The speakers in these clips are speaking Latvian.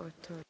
rapporteur.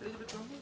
Elizabeth Rumble?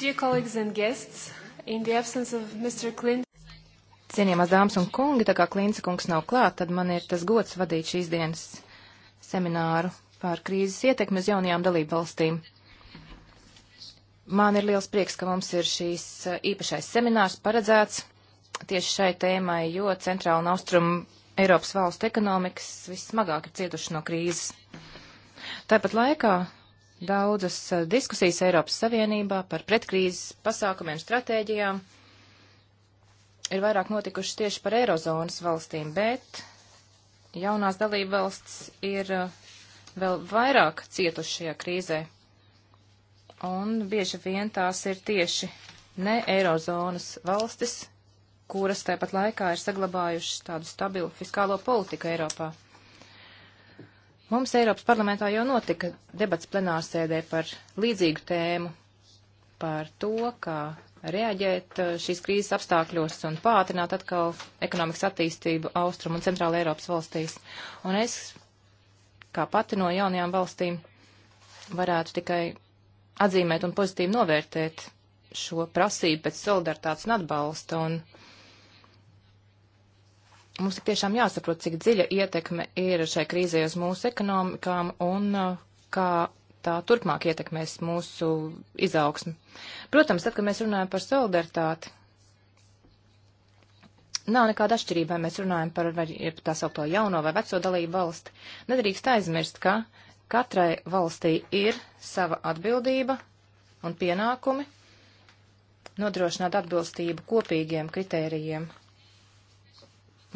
Dear colleagues and guests, in the absence of Mr. Clint. Cienījamās dāmas un kungi, tā kā Klinca kungs nav klāt, tad man ir tas gods vadīt šīs dienas semināru pār krīzes ietekmi uz jaunajām dalību valstīm. Man ir liels prieks, ka mums ir šīs eh, īpašais seminārs paredzēts tieši šai tēmai, jo centrāla un austrumu Eiropas valstu ekonomikas vissmagāk ir cietuši no krīzes. Tāpat laikā daudzas eh, diskusijas Eiropas Savienībā par pretkrīzes pasākumiem, stratēģijām ir vairāk notikušas tieši par Eirozonas valstīm, bet jaunās dalība valsts ir eh, vēl vairāk cietuši šajā krīzē. Un bieži vien tās ir tieši ne Eirozonas valstis, kuras tāpat laikā ir saglabājušas tādu stabilu fiskālo politiku Eiropā. Mums Eiropas parlamentā jau notika debats plenārsēdē par līdzīgu tēmu, par to, kā reaģēt uh, šīs krīzes apstākļos un pātrināt atkal ekonomikas attīstību Austrum un Centrāla Eiropas valstīs. Un es, kā pati no jaunajām valstīm, varētu tikai atzīmēt un pozitīvi novērtēt šo prasību pēc solidaritātes un atbalsta un Mums tik tiešām jāsaprot, cik dziļa ietekme ir šai krīzē uz mūsu ekonomikām un uh, kā tā turpmāk ietekmēs mūsu izaugsmi. Protams, tad, kad mēs runājam par solidaritāti, nav nekāda atšķirība, vai mēs runājam par vai, tā saucamo jauno vai veco dalību valsti. Nedrīkst aizmirst, ka katrai valstī ir sava atbildība un pienākumi nodrošināt atbilstību kopīgiem kritērijiem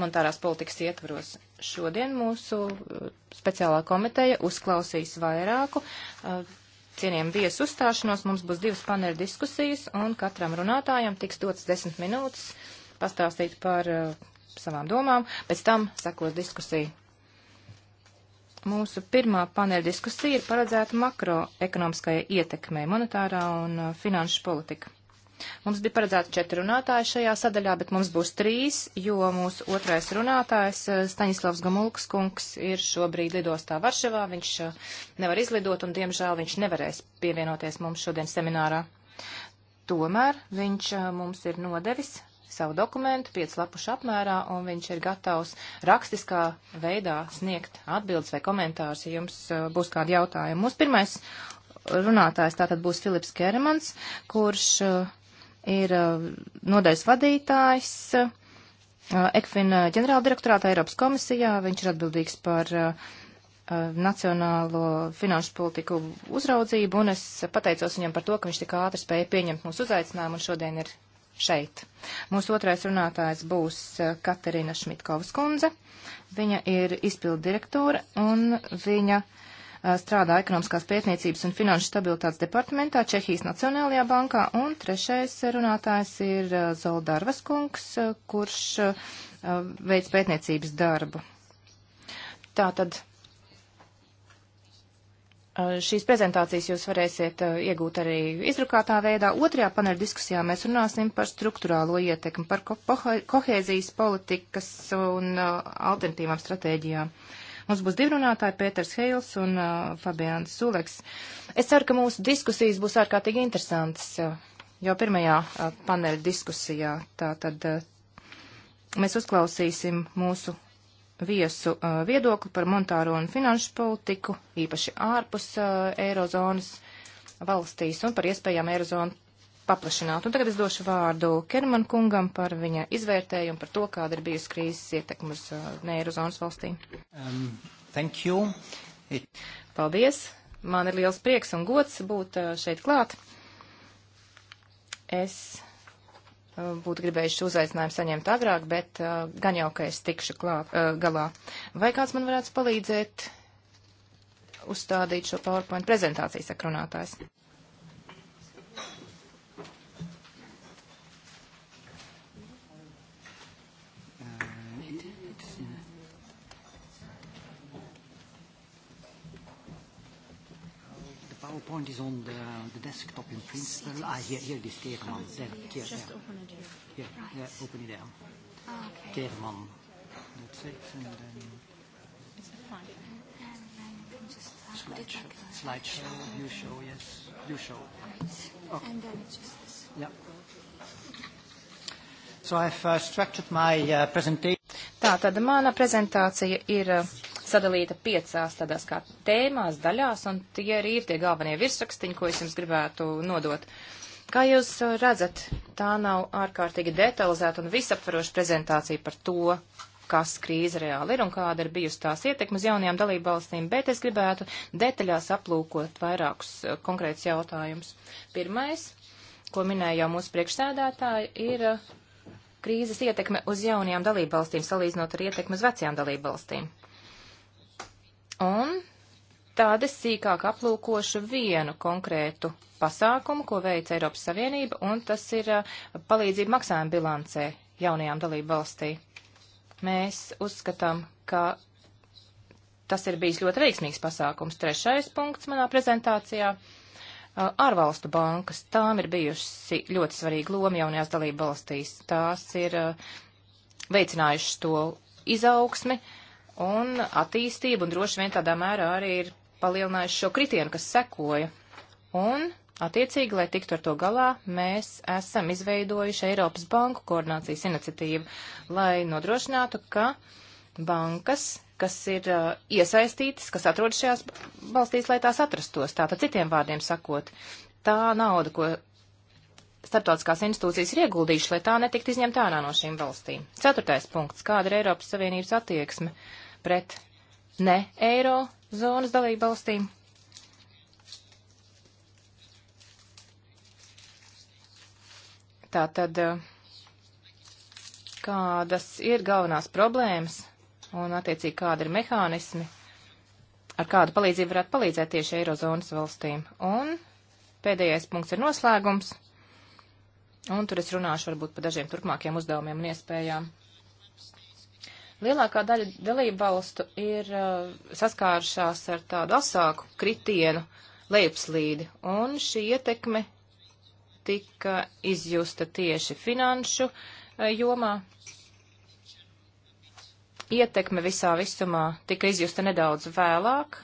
monetārās politikas ietvaros. Šodien mūsu uh, speciālā komiteja uzklausīs vairāku uh, cienījumu viesu uzstāšanos. Mums būs divas paneļa diskusijas, un katram runātājam tiks dots desmit minūtes pastāstīt par uh, savām domām. Pēc tam sekos diskusija. Mūsu pirmā paneļa diskusija ir paredzēta makroekonomiskajai ietekmei monetārā un uh, finanšu politika. Mums bija paredzēti četri runātāji šajā sadaļā, bet mums būs trīs, jo mūsu otrais runātājs eh, Staņislavs Gamulks kungs ir šobrīd lidostā Varšavā. Viņš eh, nevar izlidot un, diemžēl, viņš nevarēs pievienoties mums šodien seminārā. Tomēr viņš eh, mums ir nodevis savu dokumentu, piec lapušu apmērā, un viņš ir gatavs rakstiskā veidā sniegt atbildes vai komentārus, ja jums būs kādi jautājumi. Mūsu pirmais runātājs tātad būs Filips Keremans, kurš uh, ir uh, nodaļas vadītājs uh, Ekfin uh, ģenerāldirektorāta Eiropas komisijā. Viņš ir atbildīgs par nacionālo finanšu politiku uzraudzību, un es pateicos viņam par to, ka viņš tik ātri spēja pieņemt mūsu uzaicinājumu un šodien ir šeit. Mūsu otrais runātājs būs Katerina Šmitkovas kundze. Viņa ir izpildu direktora un viņa uh, Eh, strādā ekonomiskās pētniecības un finanšu stabilitātes departamentā Čehijas Nacionālajā bankā, un trešais runātājs ir eh, Zoldarvas kungs, eh, kurš veids pētniecības darbu. Tātad Šīs prezentācijas jūs varēsiet uh, iegūt arī izrukātā veidā. Otrajā paneļa diskusijā mēs runāsim par struktūrālo ietekmi, par ko kohēzijas politikas un uh, alternatīvām stratēģijām. Uh, Mums būs divi runātāji, Pēters Heils un uh, Fabians Suleks. Es ceru, ka mūsu diskusijas būs ārkārtīgi interesantas uh, jau pirmajā uh, paneļa diskusijā. Tātad uh, mēs uzklausīsim mūsu viesu uh, viedokli par monetāro un finanšu politiku, īpaši ārpus uh, Eirozonas valstīs un par iespējām Eirozonu paplašinātu. Un tagad es došu vārdu Kerman kungam par viņa izvērtējumu, par to, kāda ir bijusi krīzes ietekme uz uh, neirozonas valstīm. Um, thank you. It... Paldies. Man ir liels prieks un gods būt uh, šeit klāt. Es uh, būtu gribējuši uzaicinājumu saņemt agrāk, bet uh, gan jau, ka es tikšu klāt, uh, galā. Vai kāds man varētu palīdzēt uzstādīt šo PowerPoint prezentāciju, saka runātājs? PowerPoint is on the, the desktop in principle. Ah, here, here it is, Keerman. Oh, there, here, Just there. open it there. Here, right. yeah, open it there. Ah, okay. Keerman. That's it, and then... It's fine. And then just uh, slideshow. Like slideshow, you show, yes. You show. Right. Okay. And then just... Yeah. So I've uh, structured my uh, presentation. Tātad mana prezentācija ir uh, sadalīta piecās tādās kā tēmās, daļās, un tie arī ir tie galvenie virsrakstiņi, ko es jums gribētu nodot. Kā jūs uh, redzat, tā nav ārkārtīgi detalizēta un visaptvaroša prezentācija par to, kas krīze reāli ir un kāda ir bijusi tās ietekme uz jaunajām dalībvalstīm, bet es gribētu detaļās aplūkot vairākus uh, konkrētus jautājumus. Pirmais, ko minēja jau mūsu priekšsēdētāji, ir uh, krīzes ietekme uz jaunajām dalībvalstīm, salīdzinot ar ietekmi uz vecajām dalībvalstīm. Un Tāda sīkāk aplūkošu vienu konkrētu pasākumu, ko veic Eiropas Savienība, un tas ir uh, palīdzība maksājuma bilancē jaunajām dalību valstī. Mēs uzskatām, ka tas ir bijis ļoti veiksmīgs pasākums. Trešais punkts manā prezentācijā uh, - ārvalstu bankas. Tām ir bijusi ļoti svarīga loma jaunajās dalību valstīs. Tās ir uh, veicinājušas to izaugsmi. Uh, un attīstība, un droši vien tādā mērā arī ir palielinājusi šo kritienu, kas sekoja. Un, attiecīgi, lai tiktu ar to galā, mēs esam izveidojuši Eiropas Banku koordinācijas iniciatīvu, lai nodrošinātu, ka bankas, kas ir uh, iesaistītas, kas atrodas šajās valstīs, lai tās atrastos. Tātad citiem vārdiem sakot, tā nauda, ko starptautiskās institūcijas ir ieguldījušas, lai tā netiktu izņemta ārā no šīm valstīm. Ceturtais punkts - kāda ir Eiropas Savienības attieksme pret ne eiro zonas dalību valstīm. Tātad, kādas ir galvenās problēmas un, attiecīgi, kāda ir mehānismi, ar kādu palīdzību varētu palīdzēt tieši Eirozonas valstīm. Un pēdējais punkts ir noslēgums, un tur es runāšu varbūt par dažiem turpmākiem uzdevumiem un iespējām. Lielākā daļa dalību valstu ir uh, saskārušās ar tādu asāku kritienu lejupslīdi, un šī ietekme tika izjusta tieši finanšu uh, jomā. Ietekme visā visumā tika izjusta nedaudz vēlāk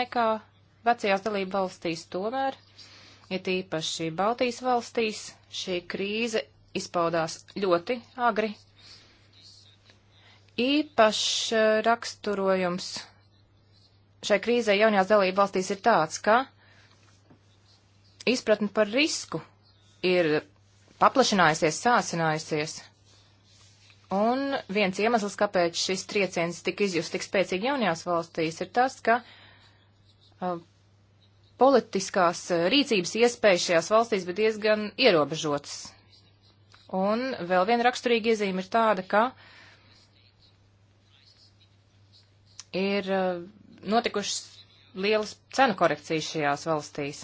nekā vecajās dalību valstīs, tomēr, ja tīpaši Baltijas valstīs, šī krīze izpaudās ļoti agri īpašs eh, raksturojums šai krīzē jaunajās dalību valstīs ir tāds, ka izpratne par risku ir paplašinājusies, sāsinājusies. Un viens iemesls, kāpēc šis trieciens tika izjusts tik spēcīgi jaunajās valstīs, ir tas, ka uh, politiskās uh, rīcības iespējas šajās valstīs bija diezgan ierobežotas. Un vēl viena raksturīga iezīme ir tāda, ka uh, ir eh, notikušas lielas cenu korekcijas šajās valstīs.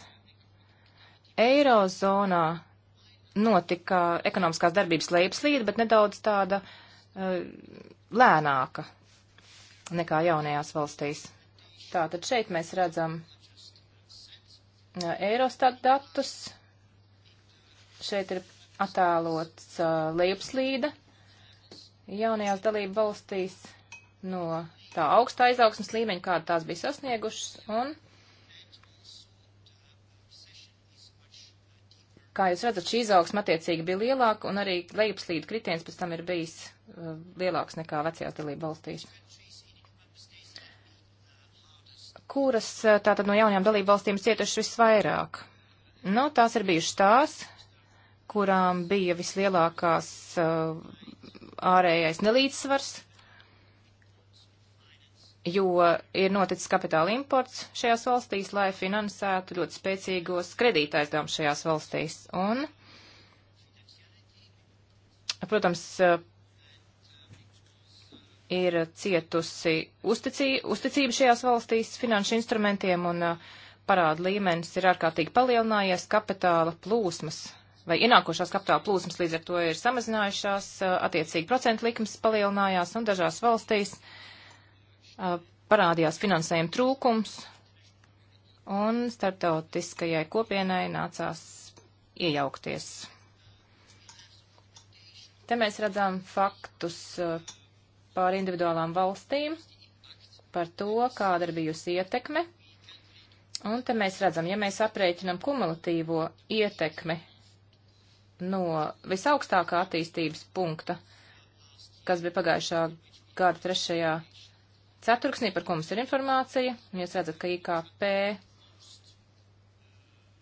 Eirozonā notika ekonomiskās darbības lejupslīde, bet nedaudz tāda uh, lēnāka nekā jaunajās valstīs. Tātad šeit mēs redzam uh, eh, Eirostat datus. Šeit ir attēlots uh, lejupslīde jaunajās dalību valstīs no tā augsta aizaugsmas līmeņa, kāda tās bija sasniegušas, un, kā jūs redzat, šī izaugsma attiecīgi bija lielāka, un arī lejupslīdu kritiens pēc tam ir bijis uh, lielāks nekā vecajās dalība valstīs. Kuras uh, tātad no jaunajām dalību valstīm cietušas visvairāk? Nu, tās ir bijušas tās, kurām bija vislielākās uh, ārējais nelīdzsvars, jo ir noticis kapitāla imports šajās valstīs, lai finansētu ļoti spēcīgos kredītaizdevumus šajās valstīs. Un, protams, ir cietusi uzticī, uzticība šajās valstīs finanšu instrumentiem un uh, parāda līmenis ir ārkārtīgi palielinājies kapitāla plūsmas vai ienākošās kapitāla plūsmas līdz ar to ir samazinājušās, uh, attiecīgi procentu likums palielinājās un dažās valstīs uh, Uh, parādījās finansējuma trūkums, un starptautiskajai kopienai nācās iejaukties. Te mēs redzam faktus uh, pār individuālām valstīm, par to, kāda ir bijusi ietekme. Un te mēs redzam, ja mēs aprēķinam kumulatīvo ietekmi no visaugstākā attīstības punkta, kas bija pagājušā gada trešajā ceturksnī, par ko mums ir informācija, un jūs redzat, ka IKP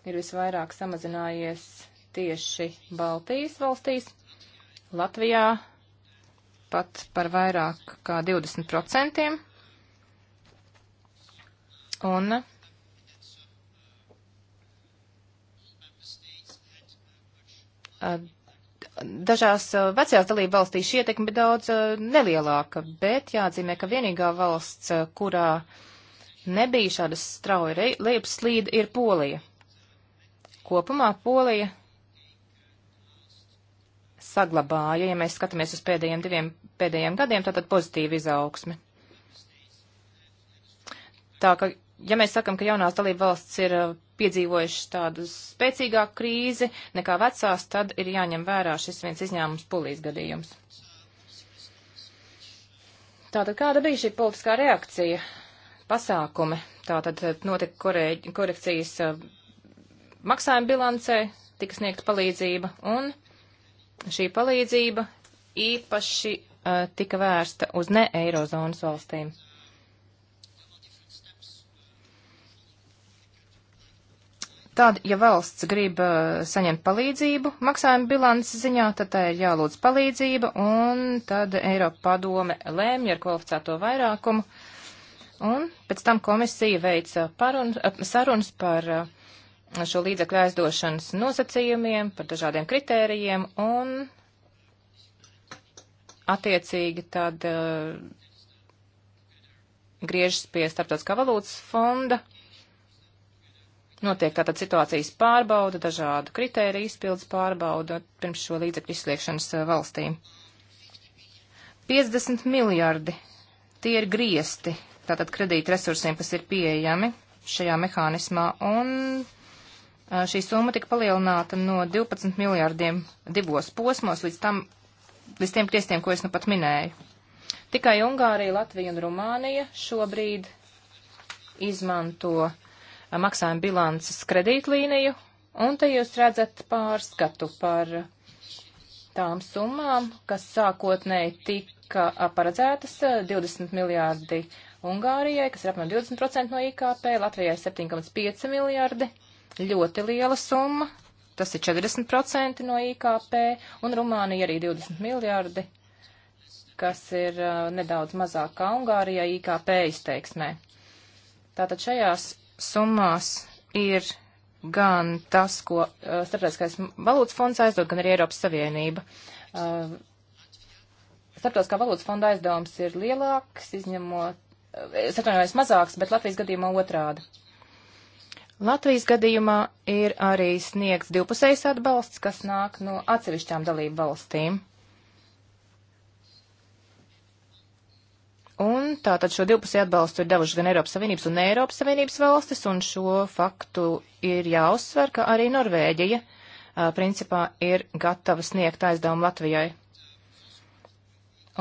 ir visvairāk samazinājies tieši Baltijas valstīs, Latvijā pat par vairāk kā 20%. Un Dažās eh, vecajās dalība valstīs šī ietekme bija daudz eh, nelielāka, bet jāatzīmē, ka vienīgā valsts, eh, kurā nebija šādas strauja lejupslīde, ir Polija. Kopumā Polija saglabāja, ja mēs skatāmies uz pēdējiem diviem pēdējiem gadiem, tātad pozitīva izaugsme. Tā ka, ja mēs sakam, ka jaunās dalība valsts ir piedzīvojušas tādu spēcīgāku krīzi nekā vecās, tad ir jāņem vērā šis viens izņēmums polijas gadījums. Tātad kāda bija šī politiskā reakcija, pasākumi? Tātad eh, notika korēģi, korekcijas uh, maksājuma bilancē, tika sniegta palīdzība, un šī palīdzība īpaši uh, tika vērsta uz ne Eirozonas valstīm. Tad, ja valsts grib uh, saņemt palīdzību maksājuma bilances ziņā, tad tā ir jālūdz palīdzība, un tad Eiropa padome lēmja ar kvalificēto vairākumu, un pēc tam komisija veica parun, sarunas par uh, šo līdzekļu aizdošanas nosacījumiem, par dažādiem kritērijiem, un attiecīgi tad uh, griežas pie starptautiskā valūtas fonda Notiek tātad situācijas pārbauda, dažādu kritēriju izpildes pārbauda pirms šo līdzekļu izsliekšanas eh, valstīm. 50 miljardi tie ir griesti, tātad kredīta resursiem, kas ir pieejami šajā mehānismā, un eh, šī summa tika palielināta no 12 miljārdiem divos posmos līdz, tam, līdz tiem griestiem, ko es nu pat minēju. Tikai Ungārija, Latvija un Rumānija šobrīd izmanto uh, maksājuma bilances kredītlīniju, un te jūs redzat pārskatu par tām summām, kas sākotnēji tika paredzētas 20 eh, miljārdi Ungārijai, kas ir apmēram 20% no IKP, Latvijai 7,5 miljardi, ļoti liela summa, tas ir 40% no IKP, un Rumānija arī 20 miljardi, kas ir uh, nedaudz mazāk kā Ungārijai IKP izteiksmē. Tātad šajās summās ir gan tas, ko uh, Starptautiskais valūtas fonds aizdod, gan arī Eiropas Savienība. Uh, Starptautiskā valūtas fonda aizdevums ir lielāks, izņemot, uh, es atvainojos mazāks, bet Latvijas gadījumā otrādi. Latvijas gadījumā ir arī sniegts divpusējs atbalsts, kas nāk no atsevišķām dalību valstīm. Un tātad šo divpusēju atbalstu ir devuši gan Eiropas Savienības un ne Eiropas Savienības valstis, un šo faktu ir jāuzsver, ka arī Norvēģija a, principā ir gatava sniegt aizdevumu Latvijai.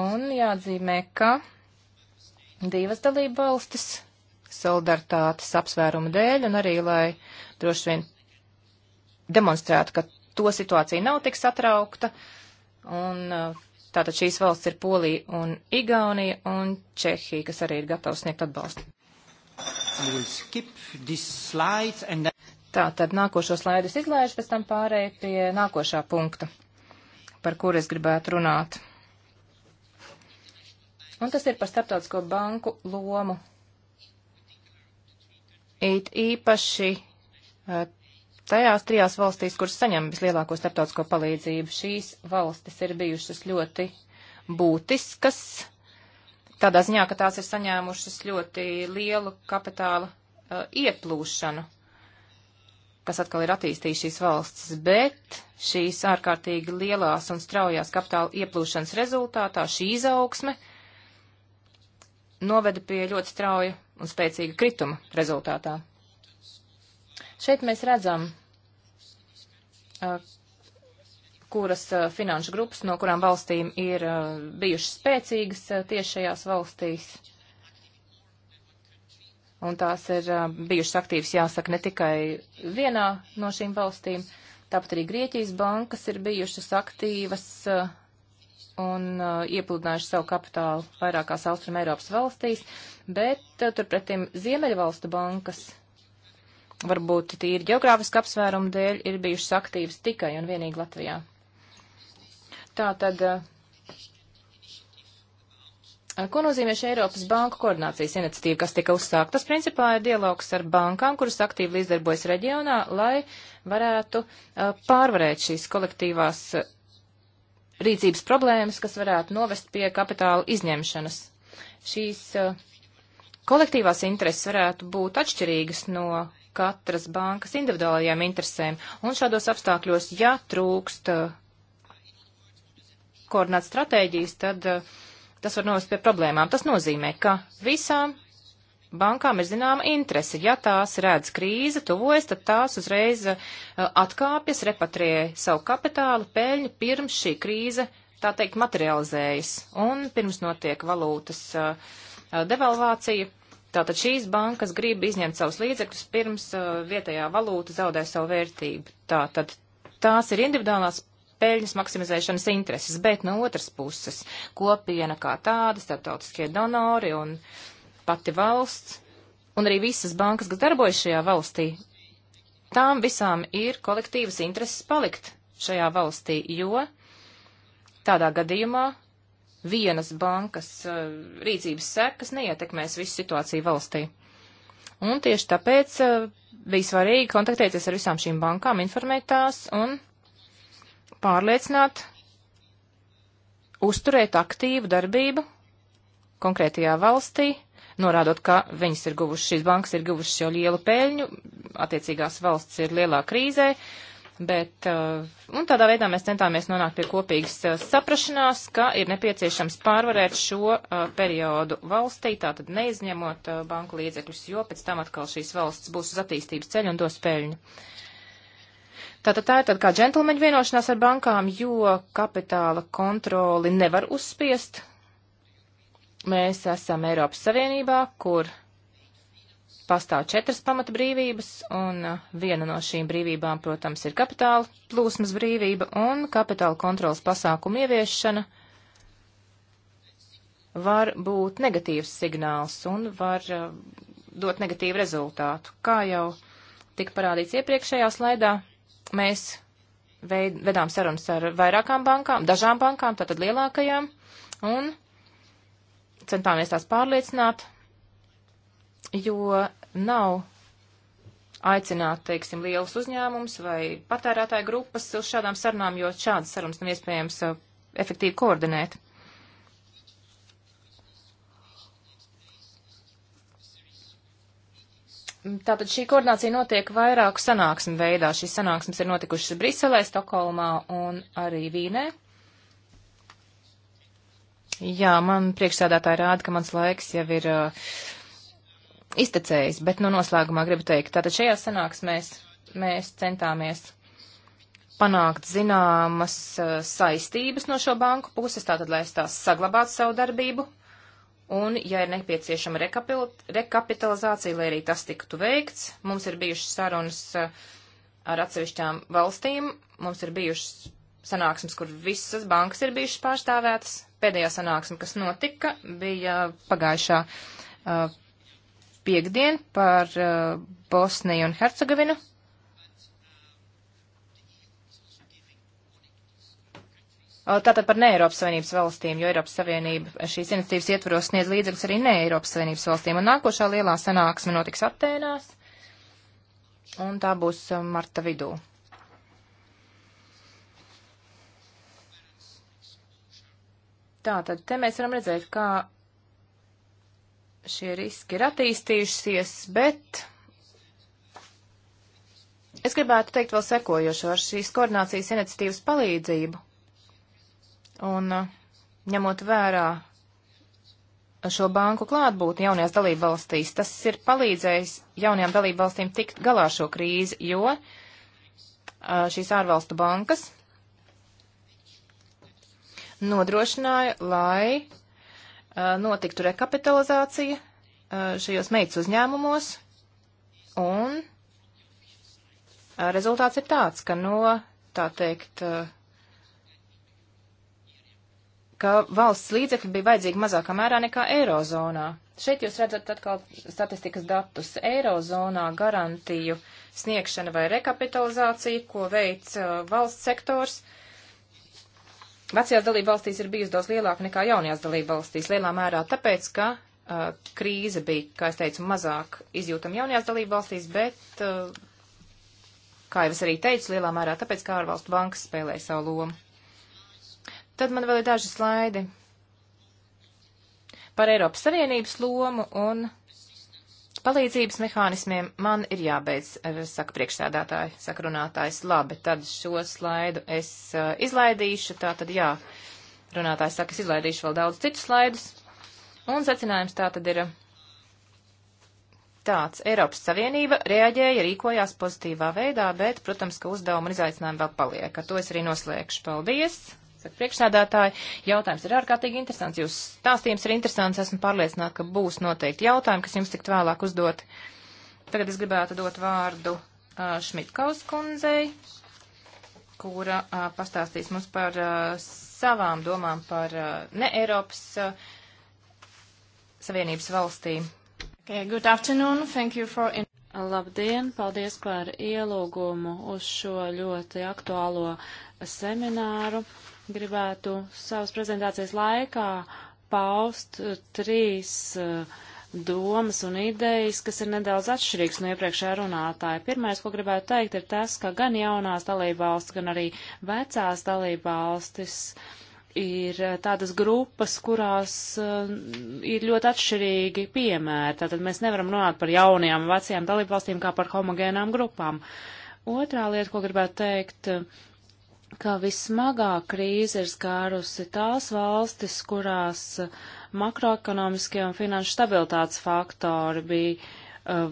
Un jāatzīmē, ka divas dalība valstis solidaritātes apsvērumu dēļ un arī, lai droši vien demonstrētu, ka to situācija nav tik satraukta un uh, Tātad šīs valsts ir Polija un Igaunija un Čehija, kas arī ir gatavs sniegt atbalstu. Then... Tātad nākošo slaidu es izlaižu, pēc tam pārēju pie nākošā punkta, par kur es gribētu runāt. Un tas ir par starptautisko banku lomu. It īpaši eh, tajās trijās valstīs, kuras saņem vislielāko starptautisko palīdzību. Šīs valstis ir bijušas ļoti būtiskas, tādā ziņā, ka tās ir saņēmušas ļoti lielu kapitāla uh, ieplūšanu, kas atkal ir attīstījis šīs valsts, bet šīs ārkārtīgi lielās un straujās kapitāla ieplūšanas rezultātā šī izaugsme noveda pie ļoti strauja un spēcīga krituma rezultātā. Šeit mēs redzam, kuras finanšu grupas, no kurām valstīm ir bijušas spēcīgas tieši šajās valstīs. Un tās ir bijušas aktīvas, jāsaka, ne tikai vienā no šīm valstīm. Tāpat arī Grieķijas bankas ir bijušas aktīvas un uh, iepludinājuši savu kapitālu vairākās Austrum Eiropas valstīs, bet uh, turpretim Ziemeļvalstu bankas varbūt tīri geogrāfiski apsvērumu dēļ ir bijušas aktīvas tikai un vienīgi Latvijā. Tā tad, eh, ko nozīmē šī Eiropas banku koordinācijas iniciatīva, kas tika uzsākta? Tas principā ir dialogs ar bankām, kuras aktīvi līdzdarbojas reģionā, lai varētu eh, pārvarēt šīs kolektīvās eh, rīcības problēmas, kas varētu novest pie kapitāla izņemšanas. Šīs kolektīvās intereses varētu būt atšķirīgas no katras bankas individuālajām interesēm. Un šādos apstākļos, ja trūkst eh, koordinēt stratēģijas, tad eh, tas var novest pie problēmām. Tas nozīmē, ka visām bankām ir zināma interese. Ja tās redz krīze, tuvojas, tad tās uzreiz eh, atkāpjas, repatriē savu kapitālu peļņu pirms šī krīze, tā teikt, materializējas un pirms notiek valūtas devalvācija. Tātad šīs bankas grib izņemt savus līdzekļus pirms uh, vietējā valūta zaudē savu vērtību. Tātad tās ir individuālās peļņas maksimizēšanas intereses, bet no otras puses kopiena kā tāda, starptautiskie donori un pati valsts un arī visas bankas, kas darbojas šajā valstī, tām visām ir kolektīvas intereses palikt šajā valstī, jo tādā gadījumā vienas bankas eh, rīcības sekas neietekmēs visu situāciju valstī. Un tieši tāpēc eh, bija svarīgi kontaktēties ar visām šīm bankām, informēt tās un pārliecināt, uzturēt aktīvu darbību konkrētajā valstī, norādot, ka viņas ir guvušas, šīs bankas ir guvušas jau lielu peļņu, attiecīgās valsts ir lielā krīzē, uh, Bet, uh, un tādā veidā mēs centāmies nonākt pie kopīgas uh, saprašanās, ka ir nepieciešams pārvarēt šo uh, periodu valstī, tātad neizņemot banku līdzekļus, jo pēc tam atkal šīs valsts būs uz attīstības ceļu un dos peļņu. Tātad tā ir tāda kā džentlmeņa vienošanās ar bankām, jo kapitāla kontroli nevar uzspiest. Mēs esam Eiropas Savienībā, kur pastāv četras pamata brīvības, un uh, viena no šīm brīvībām, protams, ir kapitāla plūsmas brīvība un kapitāla kontrolas pasākumu ieviešana var būt negatīvs signāls un var uh, dot negatīvu rezultātu. Kā jau tika parādīts iepriekšējā slaidā, mēs veid, vedām sarunas ar vairākām bankām, dažām bankām, tātad lielākajām, un centāmies tās pārliecināt, jo nav aicināt, teiksim, lielus uzņēmumus vai patērētāju grupas uz šādām sarunām, jo šādas sarunas nav iespējams uh, efektīvi koordinēt. Tātad šī koordinācija notiek vairāku sanāksmu veidā. Šīs sanāksmes ir notikušas Briselē, Stokholmā un arī Vīnē. Jā, man priekšsādātāji rāda, ka mans laiks jau ir uh, iztecējis, bet no nu noslēgumā gribu teikt, tātad šajā sanāksmēs mēs centāmies panākt zināmas uh, saistības no šo banku puses, tātad, lai es tās saglabātu savu darbību, un, ja ir nepieciešama rekapitalizācija, lai arī tas tiktu veikts, mums ir bijušas sarunas uh, ar atsevišķām valstīm, mums ir bijušas sanāksmes, kur visas bankas ir bijušas pārstāvētas. Pēdējā sanāksme, kas notika, bija pagājušā uh, piekdien par uh, Bosniju un Hercegovinu. Tātad par ne Eiropas Savienības valstīm, jo Eiropas Savienība šīs iniciatīvas ietvaros sniedz līdzekļus arī ne Eiropas Savienības valstīm. Un nākošā lielā sanāksme notiks Atēnās, un tā būs uh, marta vidū. Tātad te mēs varam redzēt, kā šie riski ir attīstījušies, bet es gribētu teikt vēl sekojošo ar šīs koordinācijas iniciatīvas palīdzību. Un eh, ņemot vērā šo banku klātbūtni jaunajās dalībvalstīs, tas ir palīdzējis jaunajām dalībvalstīm tikt galā šo krīzi, jo eh, šīs ārvalstu bankas nodrošināja, lai Eh, notiktu rekapitalizācija eh, šajos meitas uzņēmumos, un eh, rezultāts ir tāds, ka no, tā teikt, ka valsts līdzekļi bija vajadzīgi mazākā mērā nekā Eirozonā. Šeit jūs redzat atkal statistikas datus. Eirozonā garantiju sniegšana vai rekapitalizācija, ko veic uh, valsts sektors, uh, Vecajās dalība valstīs ir bijusi daudz lielāka nekā jaunajās dalība valstīs, lielā mērā tāpēc, ka uh, krīze bija, kā es teicu, mazāk izjūtama jaunajās dalība valstīs, bet, uh, kā jau es arī teicu, lielā mērā tāpēc, ka ārvalstu bankas spēlēja savu lomu. Tad man vēl ir daži slaidi par Eiropas Savienības lomu un palīdzības mehānismiem, man ir jābeidz, eh, saka priekšsēdētāji, saka runātājs, labi, tad šo slaidu es uh, izlaidīšu, tā tad jā, runātājs saka, es izlaidīšu vēl daudz citus slaidus, un secinājums tā tad ir tāds, Eiropas Savienība reaģēja, rīkojās pozitīvā veidā, bet, protams, ka uzdevuma un izaicinājumi vēl paliek, ar to es arī noslēgšu, paldies! saka priekšsēdētāji. Jautājums ir ārkārtīgi interesants. Jūs stāstījums ir interesants. Esmu pārliecināta, ka būs noteikti jautājumi, kas jums tikt vēlāk uzdot. Tagad es gribētu dot vārdu uh, Šmitkaus kundzei, kura uh, pastāstīs mums par uh, savām domām par uh, ne Eiropas uh, Savienības valstīm. Okay, good afternoon. Thank you for in Labdien, paldies par ielūgumu uz šo ļoti aktuālo semināru gribētu savas prezentācijas laikā paust eh, trīs eh, domas un idejas, kas ir nedaudz atšķirīgs no iepriekšējā runātāja. Pirmais, ko gribētu teikt, ir tas, ka gan jaunās dalībvalstis, gan arī vecās dalībvalstis ir eh, tādas grupas, kurās uh, ir ļoti atšķirīgi piemēri. Tātad mēs nevaram runāt par jaunajām, vecajām dalībvalstīm kā par homogēnām grupām. Otrā lieta, ko gribētu teikt, uh, ka vismagāk krīze ir skārusi tās valstis, kurās uh, makroekonomiskie un finanšu stabilitātes faktori bija uh,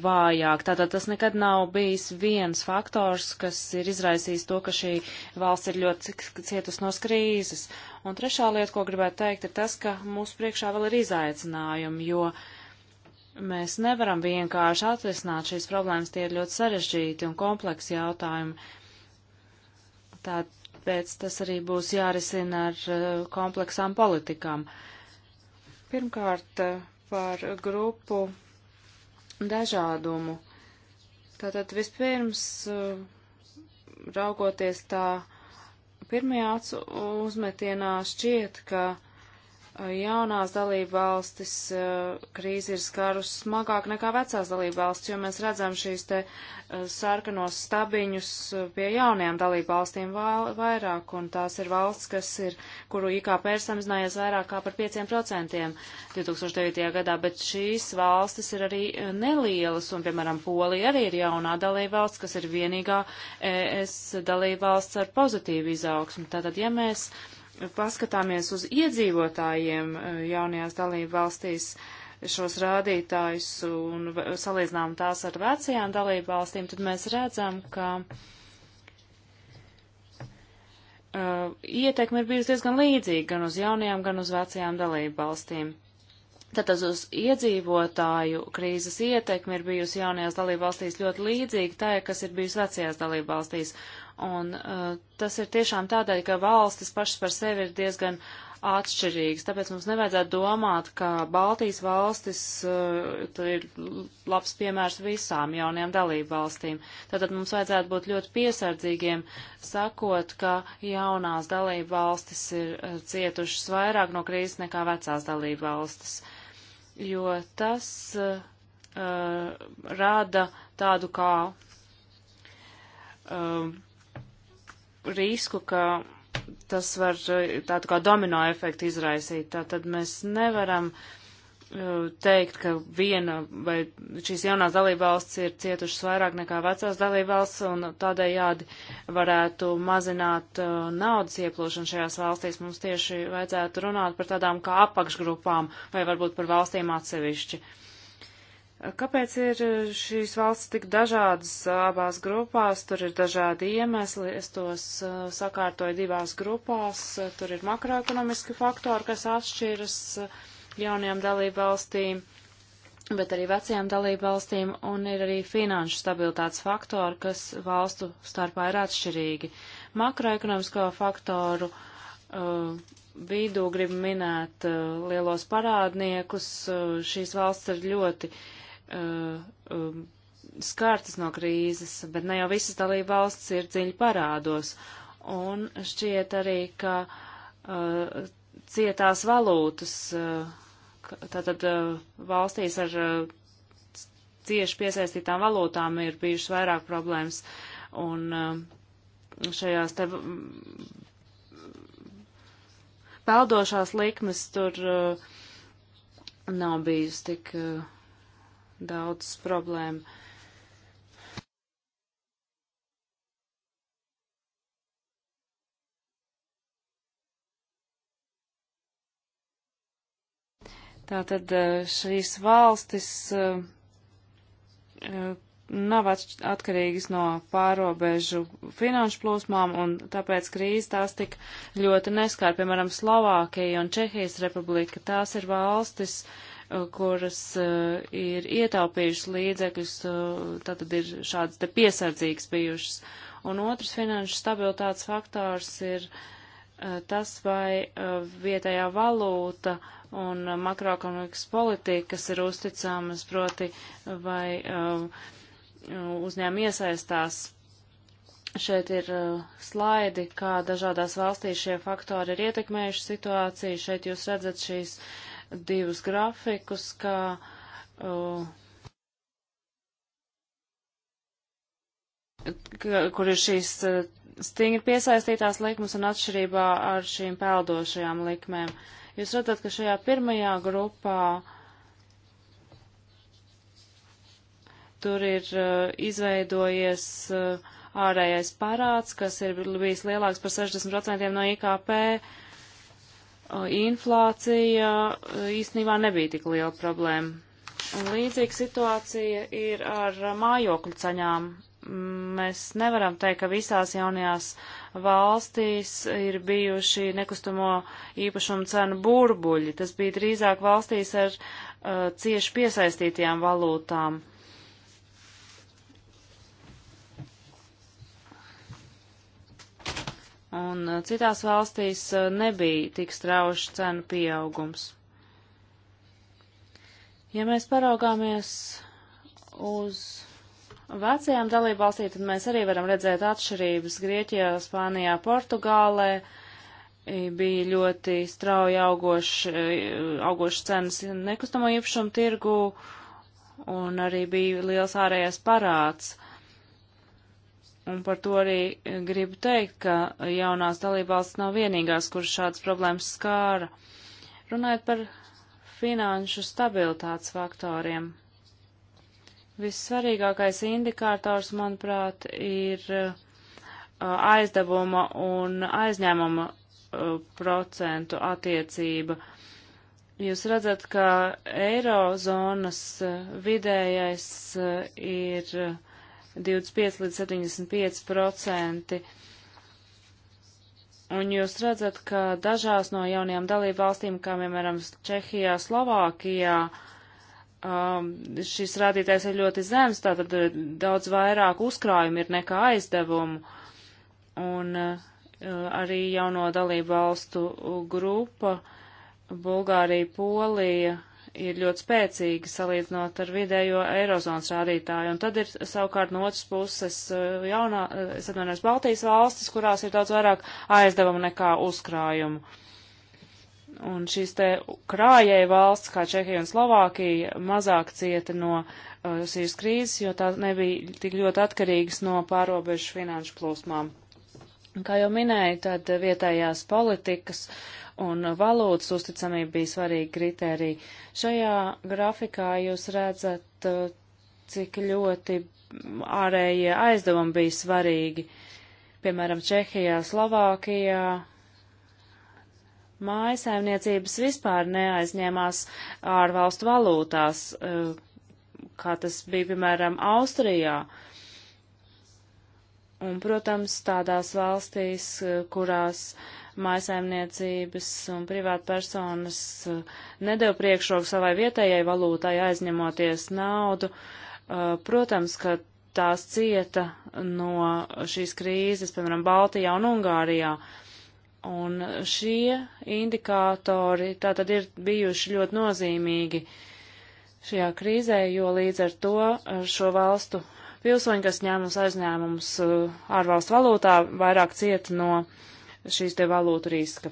vājāk. Tātad tas nekad nav bijis viens faktors, kas ir izraisījis to, ka šī valsts ir ļoti cietus no krīzes. Un trešā lieta, ko gribētu teikt, ir tas, ka mūsu priekšā vēl ir izaicinājumi, jo mēs nevaram vienkārši atrisināt šīs problēmas, tie ir ļoti sarežģīti un kompleksi jautājumi. Tātad tāpēc tas arī būs jārisina ar eh, kompleksām politikām. Pirmkārt, eh, par grupu dažādumu. Tātad vispirms, eh, raugoties tā pirmajā uzmetienā, šķiet, ka jaunās dalība valstis krīze ir skārus smagāk nekā vecās dalība valsts, jo mēs redzam šīs te sarkanos stabiņus pie jaunajām dalība valstīm vairāk, un tās ir valsts, kas ir, kuru IKP ir samazinājies vairāk kā par 5% 2009. gadā, bet šīs valstis ir arī nelielas, un, piemēram, Polija arī ir jaunā dalība valsts, kas ir vienīgā ES dalība valsts ar pozitīvu izaugsmu. Tātad, ja mēs paskatāmies uz iedzīvotājiem e, jaunajās dalību valstīs šos rādītājus un salīdzinām tās ar vecajām dalību valstīm, tad mēs redzam, ka uh, ietekme ir bijusi diezgan līdzīga gan uz jaunajām, gan uz vecajām dalību valstīm. Tātad uz iedzīvotāju krīzes ietekme ir bijusi jaunajās dalību valstīs ļoti līdzīga tai, kas ir bijusi vecajās dalību valstīs. Uh, Un uh, tas ir tiešām tādēļ, ka valstis pašas par sevi ir diezgan atšķirīgas, tāpēc mums nevajadzētu domāt, ka Baltijas valstis uh, ir labs piemērs visām jaunajām dalību valstīm. Tātad mums vajadzētu būt ļoti piesardzīgiem, sakot, ka jaunās dalību valstis ir uh, cietušas vairāk no krīzes nekā vecās dalību valstis, jo tas uh, uh, rada tādu kā. Uh, risku, ka tas var eh, tādu kā domino efektu izraisīt. Tātad mēs nevaram eh, teikt, ka viena vai šīs jaunās dalībvalsts ir cietušas vairāk nekā vecās dalībvalsts un tādējādi varētu mazināt uh, naudas ieplūšanu šajās valstīs. Mums tieši vajadzētu runāt par tādām kā apakšgrupām vai varbūt par valstīm atsevišķi. Uh, Kāpēc ir e, šīs valsts tik dažādas abās grupās? Tur ir dažādi iemesli. Es tos e, sakārtoju divās grupās. E, tur ir makroekonomiski faktori, kas atšķiras jaunajām dalību valstīm, bet arī vecajām dalību valstīm, un ir arī finanšu stabilitātes faktori, kas valstu starpā ir atšķirīgi. Makroekonomisko faktoru uh, vidū gribu minēt uh, lielos parādniekus. Uh, šīs valsts ir ļoti uh, uh, um, skartas no krīzes, bet ne jau visas dalība valsts ir dziļi parādos. Un šķiet arī, ka uh, cietās valūtas, uh, tātad uh, valstīs ar uh, cieši piesaistītām valūtām ir bijušas vairāk problēmas. Un uh, šajās te mm, peldošās likmes tur uh, nav bijusi tik. Uh, daudz problēmu. Tātad šīs valstis nav atkarīgas no pārobežu finanšu plūsmām, un tāpēc krīze tās tik ļoti neskār. Piemēram, Slovākija un Čehijas republika, tās ir valstis, uh, kuras eh, ir ietaupījušas līdzekļus, eh, tātad ir šādas te piesardzīgas bijušas. Un otrs finanšu stabilitātes faktors ir eh, tas, vai vietējā valūta un makroekonomikas politikas ir uzticamas, proti, vai uzņēmumi iesaistās. Šeit ir slaidi, kā dažādās valstīs šie faktori ir ietekmējuši situāciju. Šeit jūs redzat šīs uh, divus grafikus, kā uh, kur ir šīs uh, stingri piesaistītās likmes un atšķirībā ar šīm peldošajām likmēm. Jūs redzat, ka šajā pirmajā grupā tur ir uh, izveidojies uh, ārējais parāds, kas ir bijis lielāks par 60% no IKP inflācija e, īstenībā nebija tik liela problēma. Un līdzīga situācija ir ar mājokļu ceņām. Mēs nevaram teikt, ka visās jaunajās valstīs ir bijuši nekustamo īpašumu cenu burbuļi. Tas bija drīzāk valstīs ar uh, cieši piesaistītajām valūtām. un uh, citās valstīs uh, nebija tik strauši cenu pieaugums. Ja mēs paraugāmies uz vecajām dalībvalstīm, tad mēs arī varam redzēt atšķirības Grieķijā, Spānijā, Portugālē. Bija ļoti strauji augoši, augoši cenas nekustamo īpašumu tirgu, un arī bija liels ārējais parāds. Un par to arī gribu teikt, ka jaunās dalībvalsts nav vienīgās, kuras šādas problēmas skāra. Runājot par finanšu stabilitātes faktoriem. Vissvarīgākais indikators, manuprāt, ir uh, aizdevuma un aizņēmuma uh, procentu attiecība. Jūs redzat, ka eirozonas uh, vidējais ir 25 līdz 75 procenti. Un jūs redzat, ka dažās no jaunajām dalību valstīm, kā piemēram Čehijā, Slovākijā, um, šis rādītājs ir ļoti zems, tātad eh, daudz vairāk uzkrājumi ir nekā aizdevumu. Un uh, arī jauno dalību valstu grupa, Bulgārija, Polija, ir ļoti spēcīga salīdzinot ar vidējo eirozonas rādītāju. Un tad ir savukārt no otras puses eh, jaunā, eh, es atvainojos, Baltijas valstis, kurās ir daudz vairāk aizdevumu nekā uzkrājumu. Un šīs te krājēja valsts, kā Čehija un Slovākija, mazāk cieta no uh, šīs krīzes, jo tās nebija tik ļoti atkarīgas no pārobežu finanšu plūsmām. Kā jau minēju, tad vietējās politikas uh, un valūtas uzticamība bija svarīgi kriteriji. Šajā grafikā jūs redzat, cik ļoti ārējie aizdevumi bija svarīgi. Piemēram, Čehijā, Slovākijā, mājasēmniecības vispār neaizņēmās ārvalstu valūtās, kā tas bija, piemēram, Austrijā. Un, protams, tādās valstīs, kurās uh, mājasaimniecības un privātpersonas eh, nedēļ priekšroku savai vietējai valūtai aizņemoties naudu. Eh, protams, ka tās cieta no šīs krīzes, piemēram, Baltijā un Ungārijā. Un šie indikātori tātad ir bijuši ļoti nozīmīgi šajā krīzē, jo līdz ar to ar eh, šo valstu pilsoņi, kas ņēmas aizņēmumus ārvalstu valūtā, vairāk cieta no uh, šīs te valūtu riska.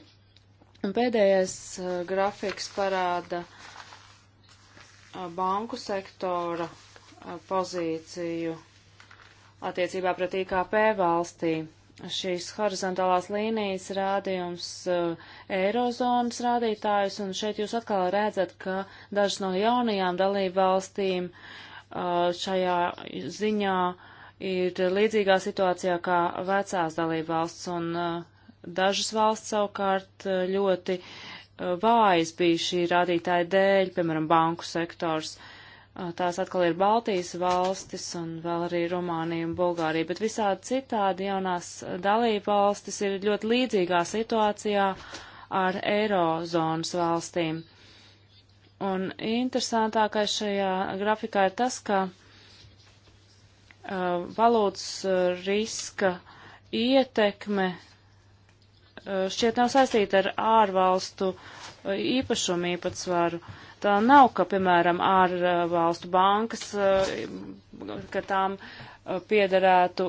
Un pēdējais uh, grafiks parāda uh, banku sektora uh, pozīciju attiecībā pret IKP valstī. Šīs horizontālās līnijas rādījums uh, eirozonas rādītājus, un šeit jūs atkal redzat, ka dažas no jaunajām dalību valstīm uh, šajā ziņā ir līdzīgā situācijā kā vecās dalību valsts, un uh, Dažas valsts savukārt eh, ļoti eh, vājas bija šī rādītāja dēļ, piemēram, banku sektors. Eh, tās atkal ir Baltijas valstis un vēl arī Rumānija un Bulgārija, bet visādi citādi jaunās dalība valstis ir ļoti līdzīgā situācijā ar eirozonas valstīm. Un interesantākais šajā grafikā ir tas, ka uh, valūtas riska ietekme Eh, šķiet nav saistīta ar ārvalstu eh, īpašumu īpatsvaru. Tā nav, ka, piemēram, ārvalstu bankas, eh, ka tām piederētu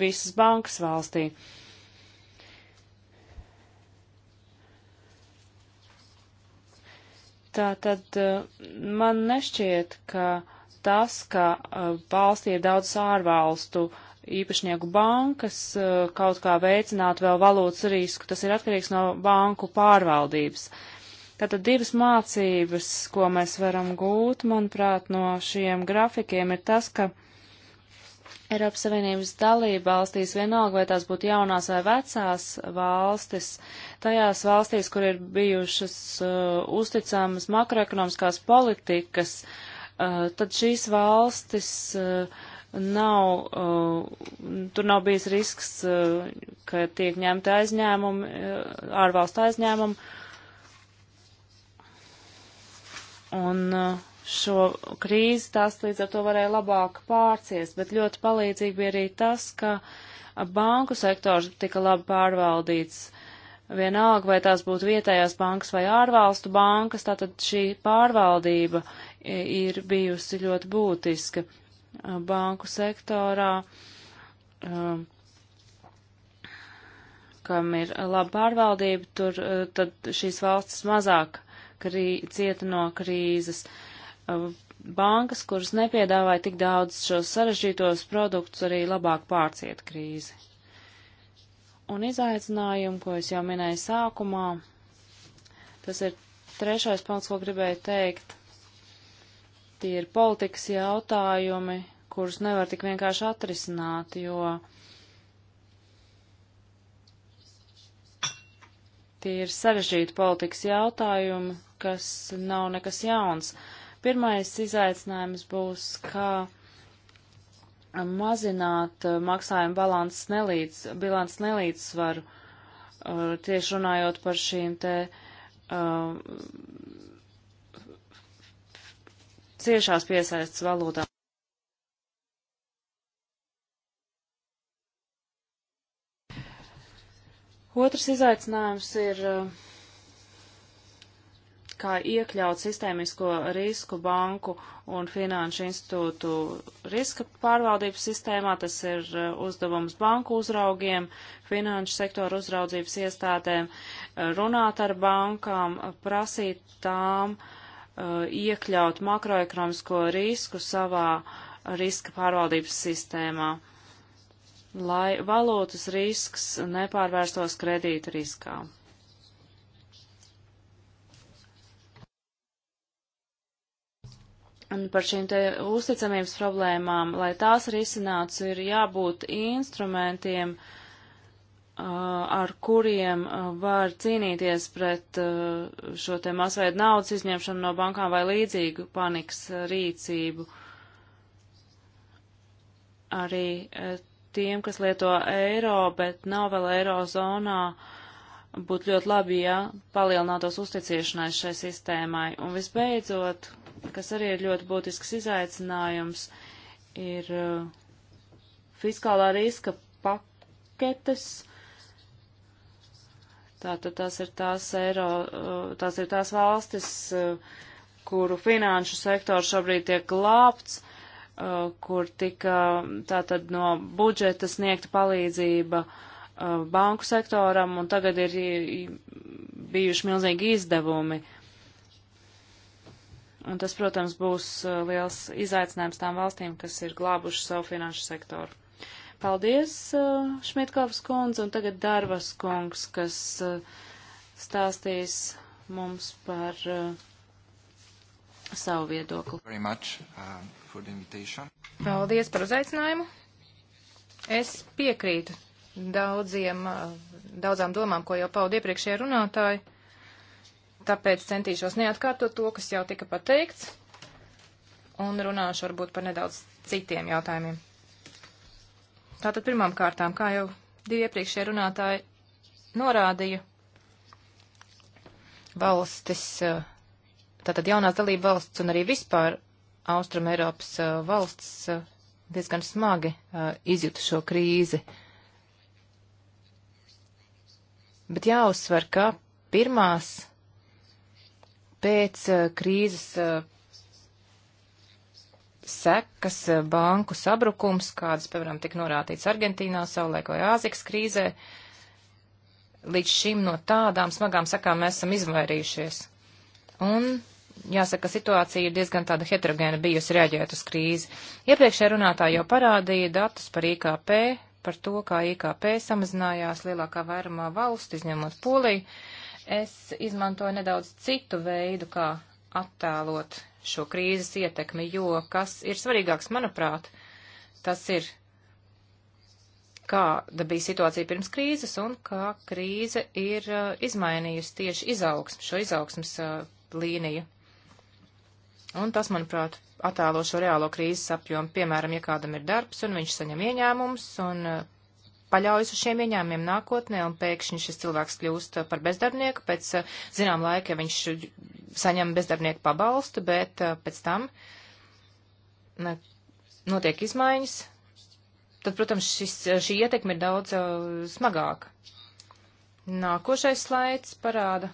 visas bankas valstī. Tā tad man nešķiet, ka tas, ka valstī ir daudz ārvalstu uh, īpašnieku bankas eh, kaut kā veicinātu vēl valūtas risku. Tas ir atkarīgs no banku pārvaldības. Tātad divas mācības, ko mēs varam gūt, manuprāt, no šiem grafikiem ir tas, ka Eiropas Savienības dalība valstīs vienalga, vai tās būtu jaunās vai vecās valstis, tajās valstīs, kur ir bijušas uh, uzticamas makroekonomiskās politikas, uh, tad šīs valstis uh, nav, uh, tur nav bijis risks, uh, ka tiek ņemta aizņēmumi, uh, ārvalstu aizņēmumi. Un šo krīzi tās līdz ar to varēja labāk pārciest, bet ļoti palīdzīgi bija arī tas, ka banku sektors tika labi pārvaldīts. Vienalga, vai tās būtu vietējās bankas vai ārvalstu bankas, tātad šī pārvaldība e, ir bijusi ļoti būtiska banku sektorā, kam ir laba pārvaldība, tur tad šīs valstis mazāk krī, cieta no krīzes. Bankas, kuras nepiedāvāja tik daudz šos sarežģītos produktus, arī labāk pārciet krīzi. Un izaicinājumi, ko es jau minēju sākumā, tas ir trešais punkts, ko gribēju teikt Tie ir politikas jautājumi, kurus nevar tik vienkārši atrisināt, jo tie ir sarežģīti politikas jautājumi, kas nav nekas jauns. Pirmais izaicinājums būs, kā mazināt maksājumu balanses nelīdz, bilants nelīdzsvaru, uh, tieši runājot par šīm te uh, ciešās piesaistas valūtām. Otrs izaicinājums ir, uh, kā iekļaut sistēmisko risku banku un finanšu institūtu riska pārvaldības sistēmā. Tas ir uh, uzdevums banku uzraugiem, finanšu sektoru uzraudzības iestādēm, runāt ar bankām, prasīt tām uh, Uh, iekļaut makroekonomisko risku savā riska pārvaldības sistēmā, lai valūtas risks nepārvērstos kredīta riskā. Un par šīm te uzticamības problēmām, lai tās risinātu, ir jābūt instrumentiem, uh, ar kuriem var cīnīties pret šo te masveidu naudas izņemšanu no bankām vai līdzīgu panikas rīcību. Arī tiem, kas lieto eiro, bet nav vēl eirozonā, būtu ļoti labi, ja palielinātos uzticēšanās šai sistēmai. Un visbeidzot, kas arī ir ļoti būtisks izaicinājums, ir fiskālā riska paketes Tātad tās ir tās, eiro, uh, tās ir tās valstis, uh, kuru finanšu sektors šobrīd tiek glābts, uh, kur tika tātad no budžeta sniegta palīdzība banku sektoram, un tagad ir bijuši milzīgi izdevumi. Un tas, protams, būs liels izaicinājums tām valstīm, kas ir glābuši savu finanšu sektoru. Paldies, uh, Šmitkovs kundze, un tagad Darvas kungs, kas uh, stāstīs mums par uh, savu viedokli. Much, uh, Paldies par uzaicinājumu. Es piekrītu daudziem, daudzām domām, ko jau paudu iepriekšējā runātāji, tāpēc centīšos neatkārtot to, kas jau tika pateikts, un runāšu varbūt par nedaudz citiem jautājumiem. Tātad pirmām kārtām, kā jau divi iepriekšējie runātāji norādīja, valstis, eh, tātad jaunās dalība valsts un arī vispār Austrum Eiropas eh, valsts eh, diezgan smagi izjuta šo krīzi. Bet jāuzsver, ka pirmās pēc krīzes sekas eh, banku sabrukums, kādas, piemēram, tika norādīts Argentīnā savulaik vai Āzikas krīzē. Līdz šim no tādām smagām sakām mēs esam izvairījušies. Un jāsaka, situācija ir diezgan tāda heterogēna bijusi reaģēt uz krīzi. Iepriekšējā runātā jau parādīja datus par IKP, par to, kā IKP samazinājās lielākā vairumā valstu, izņemot Poliju. Es izmantoju nedaudz citu veidu, kā attēlot šo krīzes ietekmi, jo kas ir svarīgāks, manuprāt, tas ir, kāda bija situācija pirms krīzes un kā krīze ir uh, izmainījusi tieši izaugsmu, šo izaugsmas uh, līniju. Un tas, manuprāt, attēlo šo reālo krīzes apjomu. Piemēram, ja kādam ir darbs un viņš saņem ieņēmumus un uh, paļaujas uz šiem ieņēmumiem nākotnē, un pēkšņi šis cilvēks kļūst par bezdarbnieku, pēc eh, zinām laika viņš saņem bezdarbnieku pabalstu, bet eh, pēc tam notiek izmaiņas, tad, protams, šis, šī ietekme ir daudz uh, smagāka. Nākošais slaids parāda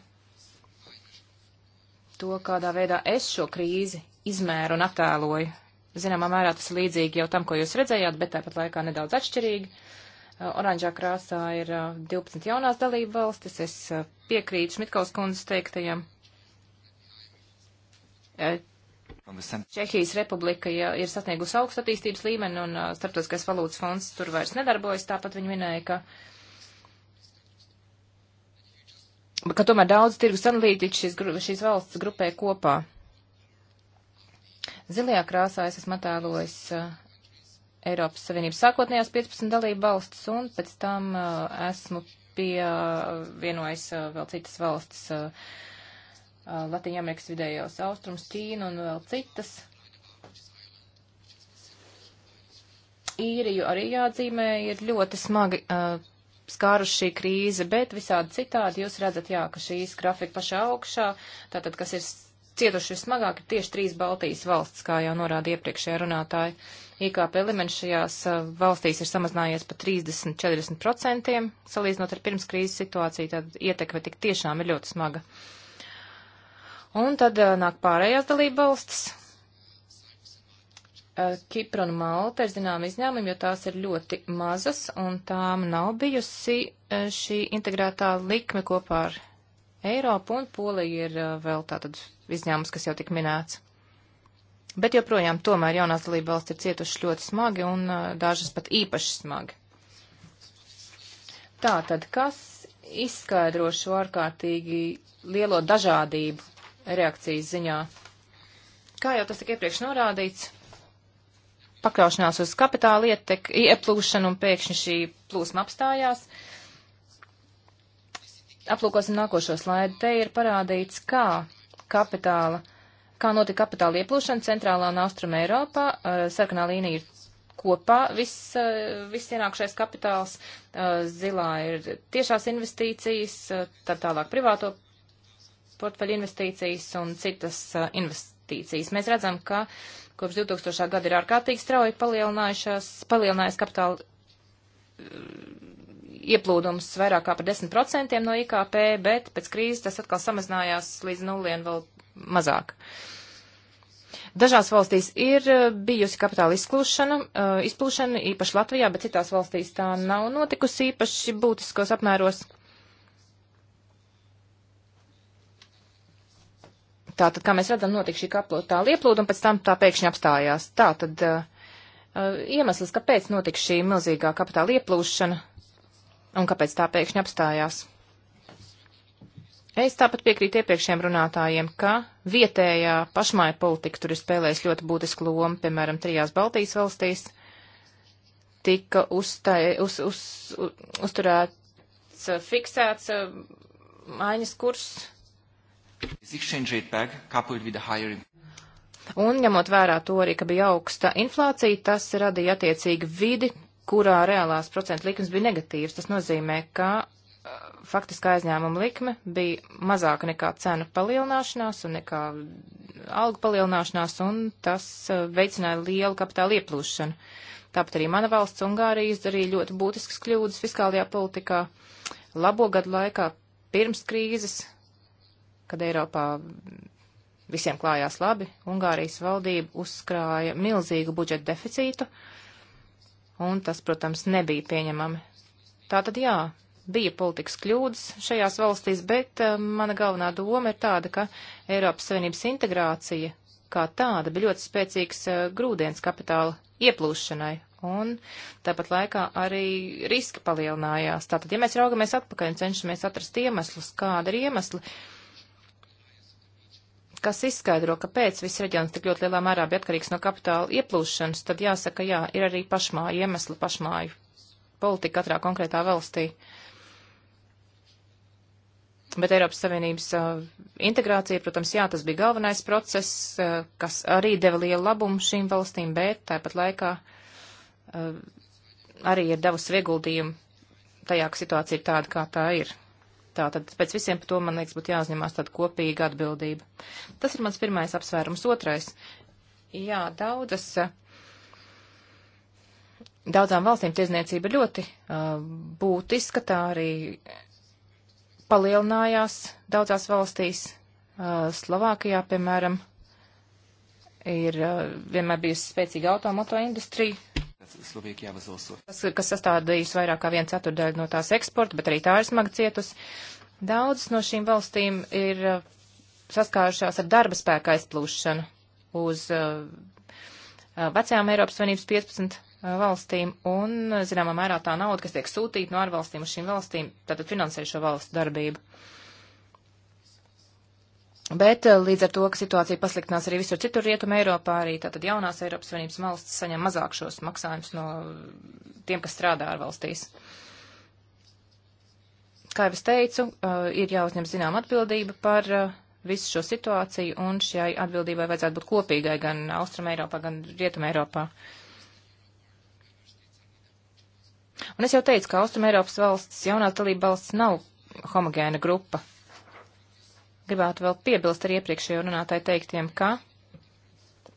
to, kādā veidā es šo krīzi izmēru un attēloju. Zināmā mērā tas ir līdzīgi jau tam, ko jūs redzējāt, bet tāpat laikā nedaudz atšķirīgi. Uh, Oranžā krāsā ir 12 jaunās dalība valstis. Es piekrītu Šmitkaus kundzes teiktajam. Čehijas republika ja, ir sasniegusi augstu attīstības līmeni un starptautiskais valūtas fonds tur vairs nedarbojas. Tāpat viņi minēja, ka ka tomēr daudz tirgus analītiķi šīs, šīs valsts grupē kopā. Zilajā krāsā es esmu attēlojis uh, Eiropas Savienības sākotnējās 15 dalību valstis, un pēc tam uh, esmu pievienojis uh, uh, vēl citas valstis, uh, uh, Latvijas Amerikas vidējos austrums, Ķīnu un vēl citas. Īriju arī jāatzīmē, ir ļoti smagi uh, skārus šī krīze, bet visādi citādi jūs redzat, jā, ka šīs grafika pašā augšā, tātad, kas ir cietuši vismagāk ir tieši trīs Baltijas valsts, kā jau norāda iepriekšējā runātāja. IKP līmenis šajās valstīs ir samazinājies pa 30-40%, salīdzinot ar pirms krīzes situāciju, tad ietekme tik tiešām ir ļoti smaga. Un tad nāk pārējās dalība valstis. Kipra un Malta ir zinām izņēmumi, jo tās ir ļoti mazas un tām nav bijusi šī integrētā likme kopā ar Eiropu un Polija ir vēl tātad izņēmums, kas jau tik minēts. Bet joprojām tomēr jaunās dalība valsts ir cietušas ļoti smagi un dažas pat īpaši smagi. Tātad, kas izskaidro šo ārkārtīgi lielo dažādību reakcijas ziņā? Kā jau tas tika iepriekš norādīts, pakļaušanās uz kapitāla ietek, ieplūšanu un pēkšņi šī plūsma apstājās. Aplūkosim nākošo slaidu. Te ir parādīts, kā kapitāla, kā notika kapitāla ieplūšana centrālā un austruma Eiropā. Eh, sarkanā līnija ir kopā viss, eh, viss ienākšais kapitāls, eh, zilā ir tiešās investīcijas, tad tālāk privāto portfeļu investīcijas un citas investīcijas. Mēs redzam, ka kopš 2000. gada ir ārkārtīgi strauji palielinājušās, palielinājas kapitāla ieplūdums vairāk kā par 10% no IKP, bet pēc krīzes tas atkal samazinājās līdz nulli un vēl mazāk. Dažās valstīs ir eh, bijusi kapitāla izklūšana, eh, izplūšana, īpaši Latvijā, bet citās valstīs tā nav notikusi īpaši būtiskos apmēros. Tātad, kā mēs redzam, notika šī kapitāla ieplūda un pēc tam tā pēkšņi apstājās. Tātad, eh, iemesls, kāpēc notika šī milzīgā kapitāla ieplūšana, un kāpēc tā pēkšņi apstājās. Es tāpat piekrītu iepriekšējiem runātājiem, ka vietējā pašmāja politika tur ir spēlējusi ļoti būtisku lomu, piemēram, trijās Baltijas valstīs tika uztai, uz, uz, uz, uzturēts, eh, fiksēts eh, maiņas kurs. Un ņemot vērā to arī, ka bija augsta inflācija, tas radīja attiecīgi vidi kurā reālās procentu likmes bija negatīvas. Tas nozīmē, ka uh, faktiskā aizņēmuma likme bija mazāka nekā cenu palielināšanās un nekā algu palielināšanās, un tas uh, veicināja lielu kapitāla ieplūšanu. Tāpat arī mana valsts Ungārija izdarīja ļoti būtiskas kļūdas fiskālajā politikā labo gadu laikā pirms krīzes, kad Eiropā visiem klājās labi, Ungārijas valdība uzkrāja milzīgu budžeta deficītu. Uh, un tas, protams, nebija pieņemami. Tātad jā, bija politikas kļūdas šajās valstīs, bet uh, mana galvenā doma ir tāda, ka Eiropas Savienības integrācija kā tāda bija ļoti spēcīgs uh, eh, grūdienis kapitāla ieplūšanai, un tāpat laikā arī riski palielinājās. Tātad, ja mēs raugamies atpakaļ un cenšamies atrast iemeslus, kāda ir iemesla, uh, kas izskaidro, kāpēc viss reģions tik ļoti lielā mērā bija atkarīgs no kapitāla ieplūšanas, tad jāsaka, jā, ir arī pašmāju iemesli, pašmāju politika katrā konkrētā valstī. Bet Eiropas Savienības uh, integrācija, protams, jā, tas bija galvenais process, uh, kas arī deva lielu labumu šīm valstīm, bet tāpat laikā uh, arī ir devusi ieguldījumu tajā, ka situācija ir tāda, kā tā ir. Tātad pēc visiem par to, man liekas, būtu jāuzņemās tāda kopīga atbildība. Tas ir mans pirmais apsvērums. Otrais. Jā, daudzas. Daudzām valstīm tirzniecība ļoti uh, būtiska, tā arī palielinājās daudzās valstīs. Uh, Slovākijā, piemēram, ir uh, vienmēr bijusi spēcīga automoto industrija, Slovēkijā was also. Tas, kas sastādījis vairāk kā viens ceturdaļu no tās eksporta, bet arī tā ir smagi cietusi. Daudzas no šīm valstīm ir uh, saskārušās ar darba spēka aizplūšanu uz uh, uh vecajām Eiropas Savienības 15 uh, valstīm un, zināmā mērā, tā nauda, kas tiek sūtīta no ārvalstīm uz šīm valstīm, tātad finansē šo valstu darbību. Uh, Bet eh, līdz ar to, ka situācija pasliktinās arī visur citur rietumē Eiropā, arī tātad jaunās Eiropas Savienības valsts saņem mazāk šos maksājumus no tiem, kas strādā ārvalstīs. Kā jau es teicu, eh, ir jāuzņem zinām atbildība par eh, visu šo situāciju, un šai atbildībai vajadzētu būt kopīgai gan Austrum Eiropā, gan Rietum Eiropā. Un es jau teicu, ka Austrum Eiropas valsts, jaunās dalība valsts nav homogēna grupa. Gribētu vēl piebilst ar iepriekšējo runātāju teiktiem, ka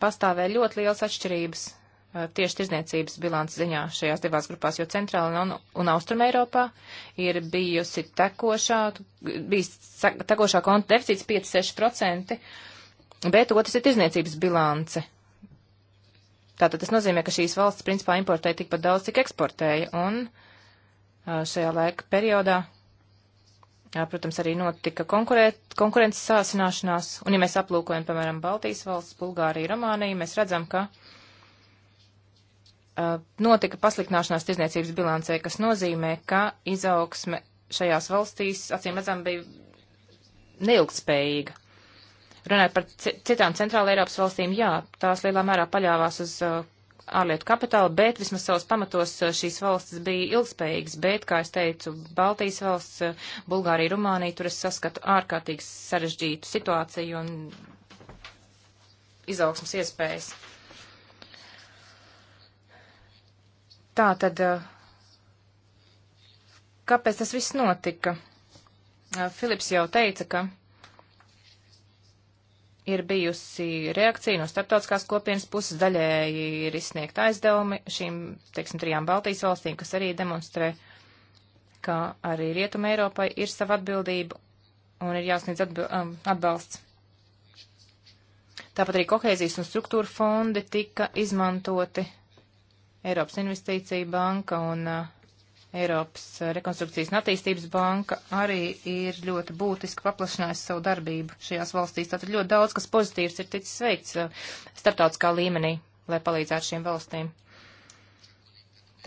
pastāvē ļoti liels atšķirības eh, tieši tirzniecības bilants ziņā šajās divās grupās, jo centrāla un, un austruma Eiropā ir bijusi tekošā, bijis tekošā konta deficīts 5-6%, bet otrs ir tirzniecības bilance. Tātad tas nozīmē, ka šīs valsts principā importēja tikpat daudz, cik eksportēja, un eh, šajā laika periodā Jā, protams, arī notika konkurēt, konkurences sāsināšanās, un ja mēs aplūkojam, piemēram, Baltijas valsts, Bulgāriju, Romāniju, mēs redzam, ka uh, notika pasliktināšanās tirzniecības bilancē, kas nozīmē, ka izaugsme šajās valstīs, acīm redzam, bija neilgtspējīga. Runājot par citām centrāla Eiropas valstīm, jā, tās lielā mērā paļāvās uz uh, ārlietu kapitāla, bet vismaz savos pamatos eh, šīs valstis bija ilgspējīgas, bet, kā es teicu, Baltijas valsts, eh, Bulgārija, Rumānija, tur es saskatu ārkārtīgi sarežģītu situāciju un izaugsmas iespējas. Tā tad, eh, kāpēc tas viss notika? Filips jau teica, ka ir bijusi reakcija no starptautiskās kopienas puses, daļēji ir izsniegta aizdevumi šīm, teiksim, trijām Baltijas valstīm, kas arī demonstrē, ka arī Rietuma Eiropai ir sava atbildība un ir jāsniedz atb um, atbalsts. Tāpat arī kohēzijas un struktūra fondi tika izmantoti Eiropas investīcija banka un uh, Eiropas rekonstrukcijas un attīstības banka arī ir ļoti būtiski paplašinājusi savu darbību šajās valstīs. Tātad ļoti daudz, kas pozitīvs ir ticis veikts eh, starptautiskā līmenī, lai palīdzētu šīm valstīm.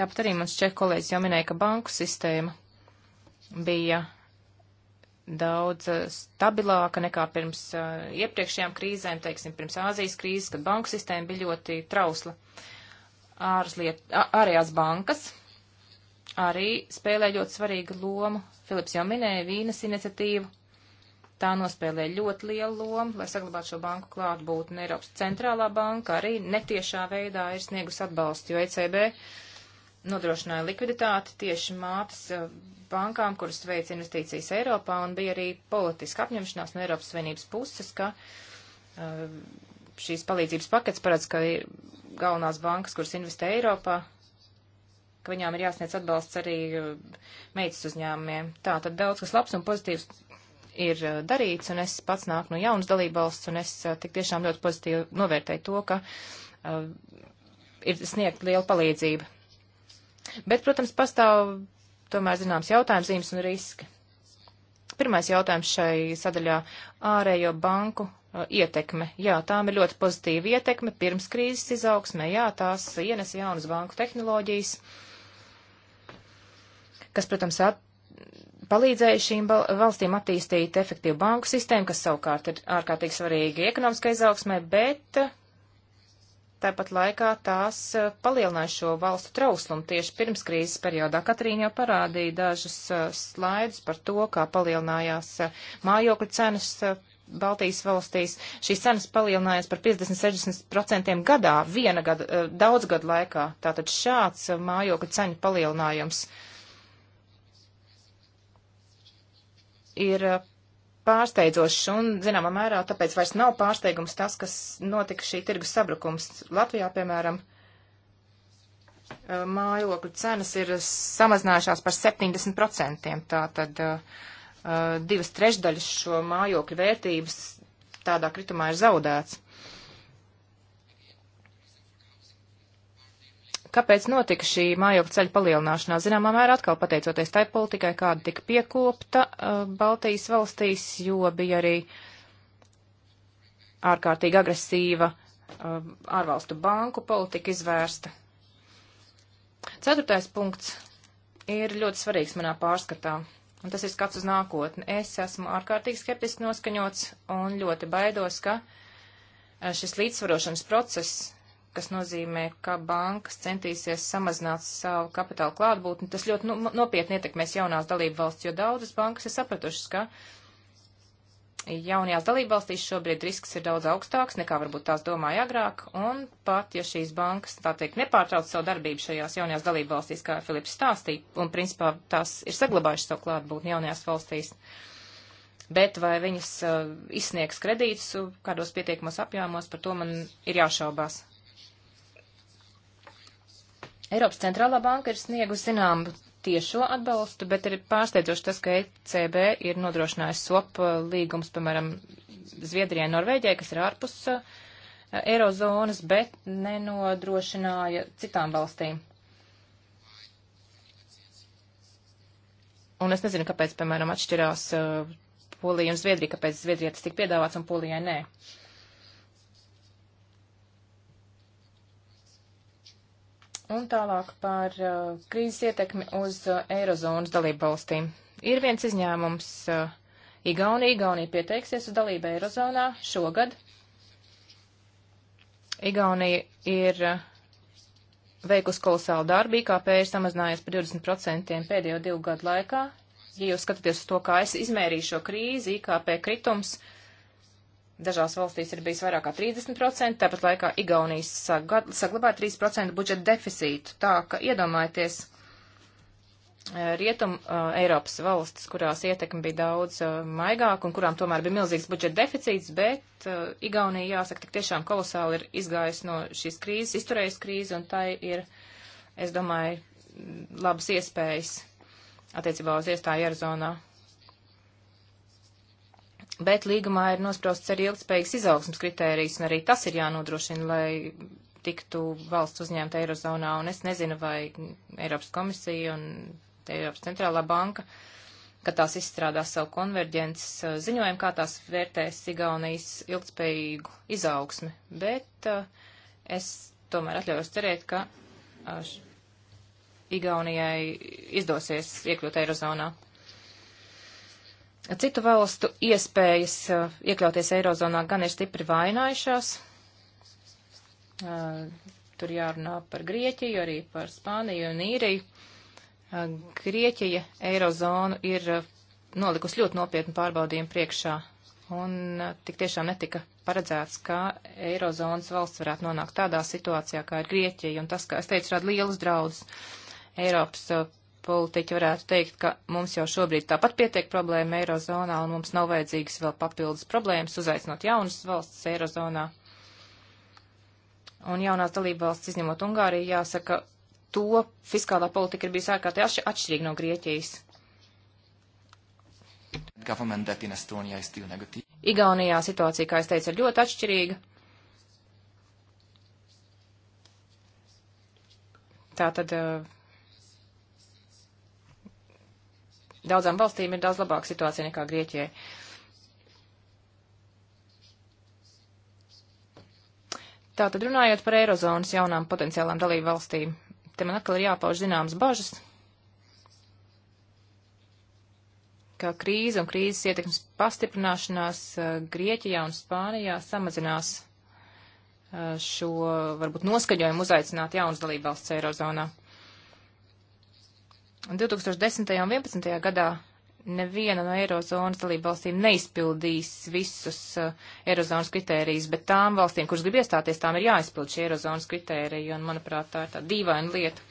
Tāpat arī mans čeku kolēģis jau minēja, ka banku sistēma bija daudz eh, stabilāka nekā pirms uh, iepriekšējām krīzēm, teiksim, pirms Āzijas krīzes, kad banku sistēma bija ļoti trausla. Ārliet, ārējās bankas arī spēlē ļoti svarīgu lomu. Filips jau minēja vīnas iniciatīvu. Tā nospēlē ļoti lielu lomu, lai saglabātu šo banku klātbūtni. Eiropas centrālā banka arī netiešā veidā ir sniegus atbalstu, jo ECB nodrošināja likviditāti tieši mātes eh, bankām, kuras veic investīcijas Eiropā, un bija arī politiska apņemšanās no Eiropas Savienības puses, ka eh, šīs palīdzības pakets paredz, ka galvenās bankas, kuras investē Eiropā, ka viņām ir jāsniedz atbalsts arī uh, meitas uzņēmumiem. Tā tad daudz kas labs un pozitīvs ir uh, darīts, un es pats nāku no jaunas dalībvalsts, un es uh, tik tiešām ļoti pozitīvi novērtēju to, ka uh, ir sniegt liela palīdzība. Bet, protams, pastāv tomēr zināms jautājums, zīmes un riski. Pirmais jautājums šai sadaļā - ārējo banku uh, ietekme. Jā, tām ir ļoti pozitīva ietekme pirms krīzes izaugsmē. Jā, tās ienes jaunas banku tehnoloģijas. Uh, kas, protams, at, palīdzēja šīm valstīm attīstīt efektīvu banku sistēmu, kas savukārt ir ārkārtīgi svarīgi ekonomiskai izaugsmai, bet eh, tāpat laikā tās eh, palielināja šo valstu trauslumu tieši pirms krīzes periodā. Katrīna jau parādīja dažus eh, slaidus par to, kā palielinājās mājokļu cenas Baltijas valstīs. Šīs cenas palielinājās par 50-60% gadā, viena gada, daudz gadu laikā. Tātad šāds mājokļu cenu palielinājums uh, ir uh, pārsteidzošs un, zināmā mērā, tāpēc vairs nav pārsteigums tas, kas notika šī tirgus sabrukums. Latvijā, piemēram, uh, mājokļu cenas ir samazinājušās par 70%. Tātad uh, uh, divas trešdaļas šo mājokļu vērtības tādā kritumā ir zaudēts. Kāpēc notika šī mājokļa ceļa palielināšanās? Zināmā mērā atkal pateicoties tai politikai, kāda tika piekopta uh, Baltijas valstīs, jo bija arī ārkārtīgi agresīva uh, ārvalstu banku politika izvērsta. Ceturtais punkts ir ļoti svarīgs manā pārskatā, un tas ir skats uz nākotni. Es esmu ārkārtīgi skeptiski noskaņots un ļoti baidos, ka uh, šis līdzsvarošanas process kas nozīmē, ka bankas centīsies samazināt savu kapitālu klātbūtni. Tas ļoti nu, nopietni ietekmēs jaunās dalību valsts, jo daudzas bankas ir sapratušas, ka jaunajās dalību valstīs šobrīd risks ir daudz augstāks, nekā varbūt tās domāja agrāk, un pat, ja šīs bankas, tā teikt, nepārtrauc savu darbību šajās jaunajās dalību valstīs, kā Filips stāstīja, un principā tās ir saglabājušas savu klātbūtni jaunajās valstīs, bet vai viņas uh, izsniegs kredītus kādos pietiekamos apjāmos, par to man ir jāšaubās. Eiropas centrālā banka ir sniegusi zināmu tiešo atbalstu, bet ir pārsteidzoši tas, ka ECB ir nodrošinājusi SOP uh, līgums, piemēram, Zviedrijai, Norvēģijai, kas ir ārpus uh, Eirozonas, bet nenodrošināja citām valstīm. Un es nezinu, kāpēc, piemēram, atšķirās uh, Polija un Zviedrija, kāpēc Zviedrijai tas tika piedāvāts un Polijai nē. Uh, Un tālāk par uh, krīzes ietekmi uz uh, Eirozonas dalību valstīm. Ir viens izņēmums uh, - Igaunija. Igaunija pieteiksies uz dalību Eirozonā šogad. Igaunija ir uh, veikusi kolosālu darbu, IKP ir samazinājies par 20% pēdējo divu gadu laikā. Ja jūs skatāties uz to, kā es izmērīju šo krīzi, IKP kritums uh, Dažās valstīs ir bijis vairāk kā 30%, tāpat laikā Igaunijas saglabā 3% budžeta deficītu. Tā ka iedomājieties e, rietumu uh, e, Eiropas valstis, kurās ietekme bija daudz uh, maigāka un kurām tomēr bija milzīgs budžeta deficīts, bet uh, Igaunija, jāsaka, tik tiešām kolosāli ir izgājusi no šīs krīzes, izturējusi krīzi un tai ir, es domāju, labas iespējas attiecībā uz iestāju Arizonā. Bet līgumā ir nosprosts arī ilgspējīgs izaugsmas kritērijs, un arī tas ir jānodrošina, lai tiktu valsts uzņemta Eirozonā, un es nezinu, vai Eiropas komisija un Eiropas centrālā banka, ka tās izstrādās savu konverģences uh, ziņojumu, kā tās vērtēs Igaunijas ilgspējīgu izaugsmi, bet uh, es tomēr atļaujos cerēt, ka uh, Igaunijai izdosies iekļūt Eirozonā. Citu valstu iespējas eh, iekļauties Eirozonā gan ir stipri vainājušās. Eh, tur jārunā par Grieķiju, arī par Spāniju un Īriju. Eh, Grieķija Eirozonu ir nolikusi ļoti nopietnu pārbaudījumu priekšā. Un tik tiešām netika paredzēts, ka Eirozonas valsts varētu nonākt tādā situācijā, kā ir Grieķija. Un tas, kā es teicu, rada lielus draudus Eiropas politiķi varētu teikt, ka mums jau šobrīd tāpat pietiek problēma Eirozonā un mums nav vajadzīgas vēl papildus problēmas, uzaicinot jaunas valstis Eirozonā. Un jaunās dalība valsts, izņemot Ungāriju, jāsaka, to fiskālā politika ir bijusi ārkārtīgi atšķirīga no Grieķijas. Igaunijā situācija, kā es teicu, ir ļoti atšķirīga. Tātad uh, Daudzām valstīm ir daudz labāka situācija nekā Grieķijai. Tātad runājot par Eirozonas jaunām potenciālām dalību valstīm, te man atkal ir jāpauž zināmas bažas, ka krīze un krīzes ietekmes pastiprināšanās eh, Grieķijā un Spānijā samazinās eh, šo varbūt noskaņojumu uzaicināt jaunas dalībvalsts Eirozonā. 2010. un 2011. gadā neviena no Eirozonas dalībvalstīm neizpildīs visus uh, Eirozonas kritērijus, bet tām valstīm, kuras grib iestāties, tām ir jāizpild šie Eirozonas kritēriji, un, manuprāt, tā ir tā dīvaina lieta.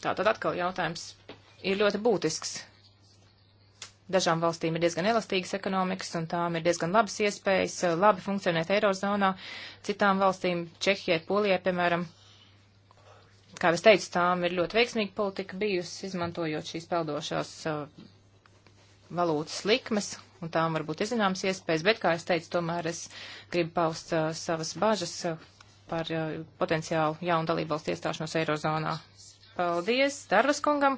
Tā tad atkal jautājums ir ļoti būtisks. Dažām valstīm ir diezgan elastīgas ekonomikas, un tām ir diezgan labas iespējas eh, labi funkcionēt Eirozonā. Citām valstīm, Čehijai, Polijai, piemēram, Kā es teicu, tām ir ļoti veiksmīga politika bijusi, izmantojot šīs peldošās uh, valūtas likmes, un tām varbūt ir zināmas iespējas, bet, kā es teicu, tomēr es gribu paust uh, savas bažas uh, par uh, potenciālu jaunu dalībvalstu iestāšanos Eirozonā. Paldies Darvas kungam!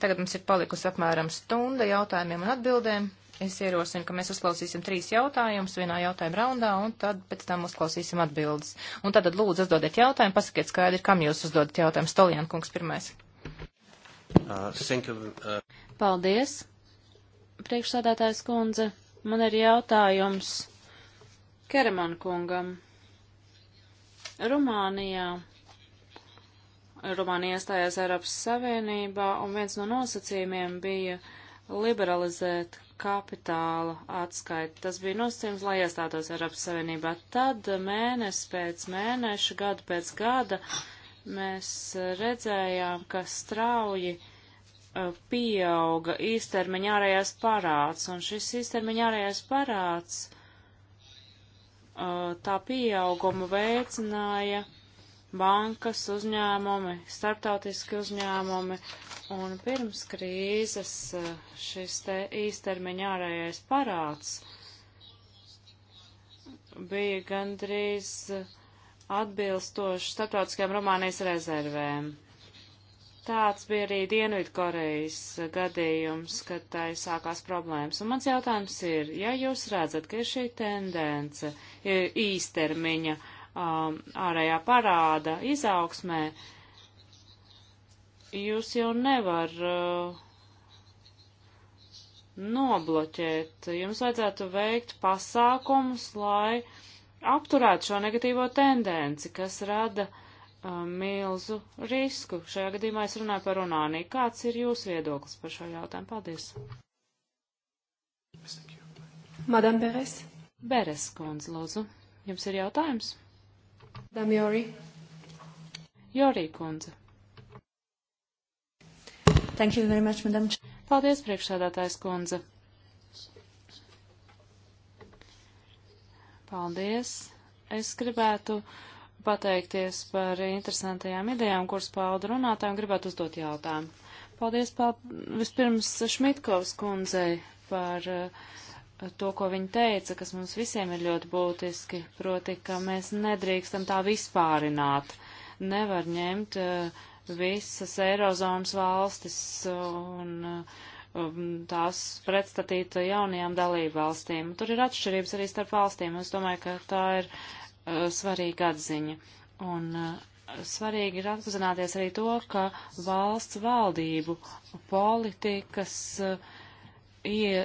Tagad mums ir palikusi apmēram stunda jautājumiem un atbildēm. Es ierosinu, ka mēs uzklausīsim trīs jautājumus vienā jautājuma raundā, un tad pēc tam uzklausīsim atbildes. Un tad lūdzu uzdodiet jautājumu, pasakiet skaidri, kam jūs uzdodat jautājumu. Stolijan kungs pirmais. Uh, you, uh... Paldies, priekšsādātājs kundze. Man ir jautājums Keraman kungam. Rumānijā Rumānija iestājās Eiropas Savienībā, un viens no nosacījumiem bija liberalizēt kapitāla atskaita. Tas bija nosacījums, lai iestātos Eiropas Savienībā. Tad mēnesi pēc mēneša, gadu pēc gada mēs redzējām, ka strauji e, pieauga īstermiņa ārējais parāds, un šis īstermiņa ārējais parāds e, tā pieauguma veicināja bankas uzņēmumi, starptautiski uzņēmumi, un pirms krīzes eh, šis te īstermiņa ārējais parāds bija gandrīz atbilstoši starptautiskajām Rumānijas rezervēm. Tāds bija arī Dienvidkorejas gadījums, kad tai sākās problēmas. Un mans jautājums ir, ja jūs redzat, ka ir šī tendence ir īstermiņa uh, um, ārējā parāda izaugsmē, jūs jau nevar uh, nobloķēt. Jums vajadzētu veikt pasākumus, lai apturētu šo negatīvo tendenci, kas rada uh, milzu risku. Šajā gadījumā es runāju par Runāniju. Kāds ir jūsu viedoklis par šo jautājumu? Paldies! Madame Beres. Beres, kundze, lūdzu. Jums ir jautājums? Dam Jori. Jori kundze. Thank you very much, madam. Paldies, priekšsēdātājs kundze. Paldies. Es gribētu pateikties par interesantajām idejām, kuras pauda runātājiem, gribētu uzdot jautājumu. Paldies pal vispirms Šmitkovs kundzei par uh, to, ko viņi teica, kas mums visiem ir ļoti būtiski, proti, ka mēs nedrīkstam tā vispārināt. Nevar ņemt uh, visas Eirozonas valstis un uh, tās pretstatīt jaunajām dalību valstīm. Tur ir atšķirības arī starp valstīm. Es domāju, ka tā ir uh, svarīga atziņa. Un svarīgi ir apzināties arī to, ka valsts valdību politikas uh, ie,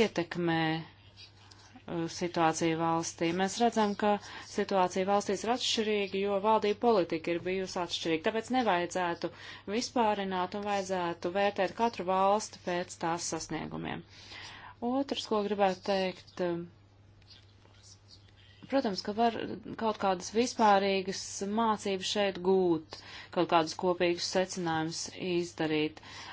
ietekmē uh, situāciju valstī. Mēs redzam, ka situācija valstīs ir atšķirīga, jo valdība politika ir bijusi atšķirīga. Tāpēc nevajadzētu vispārināt un vajadzētu vērtēt katru valsti pēc tās sasniegumiem. Otrs, ko gribētu teikt, uh, protams, ka var kaut kādas vispārīgas mācības šeit gūt, kaut kādus kopīgus secinājumus izdarīt. Uh,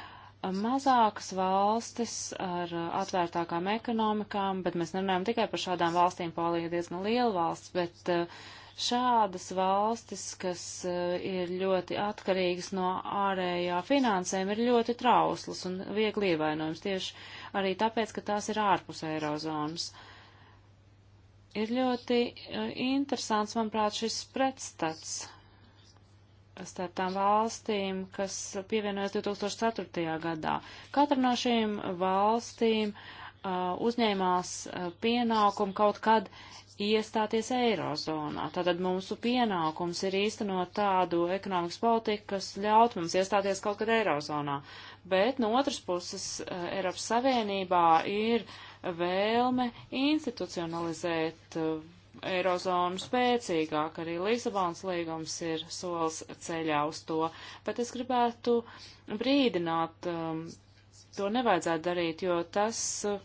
mazākas valstis ar atvērtākām ekonomikām, bet mēs nerunājam tikai par šādām valstīm, Polija ir diezgan liela valsts, bet eh, šādas valstis, kas eh, ir ļoti atkarīgas no ārējā finansēm, ir ļoti trauslas un viegli ievainojums tieši arī tāpēc, ka tās ir ārpus eirozonas. Ir ļoti eh, interesants, manuprāt, šis pretstats starp tām valstīm, kas pievienojas 2004. gadā. Katra no šīm valstīm uh, uzņēmās uh, pienākumu kaut kad iestāties Eirozonā. Tātad mūsu pienākums ir īstenot tādu ekonomikas politiku, kas ļaut mums iestāties kaut kad Eirozonā. Bet no otras puses uh, Eiropas Savienībā ir vēlme institucionalizēt uh, Eirozonu spēcīgāk. Arī Lisabonas līgums ir solis ceļā uz to. Bet es gribētu brīdināt, um, to nevajadzētu darīt, jo tas uh,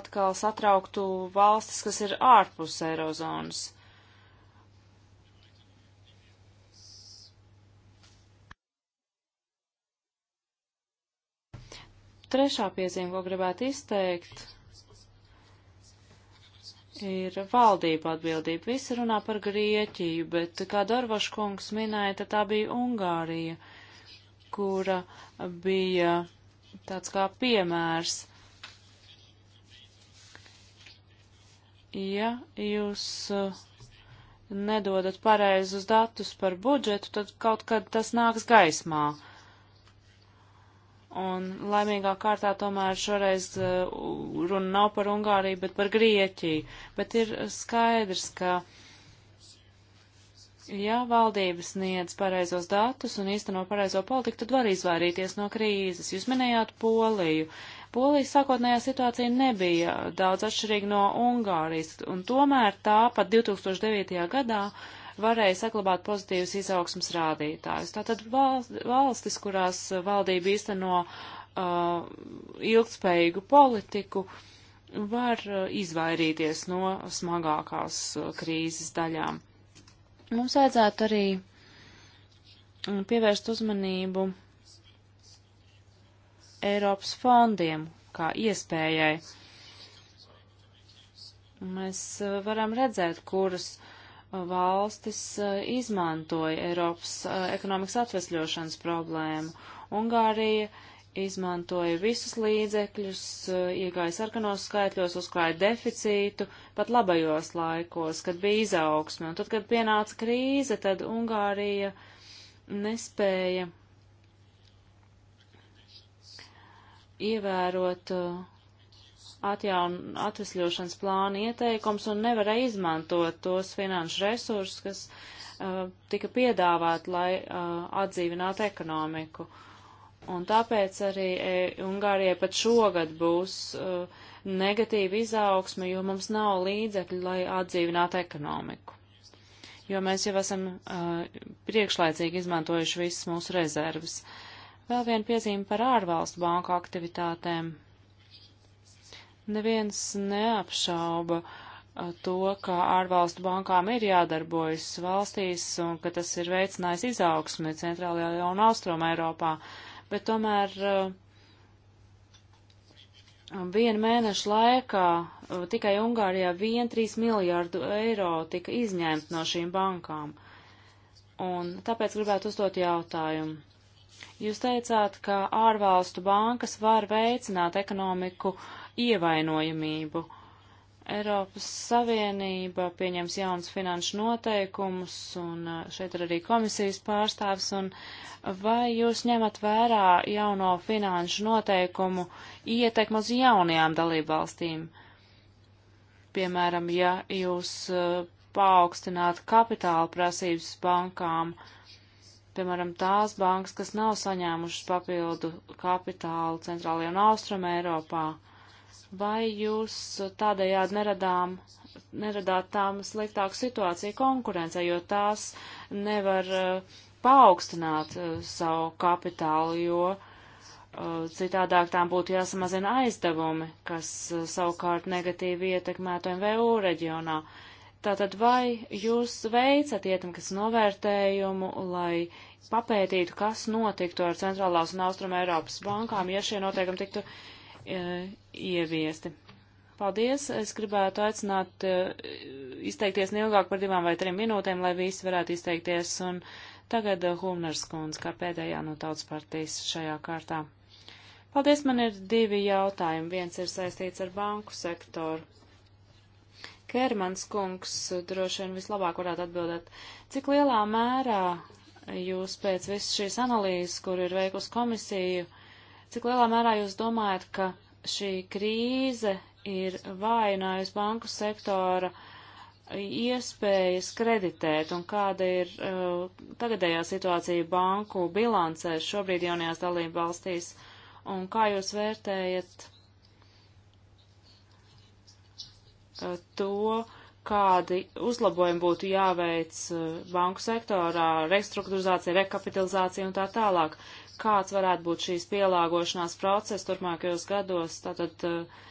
atkal satrauktu valstis, kas ir ārpus Eirozonas. Trešā piezīme, ko gribētu izteikt, ir valdība atbildība. Visi runā par Grieķiju, bet, kā Darvaškungs minēja, tad tā bija Ungārija, kura bija tāds kā piemērs. Ja jūs uh, nedodat pareizus datus par budžetu, tad kaut kad tas nāks gaismā. Uh, Un laimīgā kārtā tomēr šoreiz uh, runa nav par Ungāriju, bet par Grieķiju. Bet ir skaidrs, ka, ja valdības sniedz pareizos datus un īsteno pareizo politiku, tad var izvairīties no krīzes. Jūs minējāt Poliju. Polijas sākotnējā situācija nebija daudz atšķirīga no Ungārijas, un tomēr tā pat 2009. gadā varēja saglabāt pozitīvas izaugsmas rādītājus. Tātad valstis, kurās valdība īsteno uh, ilgspējīgu politiku, var uh, izvairīties no smagākās uh, krīzes daļām. Mums vajadzētu arī mm, pievērst uzmanību Eiropas fondiem kā iespējai. Mēs uh, varam redzēt, kuras uh, valstis eh, izmantoja Eiropas eh, ekonomikas atvesļošanas problēmu. Ungārija izmantoja visus līdzekļus, eh, iegāja sarkanos skaitļos, uzklāja deficītu, pat labajos laikos, kad bija izaugsme. Un tad, kad pienāca krīze, tad Ungārija nespēja ievērot uh, atjaun, atvesļošanas plāna ieteikums un nevarēja izmantot tos finanšu resursus, kas uh, tika piedāvāt, lai uh, atdzīvinātu ekonomiku. Un tāpēc arī e, Ungārijai pat šogad būs uh, negatīva izaugsme, jo mums nav līdzekļi, lai atdzīvinātu ekonomiku. Jo mēs jau esam uh, priekšlaicīgi izmantojuši visas mūsu rezervas. Vēl viena piezīme par ārvalstu banku aktivitātēm. Neviens neapšauba to, ka ārvalstu bankām ir jādarbojas valstīs un ka tas ir veicinājis izaugsmi centrālajā un austruma Eiropā, bet tomēr Vienu mēnešu laikā tikai Ungārijā 1,3 miljārdu eiro tika izņemt no šīm bankām. Un tāpēc gribētu uzdot jautājumu. Jūs teicāt, ka ārvalstu bankas var veicināt ekonomiku ievainojamību. Eiropas Savienība pieņems jaunas finanšu noteikumus, un uh, šeit ir arī komisijas pārstāvs, un vai jūs ņemat vērā jauno finanšu noteikumu ietekmu uz jaunajām dalībvalstīm? Piemēram, ja jūs uh, paaugstināt kapitāla prasības bankām, piemēram, tās bankas, kas nav saņēmušas papildu kapitālu centrālajā un austrum Eiropā, vai jūs tādējādi neradām, neradāt tām sliktāku situāciju konkurencē, jo tās nevar uh, paaugstināt uh, savu kapitālu, jo uh, citādāk tām būtu jāsamazina aizdevumi, kas savukārt negatīvi ietekmētu MVU reģionā. Tātad vai jūs veicat ietekmes novērtējumu, lai papētītu, kas notiktu ar centrālās un austruma Eiropas bankām, ja šie noteikumi tiktu E, ieviesti. Paldies! Es gribētu aicināt e, izteikties neilgāk par divām vai trim minūtēm, lai visi varētu izteikties. Un tagad e, Humners kundze, kā pēdējā no tautas partijas šajā kārtā. Paldies, man ir divi jautājumi. Viens ir saistīts ar banku sektoru. Kērmans kungs droši vien vislabāk varētu atbildēt, cik lielā mērā jūs pēc visas šīs analīzes, kur ir veikusi komisija, uh, Cik lielā mērā jūs domājat, ka šī krīze ir vājinājusi banku sektora iespējas kreditēt un kāda ir uh, tagadējā situācija banku bilancēs šobrīd jaunajās dalību valstīs un kā jūs vērtējat uh, to, kādi uzlabojumi būtu jāveic eh, banku sektorā, restruktūrizācija, rekapitalizācija un tā tālāk. Kāds varētu būt šīs pielāgošanās process turpmākajos gados, tātad eh,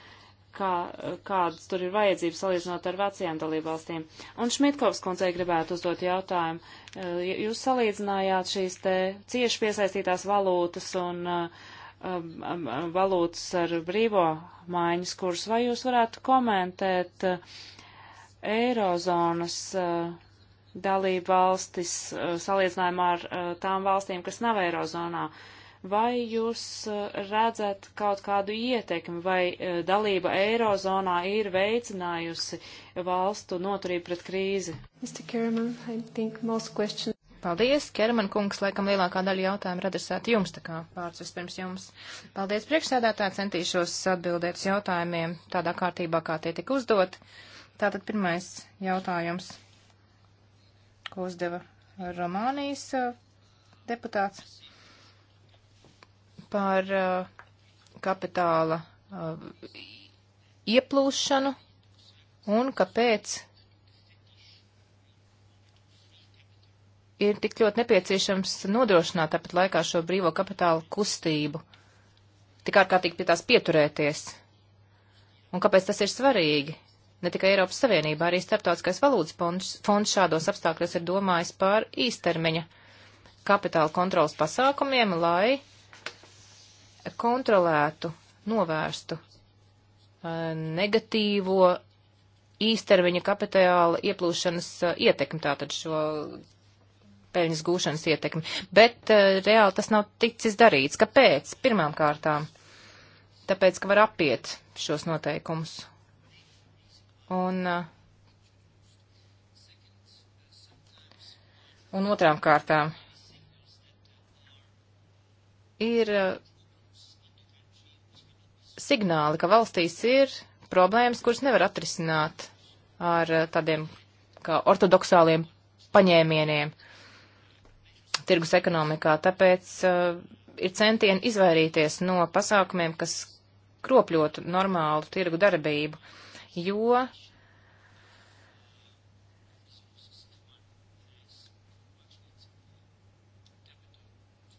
kā, eh, kādas tur ir vajadzības salīdzinot ar vecajām dalībvalstīm. Un Šmitkovs kundzei gribētu uzdot jautājumu. Jūs salīdzinājāt šīs te cieši piesaistītās valūtas un uh, valūtas ar brīvo mājas kursu. Vai jūs varētu komentēt Eirozonas eh, dalību valstis eh, salīdzinājumā ar eh, tām valstīm, kas nav Eirozonā. Vai jūs redzat kaut kādu ietekmi, vai dalība Eirozonā ir veicinājusi valstu noturību pret krīzi? Kerman, Paldies, Kerman kungs, laikam lielākā daļa jautājumu adresēta jums, tā kā pārts vispirms jums. Paldies, priekšsēdētāji, centīšos atbildēt uz jautājumiem tādā kārtībā, kā tie tika uzdoti. Tātad pirmais jautājums, ko uzdeva Romānijas uh, deputāts par uh, kapitāla uh, ieplūšanu un kāpēc ir tik ļoti nepieciešams nodrošināt tāpat laikā šo brīvo kapitālu kustību, tik ārkārtīgi pie tās pieturēties. Un kāpēc tas ir svarīgi? Ne tikai Eiropas Savienībā, arī Startautiskais valūtas fonds, fonds šādos apstākļos ir domājis par īstermiņa kapitāla kontrolas pasākumiem, lai kontrolētu, novērstu eh, negatīvo īstermiņa kapitāla ieplūšanas eh, ietekmi, tātad šo peļņas gūšanas ietekmi. Bet eh, reāli tas nav ticis darīts. Kāpēc? Pirmām kārtām. Tāpēc, ka var apiet šos noteikumus Un, eh, un otrām kārtām ir eh, signāli, ka valstīs ir problēmas, kuras nevar atrisināt ar eh, tādiem kā ortodoksāliem paņēmieniem tirgus ekonomikā. Tāpēc uh, ir centieni izvairīties no pasākumiem, kas kropļotu normālu tirgu darbību. Uh, jo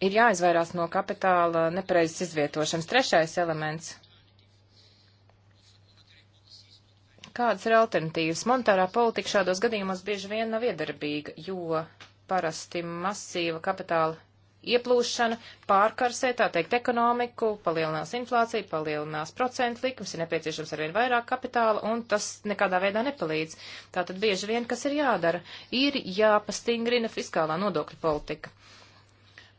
ir jāizvairās no kapitāla nepareizes izvietošanas. Trešais elements. Kādas ir alternatīvas? Monetārā politika šādos gadījumos bieži vien nav iedarbīga, jo parasti masīva kapitāla ieplūšana pārkarsē, tā teikt, ekonomiku, palielinās inflācija, palielinās procentu likums, ir nepieciešams arvien vairāk kapitāla, un tas nekādā veidā nepalīdz. Tātad bieži vien, kas ir jādara, ir jāpastingrina fiskālā nodokļa politika.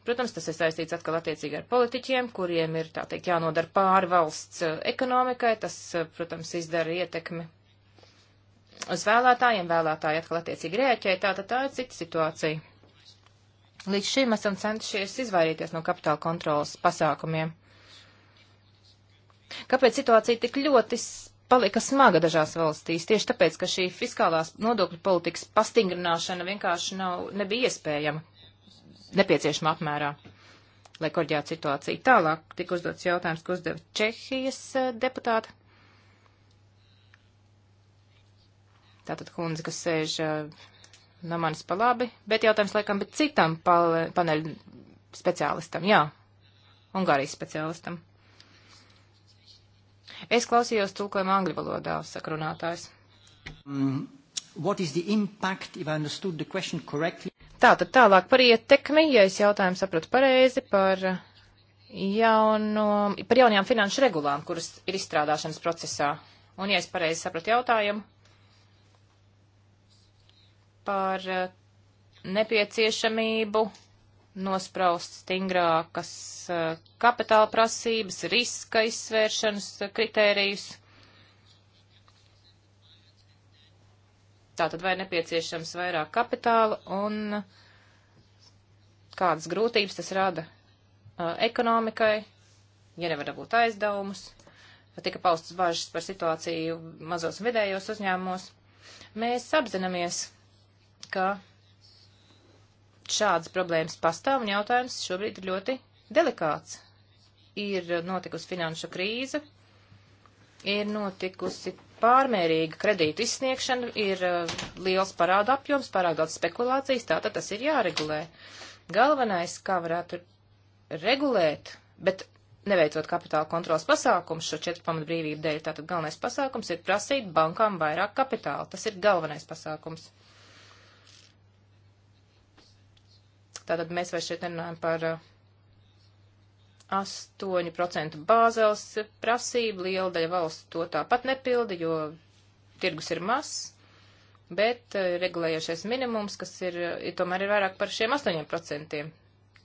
Protams, tas ir saistīts atkal attiecīgi ar politiķiem, kuriem ir, tā teikt, jānodara pāri valsts uh, ekonomikai, tas, uh, protams, izdara ietekmi uz vēlētājiem, vēlētāji atkal attiecīgi rēķē, tātad tā ir cita situācija. Līdz šim esam centušies izvairīties no kapitāla kontrolas pasākumiem. Kāpēc situācija tik ļoti palika smaga dažās valstīs? Tieši tāpēc, ka šī fiskālās nodokļu politikas pastingrināšana vienkārši nav, nebija iespējama nepieciešama apmērā, lai korģētu situāciju. Tālāk tika uzdots jautājums, ko uzdeva Čehijas eh, deputāta. Tātad kundze, kas sēž uh, no nu, manis pa labi, bet jautājums laikam, bet citam paneļu speciālistam, jā, Ungārijas speciālistam. Es klausījos tulkojumu angļu valodā, saka runātājs. Mm, impact, Tātad tālāk par ietekmi, ja es jautājumu sapratu pareizi, par, jauno, par jaunajām finanšu regulām, kuras ir izstrādāšanas procesā. Un, ja es pareizi sapratu jautājumu, par eh, nepieciešamību nospraust stingrākas eh, kapitāla prasības, riska izsvēršanas eh, kritērijus. Tātad vai nepieciešams vairāk kapitāla un kādas grūtības tas rada ekonomikai, ja nevar dabūt aizdevumus, tika paustas bažas par situāciju mazos un vidējos uzņēmumos. Mēs apzināmies, ka šādas problēmas pastāv un jautājums šobrīd ir ļoti delikāts. Ir notikusi finanšu krīze, ir notikusi pārmērīga kredītu izsniegšana, ir uh, liels parāda apjoms, pārāk daudz spekulācijas, tātad tas ir jāregulē. Galvenais, kā varētu regulēt, bet neveicot kapitāla kontrolas pasākums šo četru pamatu brīvību dēļ, tātad galvenais pasākums ir prasīt bankām vairāk kapitāla. Tas ir galvenais pasākums. Tātad mēs vairs šeit nerunājam par 8% uh, bāzels prasību, liela daļa valstu to tāpat nepilda, jo tirgus ir mazs, bet uh, regulējošais minimums, kas ir, uh, ir tomēr ir vairāk par šiem 8%.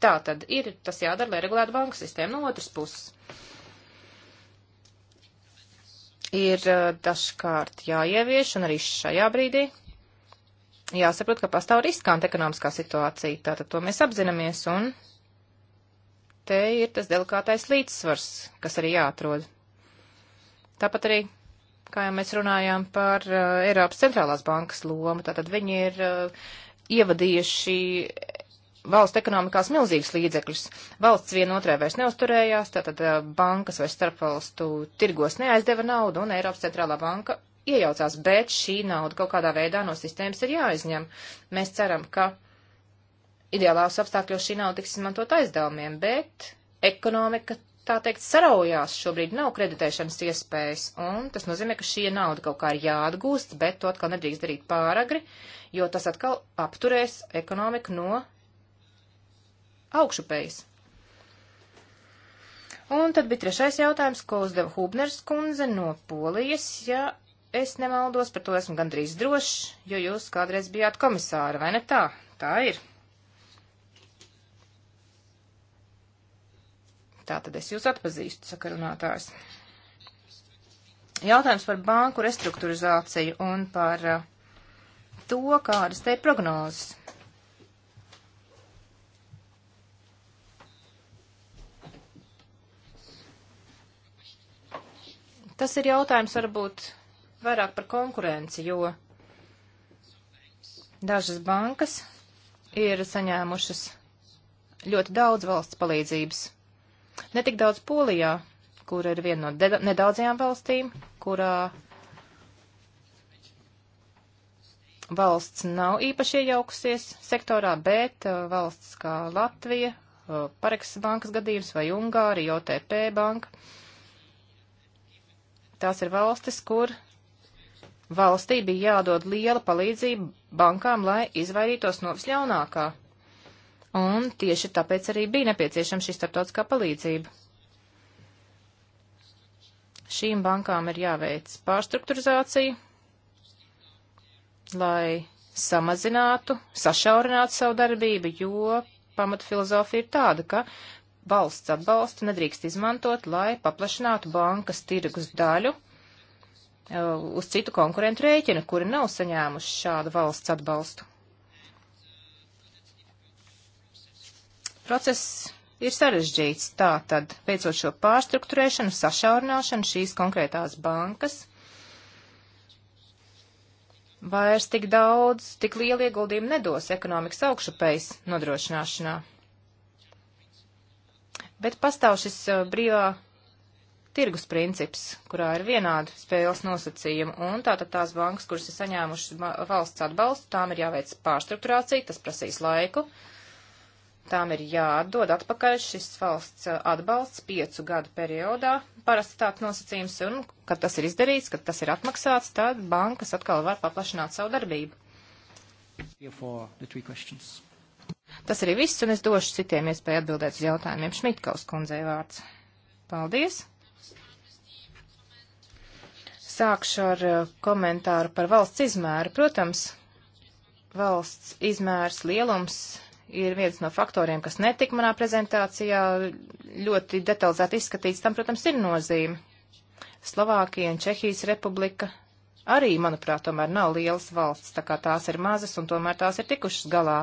Tā tad ir tas jādara, lai regulētu banku sistēmu no otras puses. Ir dažkārt jāievieš, un arī šajā brīdī jāsaprot, ka pastāv riskanta ekonomiskā situācija. Tātad to mēs apzināmies, un te ir tas delikātais līdzsvars, kas arī jāatrod. Tāpat arī, kā jau mēs runājām par uh, Eiropas centrālās bankas lomu, tātad viņi ir uh, ievadījuši valsts ekonomikās milzīgus līdzekļus. Valsts vienotrai vairs neusturējās, tātad uh, bankas vai starpvalstu tirgos neaizdeva naudu, un Eiropas centrālā banka iejaucās, bet šī nauda kaut kādā veidā no sistēmas ir jāizņem. Mēs ceram, ka ideālās apstākļos šī nauda tiks izmantot aizdevumiem, bet ekonomika tā teikt, saraujās, šobrīd nav kreditēšanas iespējas, un tas nozīmē, ka šī nauda kaut kā ir jāatgūst, bet to atkal nedrīkst darīt pāragri, jo tas atkal apturēs ekonomiku no augšupējas. Un tad bija trešais jautājums, ko uzdeva Hubners kundze no Polijas, ja es nemaldos, par to esmu gandrīz drošs, jo jūs kādreiz bijāt komisāra, vai ne tā? Tā ir. Tā tad es jūs atpazīstu, saka runātājs. Jautājums par banku restruktūrizāciju un par uh, to, kādas te ir prognozes. Tas ir jautājums varbūt vairāk par konkurenci, jo dažas bankas ir saņēmušas ļoti daudz valsts palīdzības. Netik daudz Polijā, kur ir viena no nedaudzajām valstīm, kurā valsts nav īpaši iejaukusies sektorā, bet uh, valsts kā Latvija, uh, Pareksas bankas gadījums vai Ungārija, JTP banka. Tās ir valstis, kur Valstī bija jādod liela palīdzība bankām, lai izvairītos no visļaunākā. Un tieši tāpēc arī bija nepieciešama šī starptautiskā palīdzība. Šīm bankām ir jāveic pārstrukturizācija, lai samazinātu, sašaurinātu savu darbību, jo pamata filozofija ir tāda, ka valsts atbalstu nedrīkst izmantot, lai paplašinātu bankas tirgus daļu Uh, uz citu konkurentu rēķina, kuri nav saņēmuši šādu valsts atbalstu. Process ir sarežģīts. Tātad, veicot šo pārstruktūrēšanu, sašaurināšanu, šīs konkrētās bankas vairs tik daudz, tik lielu ieguldījumu nedos ekonomikas augšupējas nodrošināšanā. Bet pastāv šis uh, brīvā tirgus princips, kurā ir vienādi spēles nosacījumi, un tātad tās bankas, kuras ir saņēmušas valsts atbalstu, tām ir jāveic pārstrukturācija, tas prasīs laiku, tām ir jāatdod atpakaļ šis valsts uh, atbalsts piecu gadu periodā, parasti tāds nosacījums, un, kad tas ir izdarīts, kad tas ir atmaksāts, tad bankas atkal var paplašināt savu darbību. Tas arī viss, un es došu citiem iespēju atbildēt uz jautājumiem. Šmitkaus kundzei vārds. Paldies! Sākšu ar eh, komentāru par valsts izmēru. Protams, valsts izmērs lielums ir viens no faktoriem, kas netika manā prezentācijā ļoti detalizēti izskatīts. Tam, protams, ir nozīme. Slovākija un Čehijas republika arī, manuprāt, tomēr nav lielas valsts, tā kā tās ir mazas un tomēr tās ir tikušas galā.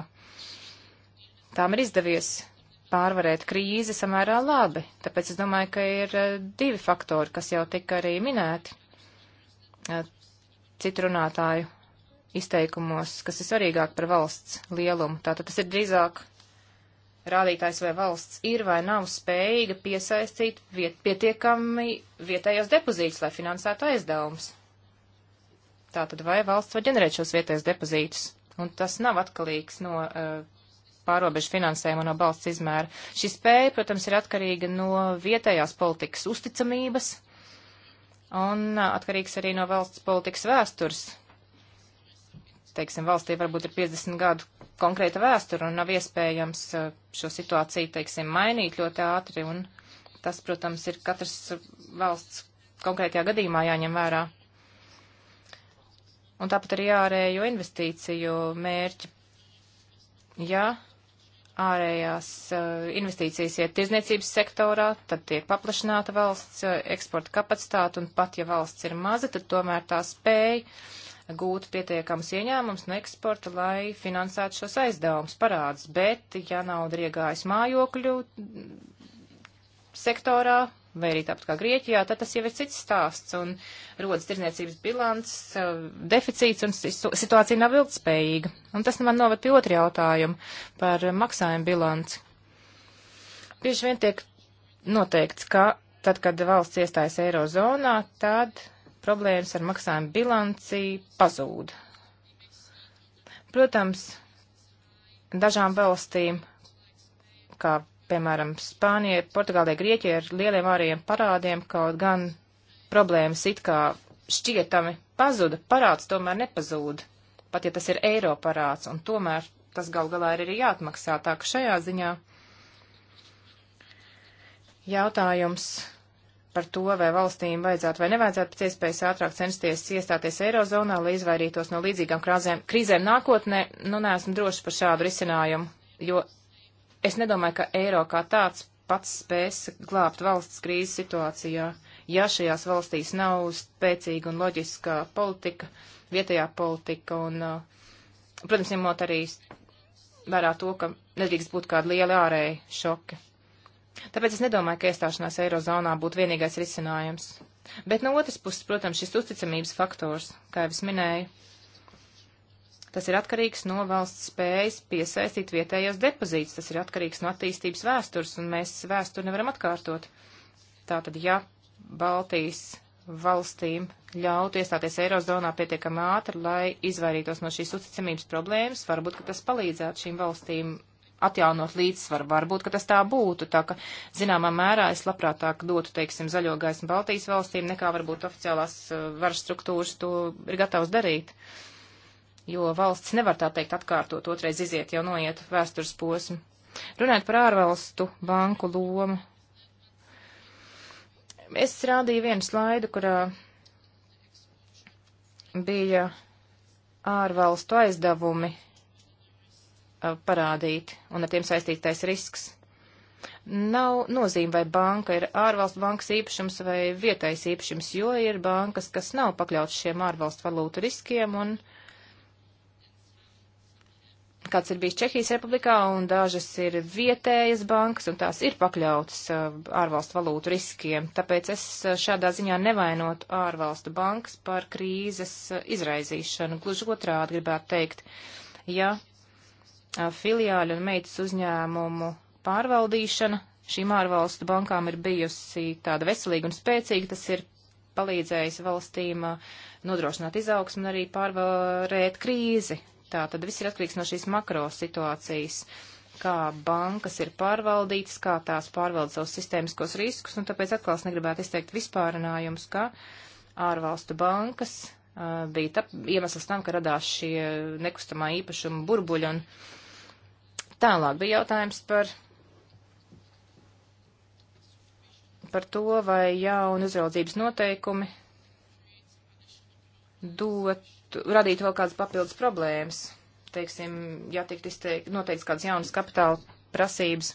Tām ir izdevies pārvarēt krīzi samērā labi, tāpēc es domāju, ka ir eh, divi faktori, kas jau tika arī minēti. Eh, citu runātāju izteikumos, kas ir svarīgāk par valsts lielumu. Tātad tas ir drīzāk rādītājs, vai valsts ir vai nav spējīga piesaistīt viet, pietiekami vietējos depozītus, lai finansētu aizdevumus. Tātad vai valsts var ģenerēt šos vietējos depozītus? Un tas nav atkalīgs no uh, pārobežu finansējuma no balsts izmēra. Šī spēja, protams, ir atkarīga no vietējās politikas uzticamības, un atkarīgs arī no valsts politikas vēstures. Teiksim, valstī varbūt ir 50 gadu konkrēta vēstura un nav iespējams šo situāciju, teiksim, mainīt ļoti ātri, un tas, protams, ir katras valsts konkrētajā gadījumā jāņem vērā. Un tāpat arī ārējo investīciju mērķi. Jā, ja ārējās eh, investīcijas iet tirzniecības sektorā, tad tiek paplašināta valsts eh, eksporta kapacitāte, un pat ja valsts ir maza, tad tomēr tā spēja gūt pietiekams ieņēmums no eksporta, lai finansētu šos aizdevumus parādus. Bet, ja nauda ir iegājusi mājokļu mm, sektorā, vai arī tāpat kā Grieķijā, tad tas jau ir cits stāsts un rodas tirniecības bilants, eh, deficīts un situācija nav ilgspējīga. Un tas man novad pie otru jautājumu par maksājumu bilanci. Bieži vien tiek noteikts, ka tad, kad valsts iestājas eirozonā, tad problēmas ar maksājumu bilanci pazūd. Protams, dažām valstīm, kā piemēram, Spānijai, Portugālei, Grieķijai ar lieliem ārējiem parādiem, kaut gan problēmas it kā šķietami pazuda, parāds tomēr nepazūd, pat ja tas ir eiro parāds, un tomēr tas gal galā ir arī jāatmaksā, tā ka šajā ziņā jautājums par to, vai valstīm vajadzētu vai nevajadzētu pēc iespējas ātrāk censties iestāties Eirozonā, lai izvairītos no līdzīgām krāzēm, krīzēm nākotnē, nu neesmu droši par šādu risinājumu, jo Es nedomāju, ka eiro kā tāds pats spēs glābt valsts krīzes situācijā, ja šajās valstīs nav spēcīga un loģiskā politika, vietējā politika un, uh, protams, ņemot arī vērā to, ka nedrīkst būt kādi lieli ārēji šoki. Tāpēc es nedomāju, ka iestāšanās eirozonā būtu vienīgais risinājums. Bet no otras puses, protams, šis uzticamības faktors, kā jau es minēju, Tas ir atkarīgs no valsts spējas piesaistīt vietējos depozītus, tas ir atkarīgs no attīstības vēstures, un mēs vēsturi nevaram atkārtot. Tātad, ja Baltijas valstīm ļautu iestāties Eirozonā pietiekami ātri, lai izvairītos no šīs uzticamības problēmas, varbūt, ka tas palīdzētu šīm valstīm atjaunot līdzsvaru. Varbūt, ka tas tā būtu, tā ka, zināmā mērā, es labprātāk dotu, teiksim, zaļo gaismu Baltijas valstīm, nekā varbūt oficiālās uh, varas struktūras to ir gatavs darīt. Uh, jo valsts nevar tā teikt atkārtot, otrais iziet jau noiet vēstures posmu. Runājot par ārvalstu banku lomu, es rādīju vienu slaidu, kurā bija ārvalstu aizdevumi parādīti un ar tiem saistītais risks. Nav nozīme, vai banka ir ārvalstu bankas īpašums vai vietais īpašums, jo ir bankas, kas nav pakļauts šiem ārvalstu valūtu riskiem un uh, kāds ir bijis Čehijas republikā, un dažas ir vietējas bankas, un tās ir pakļautas uh, ārvalstu valūtu riskiem. Tāpēc es uh, šādā ziņā nevainotu ārvalstu bankas par krīzes uh, izraizīšanu. Gluži otrādi gribētu teikt, ja filiāļu un meitas uzņēmumu pārvaldīšana šīm ārvalstu bankām ir bijusi tāda veselīga un spēcīga, tas ir palīdzējis valstīm nodrošināt izaugsmu un arī pārvarēt krīzi. Tā tad viss ir atkarīgs no šīs makro situācijas, kā bankas ir pārvaldītas, kā tās pārvalda savus sistēmiskos riskus, un tāpēc atkal es negribētu izteikt vispārinājumus, ka ārvalstu bankas uh, bija tā, iemesls tam, ka radās šie nekustamā īpašuma burbuļi, un tālāk bija jautājums par par to, vai jauni uzraudzības noteikumi dot radītu vēl kādas papildus problēmas. Teiksim, ja tikt izteikt, noteikts kāds jaunas kapitāla prasības.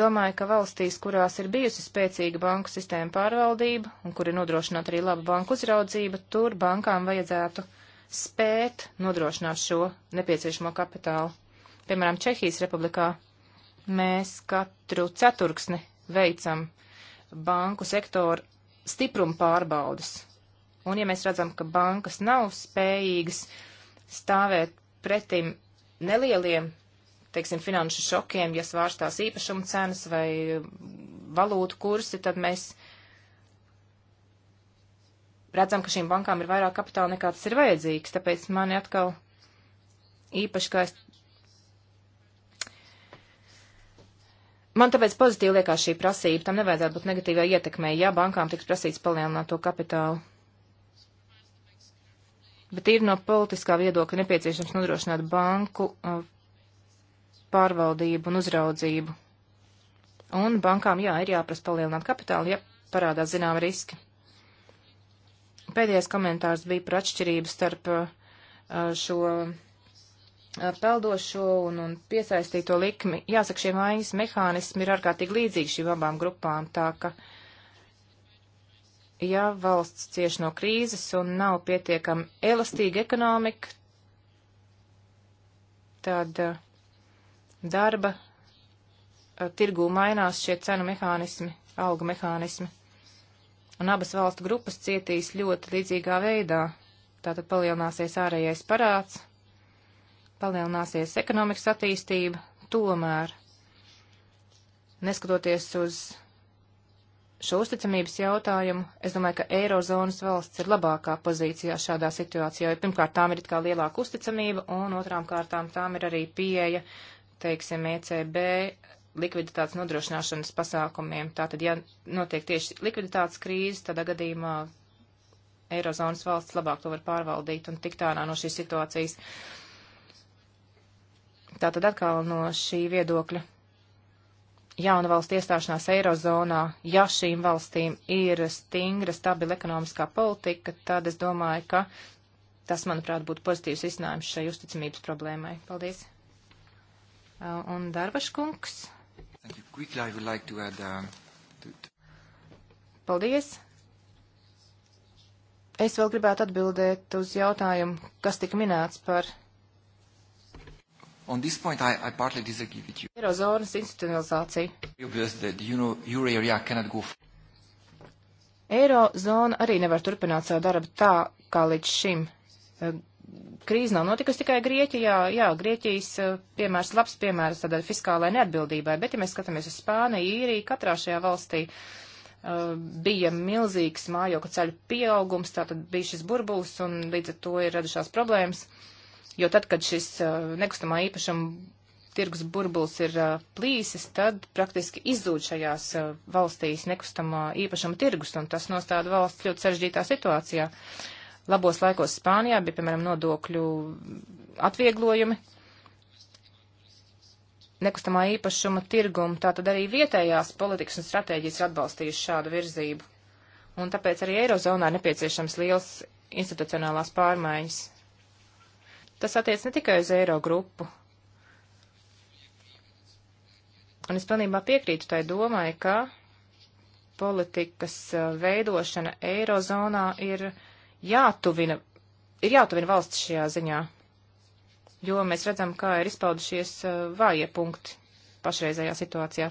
Domāju, ka valstīs, kurās ir bijusi spēcīga banku sistēma pārvaldība un kur ir nodrošināta arī laba banku uzraudzība, tur bankām vajadzētu spēt nodrošināt šo nepieciešamo kapitālu. Piemēram, Čehijas republikā mēs katru ceturksni veicam banku sektoru stiprumu pārbaudas Un ja mēs redzam, ka bankas nav spējīgas stāvēt pretim nelieliem, teiksim, finanšu šokiem, ja svārstās īpašuma cenas vai valūtu kursi, tad mēs redzam, ka šīm bankām ir vairāk kapitāla nekā tas ir vajadzīgs. Tāpēc mani atkal īpaši, kā es. Man tāpēc pozitīvi liekas šī prasība. Tam nevajadzētu būt negatīvai ietekmei, ja bankām tiks prasīts palielināt to kapitālu bet ir no politiskā viedokļa nepieciešams nodrošināt banku uh, pārvaldību un uzraudzību. Un bankām, jā, ir jāprasa palielināt kapitālu, ja parādās zinām riski. Pēdējais komentārs bija par atšķirību starp uh, šo uh, peldošo un, un piesaistīto likmi. Jāsaka, šie mājas mehānismi ir ārkārtīgi līdzīgi šīm abām grupām, tā ka uh, ja valsts cieš no krīzes un nav pietiekami elastīga ekonomika, tad eh, darba eh, tirgū mainās šie cenu mehānismi, algu mehānismi. Un abas valstu grupas cietīs ļoti līdzīgā veidā. Tātad palielināsies ārējais parāds, palielināsies ekonomikas attīstība, tomēr, neskatoties uz šo uzticamības jautājumu, es domāju, ka Eirozonas valsts ir labākā pozīcijā šādā situācijā, jo pirmkārt tām ir it kā lielāka uzticamība, un otrām kārtām tām ir arī pieeja, teiksim, ECB likviditātes nodrošināšanas pasākumiem. Tātad, ja notiek tieši likviditātes krīze, tādā gadījumā Eirozonas valsts labāk to var pārvaldīt un tikt ārā no šīs situācijas. Tātad atkal no šī viedokļa jauna valsts iestāšanās Eirozonā, ja šīm valstīm ir stingra, stabila ekonomiskā politika, tad es domāju, ka tas, manuprāt, būtu pozitīvs izcinājums šai uzticamības problēmai. Paldies. Un Darbaškungs. Uh, Paldies. Es vēl gribētu atbildēt uz jautājumu, kas tika minēts par On this point, I, I partly disagree with you. Eirozonas institucionalizācija. That, you know, euro area cannot go. Eirozona arī nevar turpināt savu darbu tā, kā līdz šim. Eh, krīze nav notikusi tikai Grieķijā. Jā, Grieķijas eh, piemērs labs piemērs tādai fiskālai neatbildībai, bet ja mēs skatāmies uz Spāniju, īriju, katrā šajā valstī uh, bija milzīgs mājokļu ceļu pieaugums, tātad bija šis burbulis un līdz ar to ir radušās problēmas. Uh, Jo tad, kad šis uh, nekustamā īpašuma tirgus burbulis ir uh, plīsis, tad praktiski izzūd šajās uh, valstīs nekustamā īpašuma tirgus, un tas nostāda valsts ļoti sarežģītā situācijā. Labos laikos Spānijā bija, piemēram, nodokļu atvieglojumi, nekustamā īpašuma tirgumu, tātad arī vietējās politikas un stratēģijas ir atbalstījuši šādu virzību. Un tāpēc arī Eirozonā ir nepieciešams liels institucionālās pārmaiņas. Tas attiec ne tikai uz eiro grupu. Un es pilnībā piekrītu tai domai, ka politikas eh, veidošana eirozonā ir jātuvina, ir jātuvina valsts šajā ziņā, jo mēs redzam, kā ir izpaudušies eh, vāja punkti pašreizējā situācijā.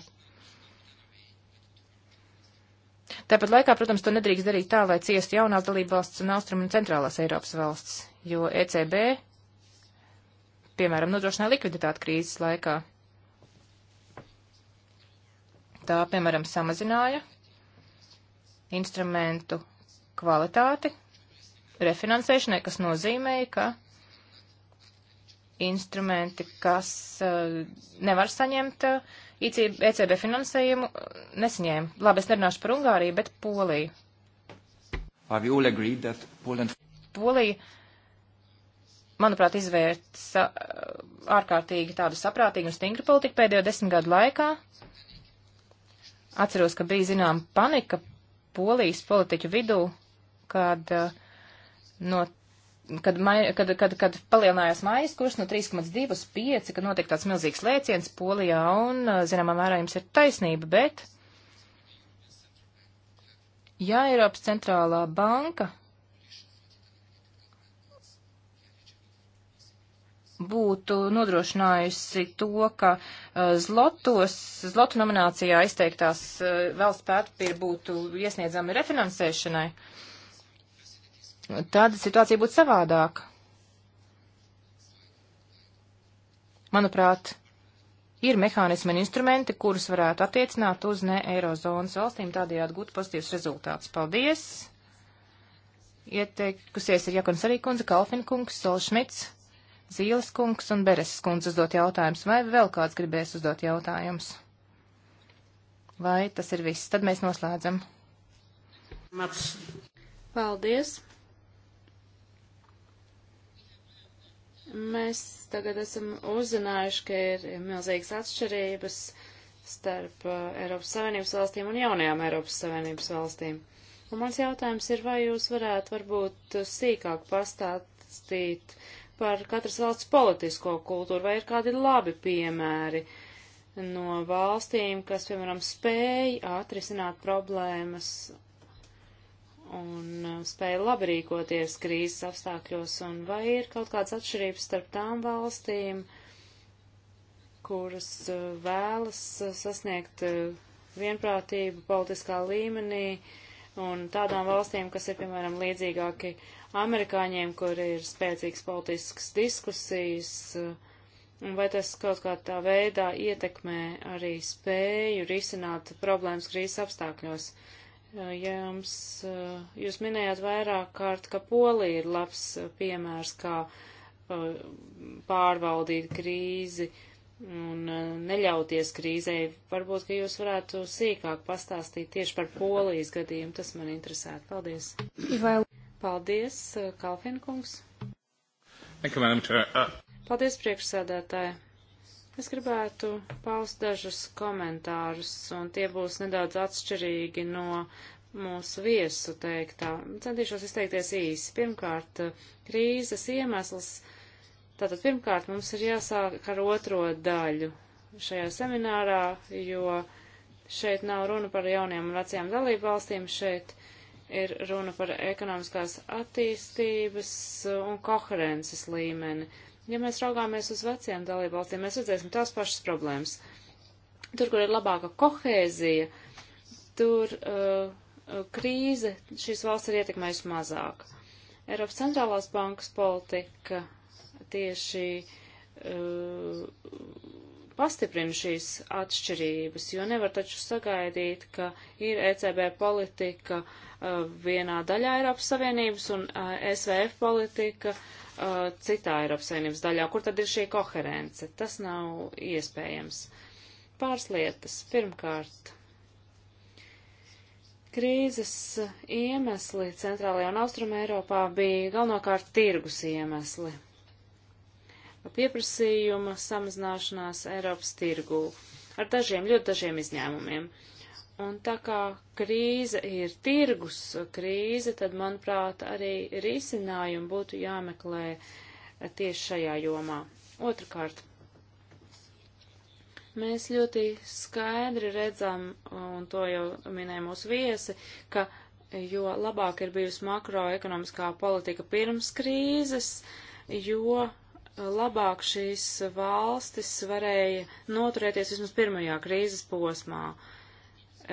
Tāpat laikā, protams, to nedrīkst darīt tā, lai ciestu jaunās dalību valsts un austrumu un centrālās Eiropas valsts, jo ECB piemēram, nodrošināja likviditāti krīzes laikā. Tā, piemēram, samazināja instrumentu kvalitāti refinansēšanai, kas nozīmēja, ka instrumenti, kas uh, nevar saņemt uh, ECB finansējumu, uh, nesaņēma. Labi, es nerunāšu par Ungāriju, bet Poliju. Poland... Polija manuprāt, izvērts uh, ārkārtīgi tādu saprātīgu un stingru politiku pēdējo desmit gadu laikā. Atceros, ka bija zinām panika polijas politiķu vidū, kad, uh, no, kad, kad, kad, kad palielinājās mājas kurs no 3,2 uz 5, kad notiek tāds milzīgs lēciens Polijā, un, uh, zināmā mērā, jums ir taisnība, bet, ja Eiropas centrālā banka būtu nodrošinājusi to, ka uh, zlotos, zlotu nominācijā izteiktās uh, valsts pētpīri būtu iesniedzami refinansēšanai, tāda situācija būtu savādāka. Manuprāt, ir mehānismi un instrumenti, kurus varētu attiecināt uz ne eirozonas valstīm, tādējādi gūt pozitīvs rezultāts. Paldies! Ieteikusies ir Jakons Arīkundze, Kalfinkungs, Solšmits. Zīles kungs un Bereses kundze uzdot jautājumus, vai vēl kāds gribēs uzdot jautājumus? Vai tas ir viss? Tad mēs noslēdzam. Mats. Paldies. Mēs tagad esam uzzinājuši, ka ir milzīgas atšķirības starp uh, Eiropas Savienības valstīm un jaunajām Eiropas Savienības valstīm. Un mans jautājums ir, vai jūs varētu varbūt sīkāk pastāstīt par katras valsts politisko kultūru, vai ir kādi labi piemēri no valstīm, kas, piemēram, spēja atrisināt problēmas un um, spēja labi rīkoties krīzes apstākļos, un vai ir kaut kāds atšķirības starp tām valstīm, kuras uh, vēlas uh, sasniegt uh, vienprātību politiskā līmenī, un tādām valstīm, kas ir, piemēram, līdzīgāki amerikāņiem, kur ir spēcīgas politiskas diskusijas, eh, un vai tas kaut kā tā veidā ietekmē arī spēju risināt problēmas krīzes apstākļos. Ja eh, jums, eh, jūs minējāt vairāk kārt, ka Polija ir labs piemērs, kā pārvaldīt krīzi un neļauties krīzei. Varbūt, ka jūs varētu sīkāk pastāstīt tieši par polijas gadījumu. Tas man interesētu. Paldies. Vēl Paldies, eh, Kalfinkungs. Uh, Paldies, priekšsēdētāji. Es gribētu paust dažus komentārus, un tie būs nedaudz atšķirīgi no mūsu viesu teiktā. Centīšos izteikties īsi. Pirmkārt, krīzes iemesls. Tātad pirmkārt mums ir jāsāk ar otro daļu šajā seminārā, jo šeit nav runa par jauniem un veciem dalību valstīm, šeit ir runa par ekonomiskās attīstības uh, un koherences līmeni. Ja mēs raugāmies uz veciem dalībvalstīm, mēs redzēsim tās pašas problēmas. Tur, kur ir labāka kohēzija, tur uh, krīze šīs valsts ir ietekmējusi mazāk. Eiropas centrālās bankas politika tieši uh, pastiprina šīs atšķirības, jo nevar taču sagaidīt, ka ir ECB politika uh, vienā daļā Eiropas Savienības un uh, SVF politika uh, citā Eiropas Savienības daļā. Kur tad ir šī koherence? Tas nav iespējams. Pāris lietas. Pirmkārt, krīzes iemesli centrālajā un austrumē Eiropā bija galvenokārt tirgus iemesli pieprasījuma samazināšanās Eiropas tirgū ar dažiem, ļoti dažiem izņēmumiem. Un tā kā krīze ir tirgus krīze, tad, manuprāt, arī risinājumi būtu jāmeklē tieši šajā jomā. Otrakārt, mēs ļoti skaidri redzam, un to jau minēja mūsu viesi, ka jo labāk ir bijusi makroekonomiskā politika pirms krīzes, jo labāk šīs valstis varēja noturēties vismaz pirmajā krīzes posmā.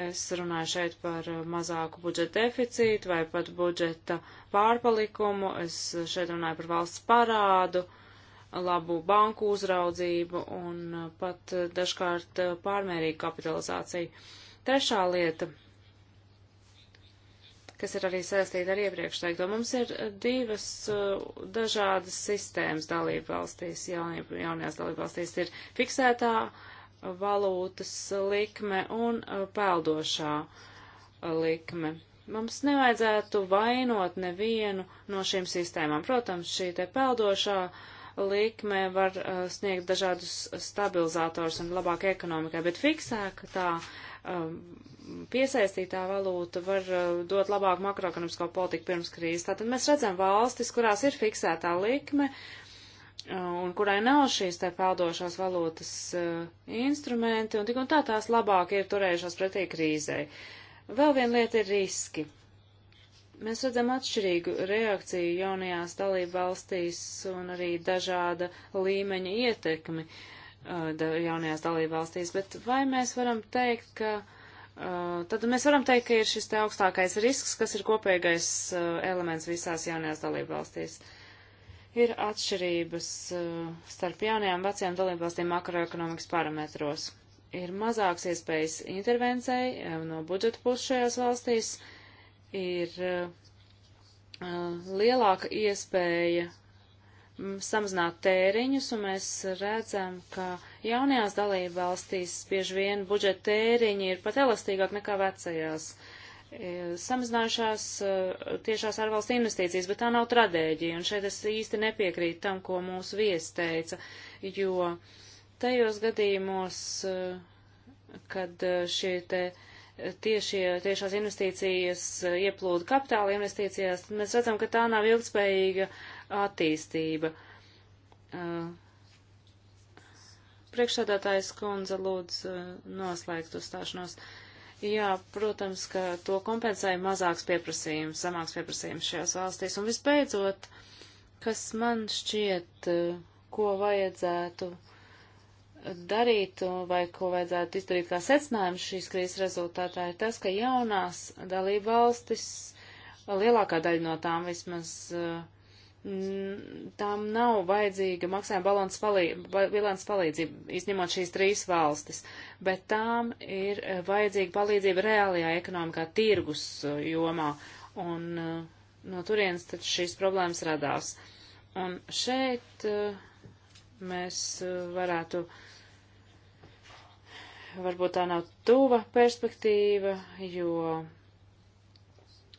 Es runāju šeit par mazāku budžeta deficītu vai pat budžeta pārpalikumu, es šeit runāju par valsts parādu, labu banku uzraudzību un pat dažkārt pārmērīgu kapitalizāciju. Trešā lieta kas ir arī saistīta ar iepriekš teikto. Mums ir divas uh, dažādas sistēmas dalību valstīs. Jaunajās, jaunajās dalību valstīs ir fiksētā valūtas likme un uh, peldošā uh, likme. Mums nevajadzētu vainot nevienu no šīm sistēmām. Protams, šī te peldošā likme var sniegt dažādus stabilizators un labāk ekonomikai, bet fiksētā tā Um, piesaistītā valūta var uh, dot labāku makroekonomisko politiku pirms krīzes. Tātad mēs redzam valstis, kurās ir fiksētā likme uh, un kurai nav šīs te peldošās valūtas uh, instrumenti, un tik un tā tās labāk ir turējušās pretī krīzei. Vēl viena lieta ir riski. Mēs redzam atšķirīgu reakciju jaunajās dalību valstīs un arī dažāda līmeņa ietekmi. Uh, Uh, jaunajās dalībvalstīs, bet vai mēs varam teikt, ka uh, tad mēs varam teikt, ka ir šis te augstākais risks, kas ir kopīgais uh, elements visās jaunajās dalībvalstīs. Ir atšķirības uh, starp jaunajām vecajām dalībvalstīm makroekonomikas parametros. Ir mazāks iespējas intervencei uh, no budžeta puses šajās valstīs, ir uh, lielāka iespēja samazināt tēriņus, un mēs redzam, ka jaunajās dalība valstīs bieži vien budžeta tēriņi ir pat elastīgāk nekā vecajās. E, samazinājušās e, tiešās ārvalstu investīcijas, bet tā nav tradēģija, un šeit es īsti nepiekrītu tam, ko mūsu viesi teica, jo tajos gadījumos, e, kad šie te tiešie, tiešās investīcijas ieplūda kapitāla investīcijās, mēs redzam, ka tā nav ilgspējīga uh, attīstība. Priekšsādātājs kundze lūdzu noslēgt uzstāšanos. Jā, protams, ka to kompensēja mazāks pieprasījums, zemāks pieprasījums šajās valstīs. Un visbeidzot, kas man šķiet, ko vajadzētu darīt vai ko vajadzētu izdarīt kā secinājumu šīs krīzes rezultātā, ir tas, ka jaunās dalība valstis, lielākā daļa no tām vismaz, uh, tām nav vajadzīga maksājuma balanses palīdzība, bilants palīdzība, izņemot šīs trīs valstis, bet tām ir e, vajadzīga palīdzība reālajā ekonomikā, tirgus e, jomā, un e, no turienes tad šīs problēmas radās. Un šeit mēs varētu varbūt tā nav tuva perspektīva, jo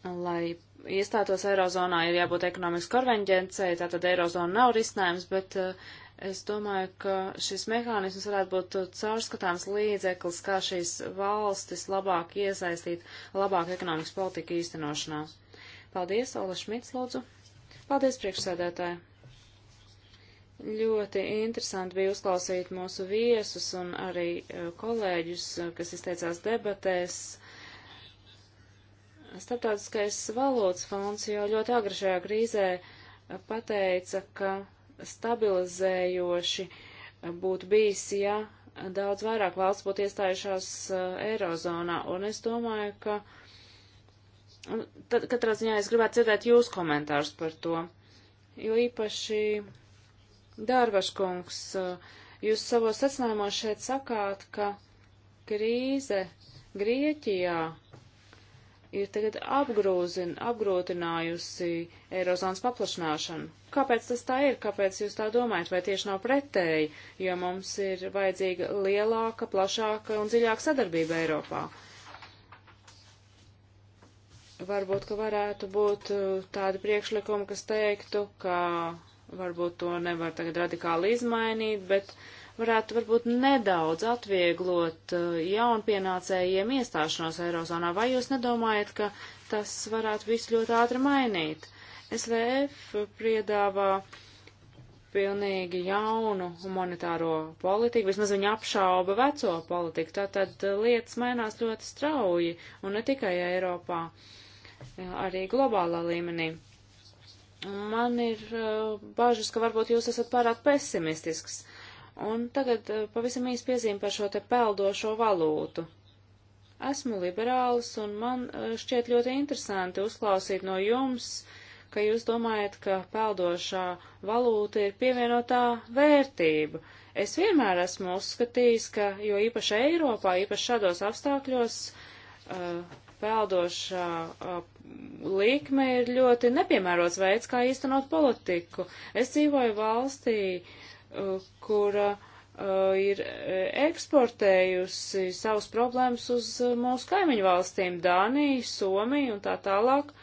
lai iestātos Eirozonā, ir jābūt ekonomikas konvenģencei, tātad Eirozona nav risinājums, bet uh, es domāju, ka šis mehānisms varētu būt caurskatāms līdzeklis, kā šīs valstis labāk iesaistīt, labāk ekonomikas politiku īstenošanā. Paldies, Ola Šmits, lūdzu. Paldies, priekšsēdētāji. Ļoti interesanti bija uzklausīt mūsu viesus un arī eh, kolēģus, eh, kas izteicās debatēs Startautiskais valūtas fonds jau ļoti agri šajā krīzē pateica, ka stabilizējoši būtu bijis, ja daudz vairāk valsts būtu iestājušās eh, Eirozonā. Un es domāju, ka tad, katrā ziņā es gribētu dzirdēt jūs komentārus par to. Jo īpaši Dārvaškungs, eh, jūs savos secinājumos šeit sakāt, ka krīze Grieķijā ir tagad apgrūzin, apgrūtinājusi Eirozonas paplašināšanu. Kāpēc tas tā ir? Kāpēc jūs tā domājat? Vai tieši nav pretēji, jo mums ir vajadzīga lielāka, plašāka un dziļāka sadarbība Eiropā? Varbūt, ka varētu būt uh, tādi priekšlikumi, kas teiktu, ka varbūt to nevar tagad radikāli izmainīt, bet uh, varētu varbūt nedaudz atvieglot uh, jaunpienācējiem iestāšanos Eirozonā, vai jūs nedomājat, ka tas varētu visu ļoti ātri mainīt? SVF piedāvā pilnīgi jaunu monetāro politiku, vismaz viņa apšauba veco politiku, tātad uh, lietas mainās ļoti strauji, un ne tikai Eiropā, uh, arī globālā līmenī. Man ir bažas, ka varbūt jūs esat pārāk pesimistisks. Uh, Un tagad eh, pavisam īsti piezīme par šo te peldošo valūtu. Esmu liberāls, un man eh, šķiet ļoti interesanti uzklausīt no jums, ka jūs domājat, ka peldošā valūta ir pievienotā vērtība. Es vienmēr esmu uzskatījis, ka, jo īpaši Eiropā, īpaši šādos apstākļos, uh, peldošā likme ir ļoti nepiemērots veids, kā īstenot politiku. Es dzīvoju valstī, Uh, kura uh, ir uh, eksportējusi savus problēmas uz mūsu kaimiņu valstīm - Dāniju, Somiju un tā tālāk.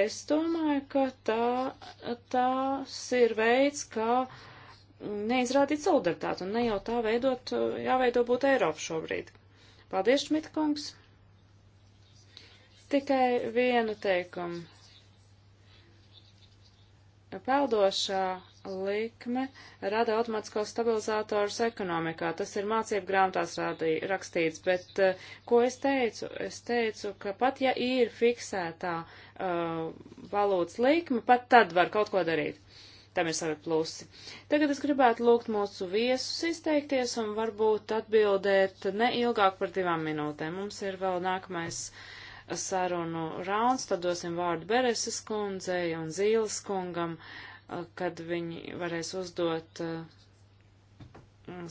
Es domāju, ka tā, tās ir veids, kā neizrādīt solidaritāti un ne jau tā veidot, jāveido būtu Eiropa šobrīd. Paldies, Šmitkungs! Tikai vienu teikumu. Peldošā likme rada automātiskos stabilizatorus ekonomikā. Tas ir mācību grāmatās rādī, rakstīts, bet uh, ko es teicu? Es teicu, ka pat ja ir fiksētā uh, valūtas likme, pat tad var kaut ko darīt. Tam ir savi plusi. Tagad es gribētu lūgt mūsu viesus izteikties un varbūt atbildēt ne ilgāk par divām minūtēm. Mums ir vēl nākamais eh, sarunu rauns, tad dosim vārdu Bereses kundzei un Zīles kungam. Uh, Eh, kad viņi varēs uzdot eh,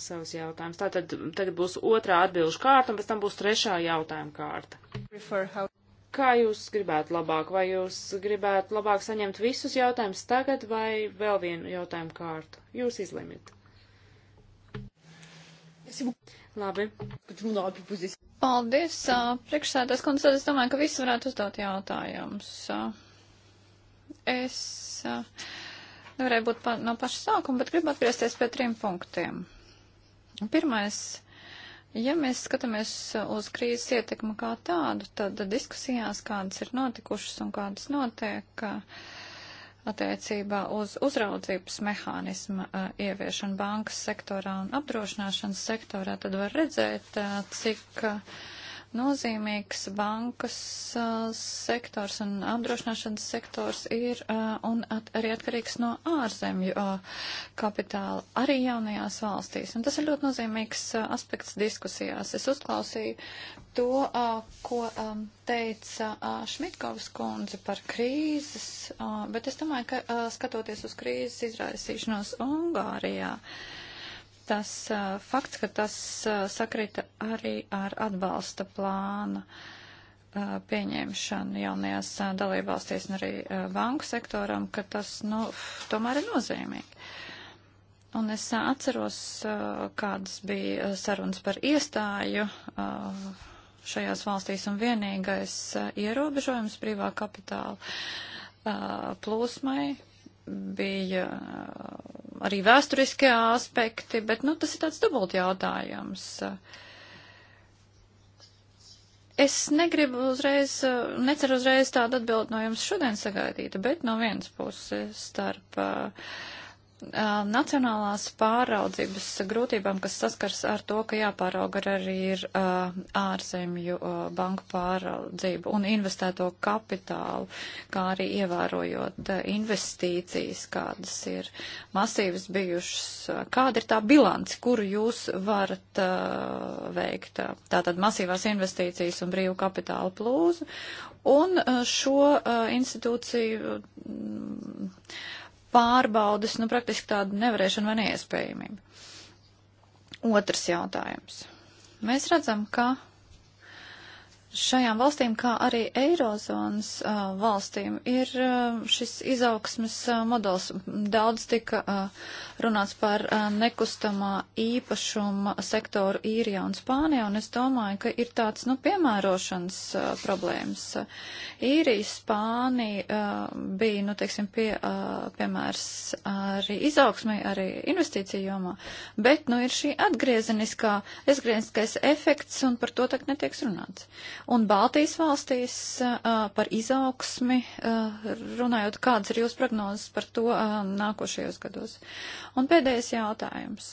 savus jautājumus. Tātad tagad būs otrā atbilžu kārta, un pēc tam būs trešā jautājuma kārta. Kā jūs gribētu labāk? Vai jūs gribētu labāk saņemt visus jautājumus tagad vai vēl vienu jautājumu kārtu? Jūs izlemiet. Labi. Paldies, priekšsēdētājs kundze. Es domāju, ka visi varētu uzdot jautājumus. Es. Uh, nevarēja būt pa, no paša sākuma, bet gribu atgriezties pie trim punktiem. Pirmais, ja mēs skatāmies uz krīzes ietekmu kā tādu, tad diskusijās, kādas ir notikušas un kādas notiek attiecībā uz uzraudzības mehānismu ieviešanu bankas sektorā un apdrošināšanas sektorā, tad var redzēt, cik. Uh, nozīmīgs bankas uh, sektors un apdrošināšanas sektors ir uh, un at, arī atkarīgs no ārzemju uh, kapitāla, arī jaunajās valstīs. Un tas ir ļoti nozīmīgs aspekts diskusijās. Es uzklausīju to, ko um, teica Šmitkovs kundze par krīzes, bet es domāju, ka skatoties uz krīzes izraisīšanos Ungārijā, uh, tas uh, fakts, ka tas uh, sakrita arī ar atbalsta plāna uh, pieņemšanu jaunajās uh, dalībvalstīs un arī uh, banku sektoram, ka tas, nu, tomēr ir nozīmīgi. Un es uh, atceros, uh, kādas bija sarunas par iestāju uh, šajās valstīs un vienīgais uh, ierobežojums privā kapitāla uh, plūsmai bija uh, arī vēsturiskie aspekti, bet, nu, tas ir tāds dubult jautājums. Es negribu uzreiz, neceru uzreiz tādu atbildi no jums šodien sagaidīt, bet no vienas puses starp uh, Nacionālās pāraudzības grūtībām, kas saskars ar to, ka jāpārauga arī ir ārzemju banku pāraudzību un investēto kapitālu, kā arī ievērojot investīcijas, kādas ir masīvas bijušas. Kāda ir tā bilanci, kuru jūs varat veikt? Tātad masīvās investīcijas un brīvu kapitālu plūzu un šo institūciju pārbaudas, nu, praktiski tāda nevarēšana vai neiespējamība. Otrs jautājums. Mēs redzam, ka šajām valstīm, kā arī Eirozonas uh, valstīm, ir uh, šis izaugsmes uh, modelis. Daudz tika uh, runāts par eh, nekustamā īpašuma sektoru īrijā un Spānijā, un es domāju, ka ir tāds, nu, piemērošanas eh, problēmas. Īrija, Spānija eh, bija, nu, teiksim, pie, piemērs arī izaugsmai, arī investīciju jomā, bet, nu, ir šī atgriezeniskā, atgriezeniskais efekts, un par to tagad netiek runāts. Un Baltijas valstīs par izaugsmi runājot, kādas ir jūsu prognozes par to nākošajos gados. Un pēdējais jautājums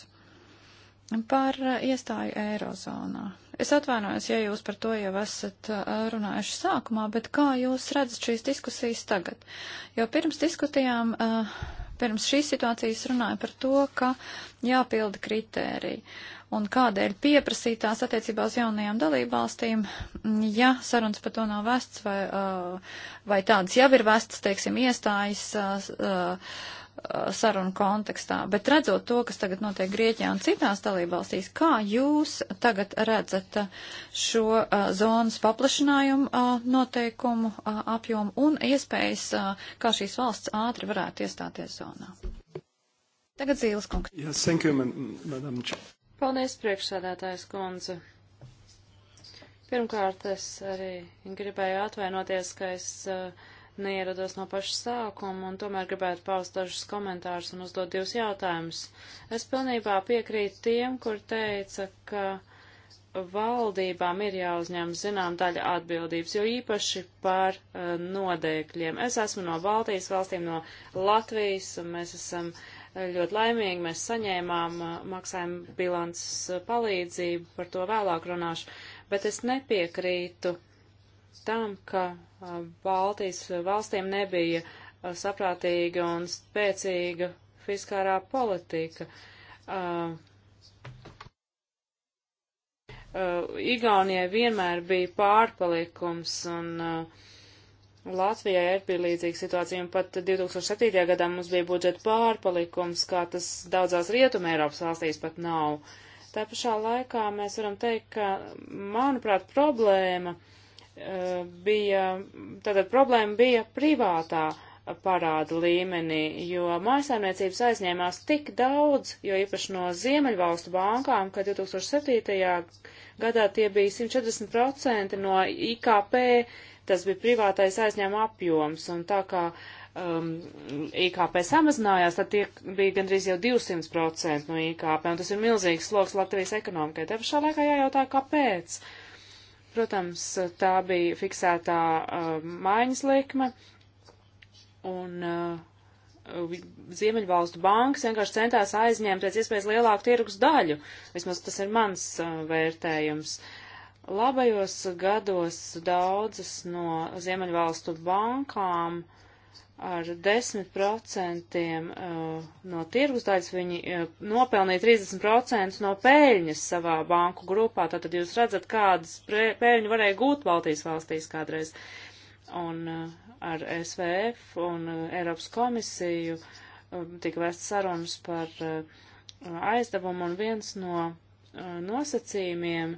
par uh, iestāju Eirozonā. Es atvainojos, ja jūs par to jau esat uh, runājuši sākumā, bet kā jūs redzat šīs diskusijas tagad? Jo pirms diskutējām, uh, pirms šīs situācijas runāja par to, ka jāpilda kritēriji un kādēļ pieprasītās attiecībā uz jaunajām dalībvalstīm, mm, ja sarunas par to nav vests vai, vai tādas jau ir vests, teiksim, iestājas Uh, sarunu kontekstā, bet redzot to, kas tagad notiek Grieķijā un citās dalībvalstīs, kā jūs tagad redzat šo a, uh, zonas paplašinājumu a, uh, noteikumu a, apjomu un iespējas, kā šīs valsts ātri varētu iestāties zonā? Tagad Zīles kungs. Yes, thank you, madam. Paldies, priekšsēdētājs kundze. Pirmkārt, es arī gribēju atvainoties, ka es uh, neieradās no paša sākuma un tomēr gribētu paust dažus komentārus un uzdot divus jautājumus. Es pilnībā piekrītu tiem, kur teica, ka valdībām ir jāuzņem zinām daļa atbildības, jo īpaši par uh, nodēkļiem. Es esmu no Baltijas valstīm, no Latvijas, un mēs esam uh, ļoti laimīgi, mēs saņēmām uh, maksājumu bilances uh, palīdzību, par to vēlāk runāšu, bet es nepiekrītu tam, ka Baltijas valstīm nebija uh, saprātīga un spēcīga fiskārā politika. Uh, uh, Igaunijai vienmēr bija pārpalikums un Latvijai arī bija līdzīga situācija, un pat 2007. gadā mums bija budžeta pārpalikums, kā tas daudzās rietuma Eiropas valstīs pat nav. Tā pašā laikā mēs varam teikt, ka, manuprāt, problēma uh, bija, tātad problēma bija privātā parāda līmenī, jo mājasēmniecības aizņēmās tik daudz, jo īpaši no Ziemeļvalstu bankām, ka 2007. gadā tie bija 140% no IKP, tas bija privātais aizņēma apjoms, un tā kā um, IKP samazinājās, tad tie bija gandrīz jau 200% no IKP, un tas ir milzīgs sloks Latvijas ekonomikai. Te pašā laikā jājautā, kāpēc. Uh, Protams, tā bija fiksētā uh, maiņas likme, un uh, Ziemeļvalstu bankas vienkārši centās aizņemt pēc iespējas lielāku tirgus daļu. Vismaz tas ir mans uh, vērtējums. Labajos gados daudzas no Ziemeļvalstu bankām uh, ar 10% uh, no tirgus daļas viņi uh, nopelnīja 30% no peļņas savā banku grupā. Tātad jūs redzat, kādas peļņu varēja gūt Baltijas valstīs kādreiz. Un uh, ar SVF un Eiropas komisiju um, tika vēsts sarunas par aizdevumu un viens no nosacījumiem,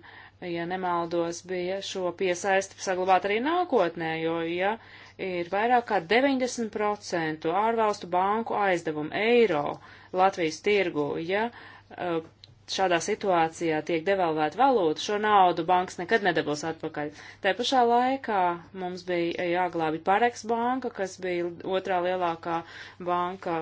ja nemaldos, bija šo piesaisti saglabāt arī nākotnē, jo, ja uh, ir vairāk kā 90% ārvalstu banku aizdevumu eiro Latvijas tirgu. Ja uh, šādā situācijā tiek devalvēta valūta, šo naudu banks nekad nedabūs atpakaļ. Tā pašā laikā mums bija jāglābi Pareks banka, kas bija otrā lielākā banka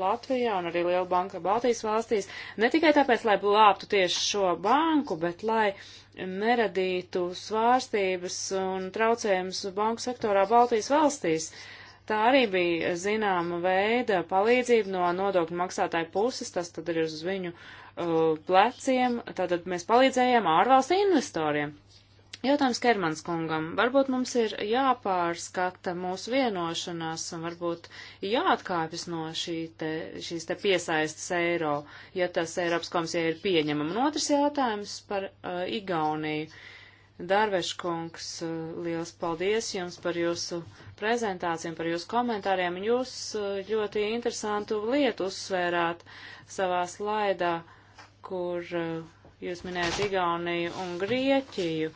Latvijā un arī liela banka Baltijas valstīs. Ne tikai tāpēc, lai glābtu tieši šo banku, bet lai uh, neradītu svārstības un traucējumus banku sektorā Baltijas valstīs. Tā arī bija zināma veida palīdzība no nodokļu maksātāju puses, tas tad ir uz viņu uh, pleciem, tātad mēs palīdzējām ārvalstu investoriem. Jautājums Kermans kungam. Varbūt mums ir jāpārskata mūsu vienošanās un varbūt jāatkāpjas no šī te, šīs te piesaistas eiro, ja tas Eiropas komisija ir pieņemama. Un otrs jautājums par uh, Igauniju. Darveškungs, uh, liels paldies jums par jūsu prezentācijām, par jūsu komentāriem. Jūs uh, ļoti interesantu lietu uzsvērāt savā slaidā, kur uh, jūs minējat Igauniju un Grieķiju.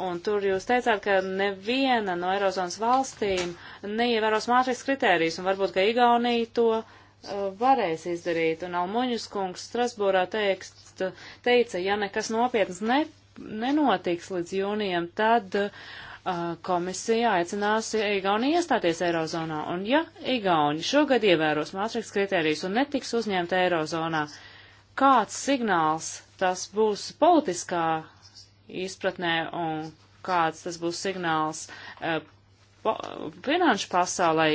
Un tur jūs teicāt, ka neviena no Eirozonas valstīm neievēros mātrīs kritērijas, un varbūt, ka Igaunija to uh, varēs izdarīt. Un Almuņas kungs Strasbūrā teikst, teica, ja nekas nopietnas ne, nenotiks līdz jūnijam, tad uh, komisija aicinās Igauni iestāties Eirozonā, un ja Igauni šogad ievēros mātrīks kritērijus un netiks uzņemta Eirozonā, kāds signāls tas būs politiskā izpratnē un kāds tas būs signāls eh, po, finanšu pasaulē,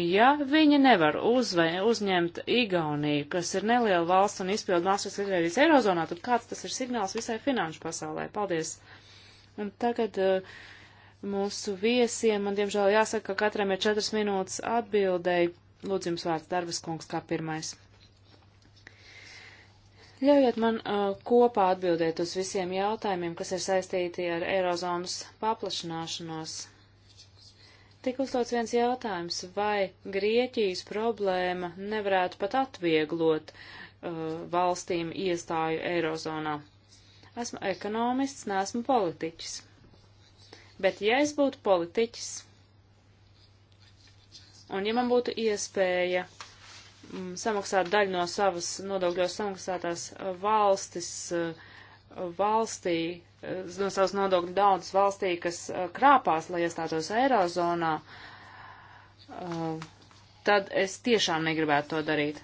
ja viņi nevar uzve, uzņemt Igauniju, kas ir neliela valsts un izpildu mākslas kritērijas Eirozonā, tad kāds tas ir signāls visai finanšu pasaulē? Paldies! Un tagad uh, mūsu viesiem, man diemžēl jāsaka, ka katram ir četras minūtes atbildēji. Lūdzu, jums vārds darbas kungs kā pirmais. Ļaujiet man uh, kopā atbildēt uz visiem jautājumiem, kas ir saistīti ar Eirozonas paplašanāšanos. Tik uzdots viens jautājums, vai Grieķijas problēma nevarētu pat atvieglot uh, valstīm iestāju Eirozonā. Esmu ekonomists, neesmu politiķis. Bet ja es būtu politiķis, un ja man būtu iespēja Mm, samaksāt daļu no savas nodokļos samaksātās uh, valstis uh, valstī, uh, no savas nodokļu daudzas valstī, kas krāpās, lai iestātos Eirozonā, tad es tiešām negribētu to darīt.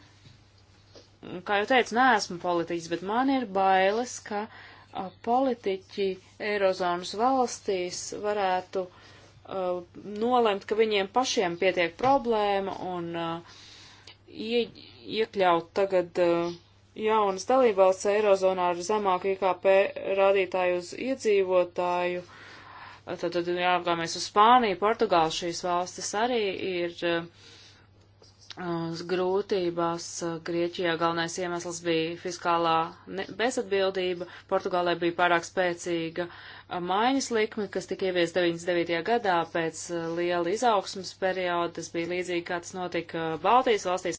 Kā jau teicu, neesmu politiķis, bet man ir bailes, ka politiķi Eirozonas valstīs varētu nolemt, ka viņiem pašiem pietiek problēma un uh, ie, iekļaut tagad uh, jaunas dalībvalsts Eirozonā ar zemāku IKP rādītāju uz iedzīvotāju. Tad, tad jāapgāmies uz Spāniju, Portugālu šīs valstis arī ir uh, grūtībās. Grieķijā galvenais iemesls bija fiskālā bezatbildība, Portugālē bija pārāk spēcīga eh, maiņas likme, kas tika ievies 99. gadā pēc liela izaugsmas perioda. Tas bija līdzīgi, kā tas notika Baltijas valstīs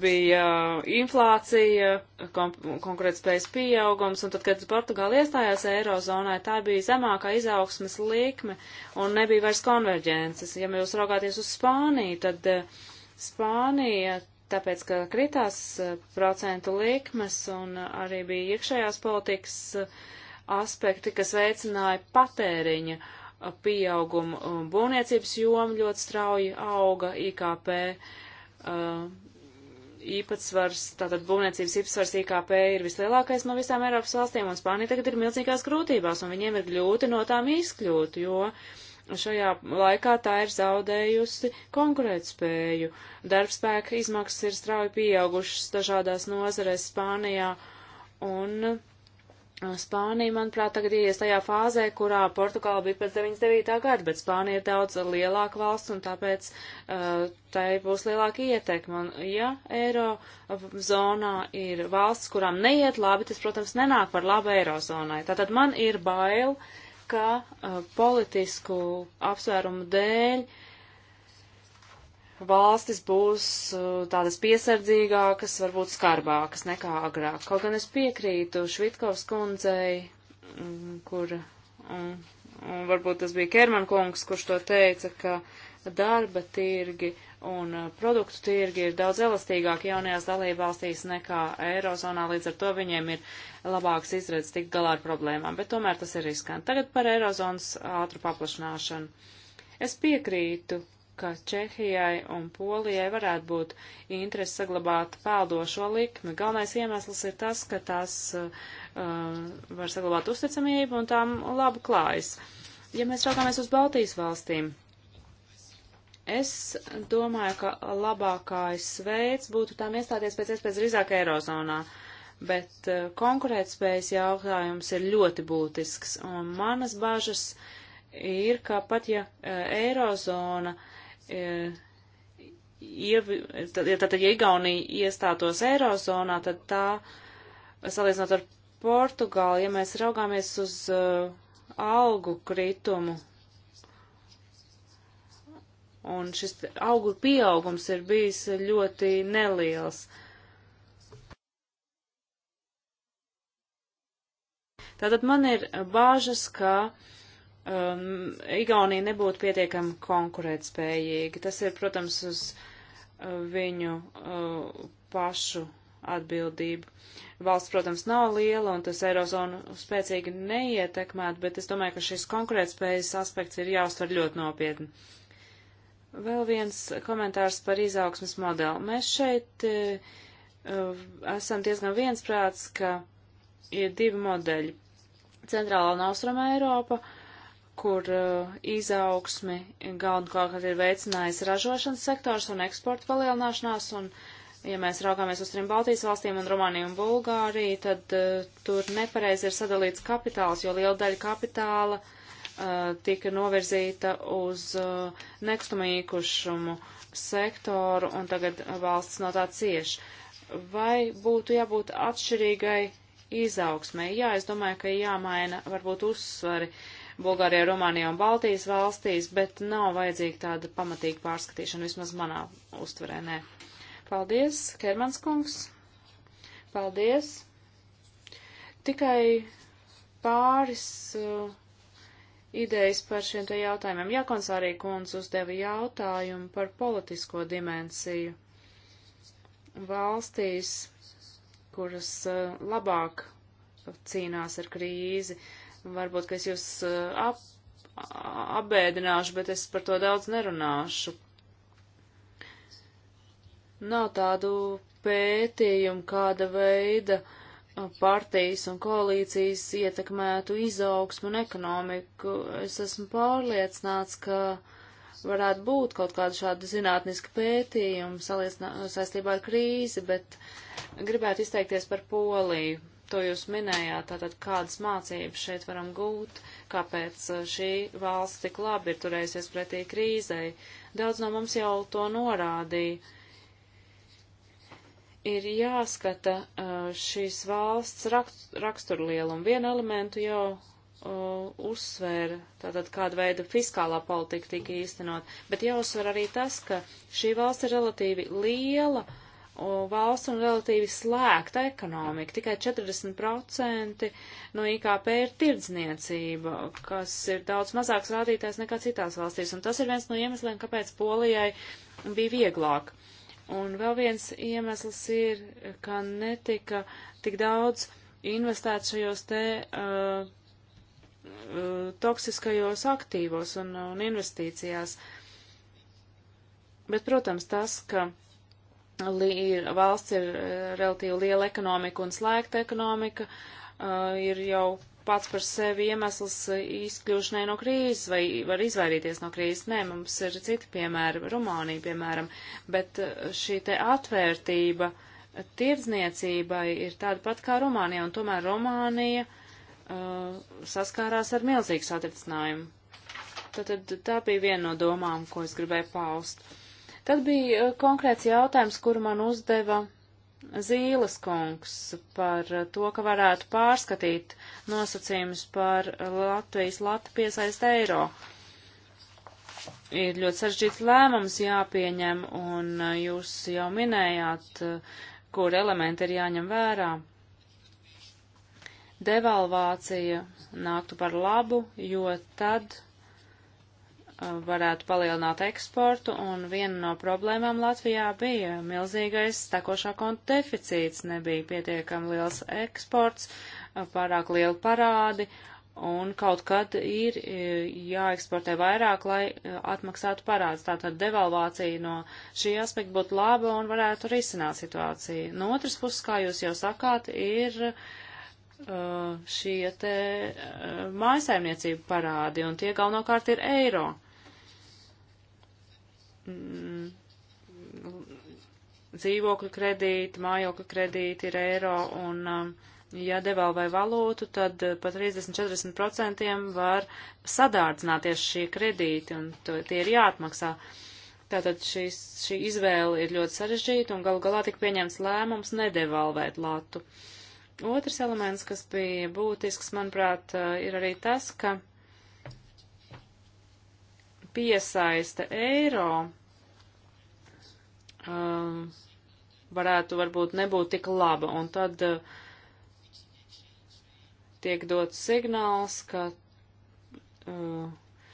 bija uh, inflācija, konkurētspējas pieaugums, un tad, kad Portugāla iestājās Eirozonai, tā bija zemākā izaugsmes likme un nebija vairs konverģences. Ja jūs raugāties uz Spāniju, tad uh, Spānija, tāpēc, ka kritās uh, procentu likmes un arī bija iekšējās politikas aspekti, kas veicināja patēriņa pieaugumu, būvniecības joma ļoti strauji auga, IKP. Uh, īpatsvars, tātad būvniecības īpatsvars IKP ir vislielākais no visām Eiropas valstīm, un Spānija tagad ir milzīgās grūtībās, un viņiem ir gļūti no tām izkļūt, jo šajā laikā tā ir zaudējusi konkurētspēju. Darbspēka izmaksas ir strauji pieaugušas dažādās nozarēs Spānijā, un uh, Spānija, manuprāt, tagad ieies tajā fāzē, kurā Portugāla bija pēc 99. gada, bet Spānija ir daudz lielāka valsts un tāpēc uh, tai būs lielāka ietekme. Un, ja eiro zonā ir valsts, kurām neiet labi, tas, protams, nenāk par labu eirozonai. Tātad man ir bail, ka uh, politisku apsvērumu dēļ uh, valstis būs uh, tādas piesardzīgākas, varbūt skarbākas nekā agrāk. Kaut gan es piekrītu Švitkovs kundzei, mm, kur, un, un varbūt tas bija Kerman kungs, kurš to teica, ka darba tirgi un uh, produktu tirgi ir daudz elastīgāki jaunajās dalībvalstīs nekā Eirozonā, līdz ar to viņiem ir labāks izredzes tikt galā ar problēmām, bet tomēr tas ir riskanti. Tagad par Eirozonas ātru paplašināšanu. Es piekrītu ka Čehijai un Polijai varētu būt interesi saglabāt peldošo likmi. Galvenais iemesls ir tas, ka tās uh, uh, var saglabāt uzticamību un tām labi klājas. Ja mēs raugāmies uz Baltijas valstīm, es domāju, ka labākais veids būtu tām iestāties pēc iespējas drīzāk Eirozonā. Bet uh, konkurētspējas jautājums ir ļoti būtisks, un manas bažas ir, ka pat ja uh, Eirozona uh, E, ievi, tad, ja, tad, ja Igaunija iestātos Eirozonā, tad tā, salīdzinot ar Portugāli, ja mēs raugāmies uz uh, algu kritumu, un šis augu pieaugums ir bijis ļoti neliels. Tātad man ir bāžas, ka uh, um, Igaunija nebūtu pietiekami konkurētspējīga. Tas ir, protams, uz uh, viņu uh, pašu atbildību. Valsts, protams, nav liela un tas Eirozonu spēcīgi neietekmētu, bet es domāju, ka šis konkurētspējas aspekts ir jāuztver ļoti nopietni. Vēl viens komentārs par izaugsmas modeli. Mēs šeit uh, esam diezgan viensprāts, ka ir divi modeļi. Centrāla un Austrama Eiropa kur uh, izaugsmi galvenokārt ir veicinājis ražošanas sektors un eksporta palielināšanās, un ja mēs raugāmies uz trim Baltijas valstīm un Rumāniju un Bulgāriju, tad uh, tur nepareizi ir sadalīts kapitāls, jo liela daļa kapitāla uh, tika novirzīta uz uh, nekustamīkušumu sektoru, un tagad valsts no tā cieš. Vai būtu jābūt atšķirīgai izaugsmē? Jā, es domāju, ka jāmaina varbūt uzsvari. Uh, Bulgārijā, Rumānijā un Baltijas valstīs, bet nav vajadzīga tāda pamatīga pārskatīšana, vismaz manā uztverē, nē. Paldies, Kermans kungs. Paldies. Tikai pāris. Uh, idejas par šiem te jautājumiem. Jakons arī kundz uzdeva jautājumu par politisko dimensiju valstīs, kuras uh, labāk cīnās ar krīzi. Varbūt, ka es jūs uh, ap, apbēdināšu, bet es par to daudz nerunāšu. Nav tādu pētījumu, kāda veida uh, partijas un koalīcijas ietekmētu izaugsmu un ekonomiku. Es esmu pārliecināts, ka varētu būt kaut kāda šāda zinātniska pētījuma saistībā ar krīzi, bet gribētu izteikties par Poliju. To jūs minējāt, tātad kādas mācības šeit varam gūt, kāpēc eh, šī valsts tik labi ir turējusies pretī krīzei. Daudz no mums jau to norādīja. Ir jāskata eh, šīs valsts raksturlielumu. Vienu elementu jau eh, uzsvēra, tātad kāda veida fiskālā politika tika īstenot, bet jāuzsver arī tas, ka šī valsts ir relatīvi liela valsts un relatīvi slēgta ekonomika. Tikai 40% no IKP ir tirdzniecība, kas ir daudz mazāks rādītājs nekā citās valstīs. Un tas ir viens no iemesliem, kāpēc Polijai bija vieglāk. Un vēl viens iemesls ir, ka netika tik daudz investēts šajos te uh, uh toksiskajos aktīvos un, un investīcijās. Bet, protams, tas, ka li, valsts ir eh, relatīvi liela ekonomika un slēgta ekonomika, uh, ir jau pats par sevi iemesls izkļūšanai no krīzes vai var izvairīties no krīzes. Nē, mums ir citi piemēri, Rumānija, piemēram, bet eh, šī te atvērtība tirdzniecībai ir tāda pat kā Rumānija, un tomēr Rumānija uh, saskārās ar milzīgu satricinājumu. Tad, tad tā bija viena no domām, ko es gribēju paust. Uh, Tad bija uh, konkrēts jautājums, kuru man uzdeva Zīles kungs par uh, to, ka varētu pārskatīt nosacījumus par uh, Latvijas latu piesaist eiro. Ir ļoti sarežģīts lēmums jāpieņem, un jūs jau minējāt, kur elementi ir jāņem vērā. Devalvācija nāktu par labu, jo tad varētu palielināt eksportu, un viena no problēmām Latvijā bija milzīgais tekošā konta deficīts, nebija pietiekami liels eksports, pārāk lieli parādi, un kaut kad ir e, jāeksportē vairāk, lai e, atmaksātu parādus. Tātad devalvācija no šī aspekta būtu laba un varētu risināt situāciju. No otras puses, kā jūs jau sakāt, ir e, šie te mājasaimniecību parādi, un tie galvenokārt ir eiro. Uh, Mm, dzīvokļu kredīti, mājokļu kredīti ir eiro, un um, ja devalvē valūtu, tad uh, pat 30-40% var sadārdzināties šie kredīti, un to, tie ir jāatmaksā. Tātad šis, šī izvēle ir ļoti sarežģīta, un galu galā tika pieņemts lēmums nedevalvēt latu. Otrs elements, kas bija būtisks, manuprāt, uh, ir arī tas, ka piesaista eiro um, varētu varbūt nebūt tik laba. Un tad uh, tiek dots signāls, ka uh,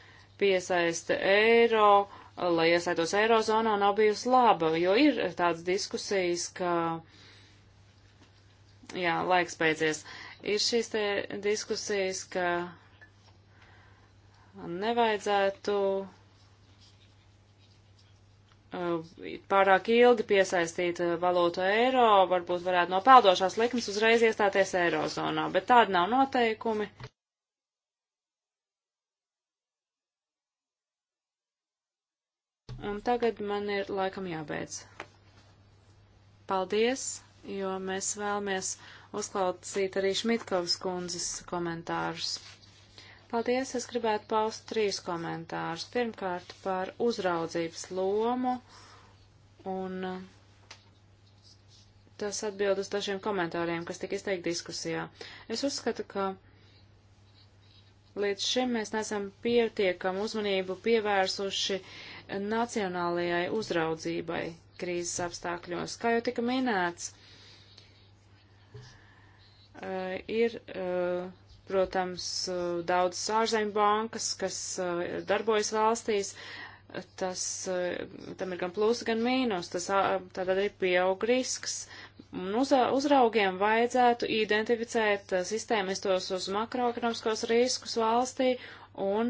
piesaista eiro, uh, lai iesaitos eirozonā, nav bijusi laba, jo ir tādas diskusijas, ka, jā, laiks beidzies, ir šīs te diskusijas, ka nevajadzētu uh, pārāk ilgi piesaistīt uh, valūtu eiro, varbūt varētu no peldošās likmes uzreiz iestāties eirozonā, bet tādi nav noteikumi. Un tagad man ir laikam jābeidz. Paldies, jo mēs vēlamies uzklausīt arī Šmitkovas kundzes komentārus. Paldies, es gribētu paust trīs komentārus. Pirmkārt, par uzraudzības lomu, un uh, tas atbild uz dažiem komentāriem, kas tika izteikti diskusijā. Es uzskatu, ka līdz šim mēs nesam pietiekam uzmanību pievērsuši nacionālajai uzraudzībai krīzes apstākļos. Kā jau tika minēts, uh, ir uh, protams, eh, daudzas ārzemju bankas, kas eh, darbojas valstīs, tas, eh, tam ir gan plus, gan mīnus, tas tad arī pieaug risks. Un uz, uzraugiem vajadzētu identificēt sistēmistos uz makroekonomiskos riskus valstī un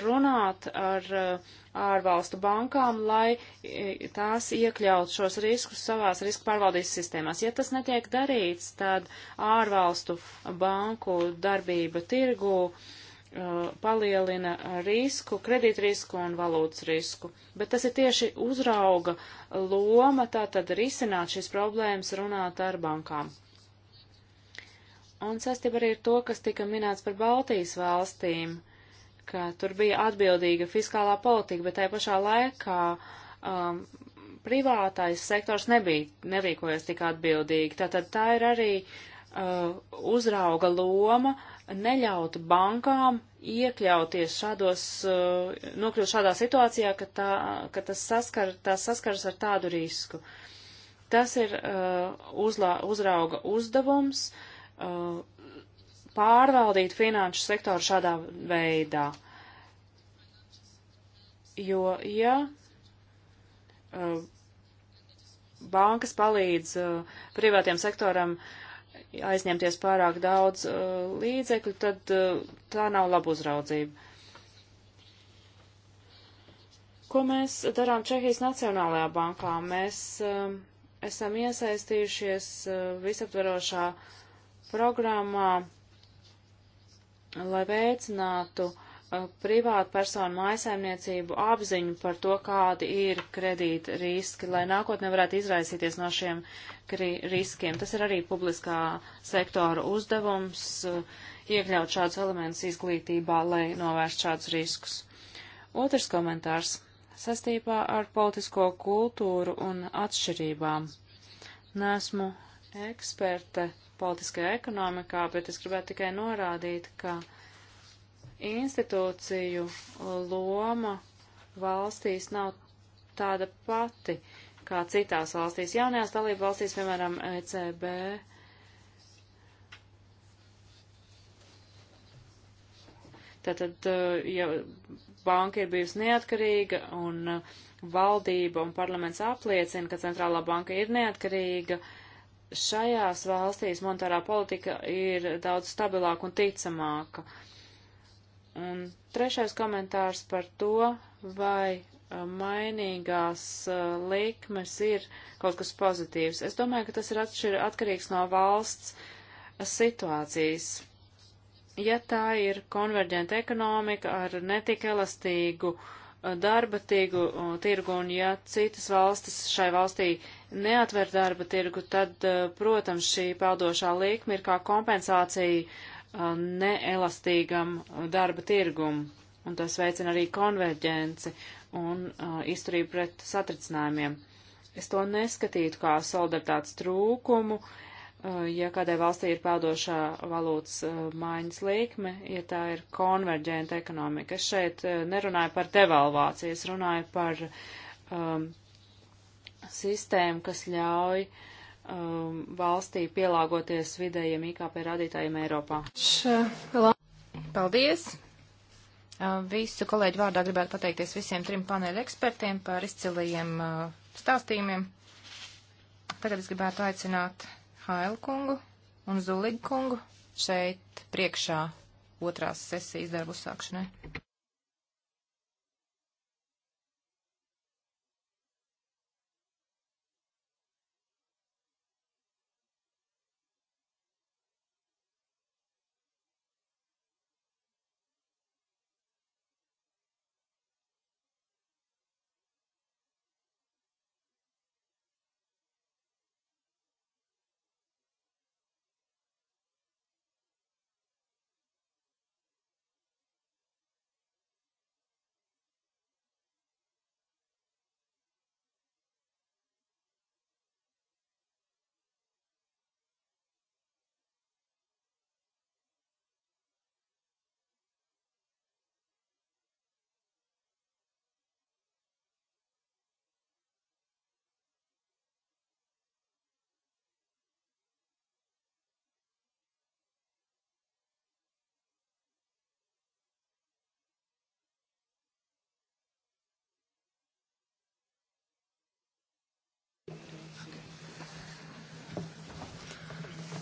runāt ar eh, ārvalstu bankām, lai eh, tās iekļaut šos riskus savās riska pārvaldības sistēmās. Ja tas netiek darīts, tad ārvalstu banku darbība tirgu eh, palielina risku, kredītrisku un valūtas risku. Bet tas ir tieši uzrauga loma, tātad risināt šīs problēmas, runāt ar bankām. Un sastība arī ir to, kas tika minēts par Baltijas valstīm. Uh, ka tur bija atbildīga fiskālā politika, bet tajā pašā laikā um, privātais sektors nebija, nerīkojas tik atbildīgi. Tātad tā ir arī uh, uzrauga loma neļaut bankām iekļauties šādos, uh, nokļūt šādā situācijā, ka, tā, ka tas saskar, saskaras ar tādu risku. Tas ir uh, uzlā, uzrauga uzdevums. Uh, pārvaldīt finanšu sektoru šādā veidā. Jo, ja uh, bankas palīdz uh, privātiem sektoram aizņemties pārāk daudz uh, līdzekļu, tad uh, tā nav laba uzraudzība. Ko mēs darām Čehijas Nacionālajā bankā? Mēs um, esam iesaistījušies uh, visaptverošā programmā lai veicinātu uh, privātu personu mājasaimniecību apziņu par to, kādi ir kredīta riski, lai nākotnē varētu izraisīties no šiem riskiem. Tas ir arī publiskā sektora uzdevums uh, iekļaut šādus elementus izglītībā, lai novērst šādus riskus. Otrs komentārs sastībā ar politisko kultūru un atšķirībām. Nesmu eksperte politiskajā ekonomikā, bet es gribētu tikai norādīt, ka institūciju loma valstīs nav tāda pati kā citās valstīs. Jaunajās dalību valstīs, piemēram, ECB, Tātad, eh, ja banka ir bijusi neatkarīga un eh, valdība un parlaments apliecina, ka centrālā banka ir neatkarīga, uh, šajās valstīs monetārā politika ir daudz stabilāka un ticamāka. Un trešais komentārs par to, vai eh, mainīgās eh, likmes ir kaut kas pozitīvs. Es domāju, ka tas ir atšķir, atkarīgs no valsts eh, situācijas. Ja tā ir konverģenta ekonomika ar netik elastīgu uh, darba tirgu, tirgu, un ja citas valstis šai valstī neatver darba tirgu, tad, e, protams, šī peldošā līkme ir kā kompensācija e, neelastīgam e, darba tirgum, un tas veicina arī konverģenci un izturību pret satricinājumiem. Es to neskatītu kā solidaritātes trūkumu, uh, Uh, ja kādai valstī ir peldošā valūtas uh, maiņas līkme, ja tā ir konverģenta ekonomika. Es šeit uh, nerunāju par devalvāciju, es runāju par um, sistēmu, kas ļauj um, valstī pielāgoties vidējiem IKP radītājiem Eiropā. Paldies! Visu kolēģu vārdā gribētu pateikties visiem trim paneļa ekspertiem par izcilajiem uh, stāstījumiem. Tagad es gribētu aicināt Hailu kungu un Zuligu kungu šeit priekšā otrās sesijas darbu sākšanai.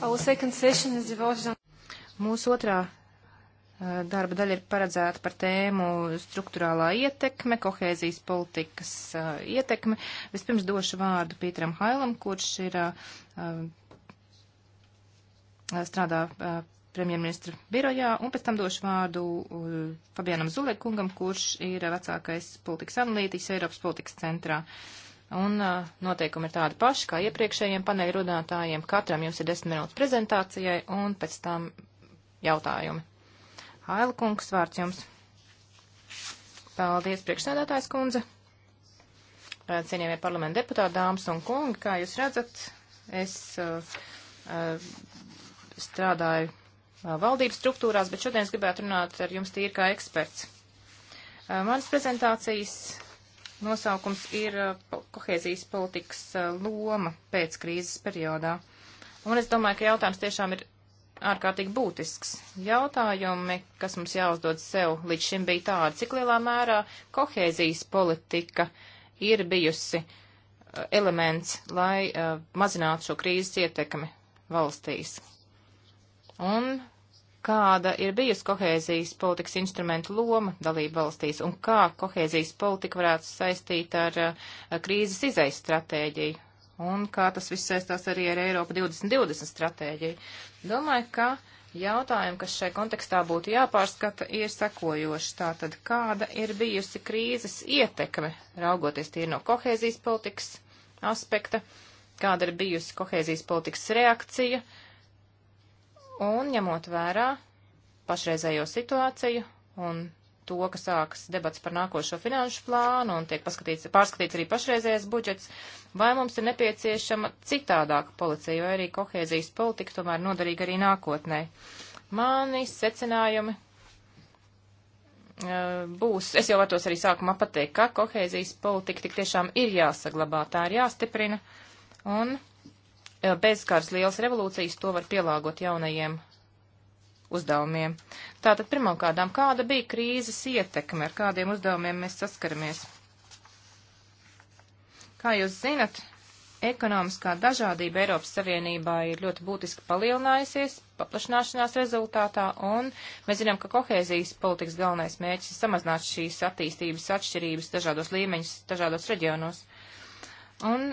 Mūsu otrā eh, darba daļa ir paredzēta par tēmu struktūrālā ietekme, kohēzijas politikas uh, ietekme. Vispirms došu vārdu Pīteram Hailam, kurš ir uh, strādā uh, premjerministra birojā, un pēc tam došu vārdu Fabianam Zulekungam, kurš ir vecākais politikas analītiķis Eiropas politikas centrā. Uh, Un uh, noteikumi ir tādi paši kā iepriekšējiem paneļu runātājiem. Katram jums ir desmit minūtes prezentācijai un pēc tam jautājumi. Haila kungs, vārds jums. Paldies, priekšsēdētājs kundze. Uh, cienījamie parlamenta deputāti, dāmas un kungi, kā jūs redzat, es uh, uh, strādāju uh, valdības struktūrās, bet šodien es gribētu runāt ar jums tīri kā eksperts. Uh, manas prezentācijas nosaukums ir eh, kohēzijas politikas eh, loma pēc krīzes periodā. Un es domāju, ka jautājums tiešām ir ārkārtīgi būtisks. Jautājumi, kas mums jāuzdod sev, līdz šim bija tādi, cik lielā mērā kohēzijas politika ir bijusi eh, elements, lai uh, mazinātu šo krīzes ietekmi valstīs. Un kāda ir bijusi kohēzijas politikas instrumentu loma dalība valstīs un kā kohēzijas politika varētu saistīt ar, ar eh, krīzes izaisa stratēģiju un kā tas viss saistās arī ar Eiropa 2020 stratēģiju. Domāju, ka jautājumi, kas šai kontekstā būtu jāpārskata, ir sekojoši. Tātad, kāda ir bijusi krīzes ietekme, raugoties tīri no kohēzijas politikas aspekta, kāda ir bijusi kohēzijas politikas reakcija, uh, Un ņemot vērā pašreizējo situāciju un to, ka sāks debats par nākošo finanšu plānu un tiek pārskatīts arī pašreizējais budžets, vai mums ir nepieciešama citādāka policija vai arī kohēzijas politika tomēr noderīga arī nākotnē. Mani secinājumi eh, būs, es jau varos arī sākumā pateikt, ka kohēzijas politika tik tiešām ir jāsaglabā, tā ir jāstiprina, un Eh, bez kādas lielas revolūcijas to var pielāgot jaunajiem uzdevumiem. Tātad pirmkārtām, kāda bija krīzes ietekme, ar kādiem uzdevumiem mēs saskaramies? Kā jūs zinat, ekonomiskā dažādība Eiropas Savienībā ir ļoti būtiski palielinājusies paplašināšanās rezultātā, un mēs zinām, ka kohēzijas politikas galvenais mērķis ir samazināt šīs attīstības atšķirības dažādos līmeņus, dažādos reģionos. Un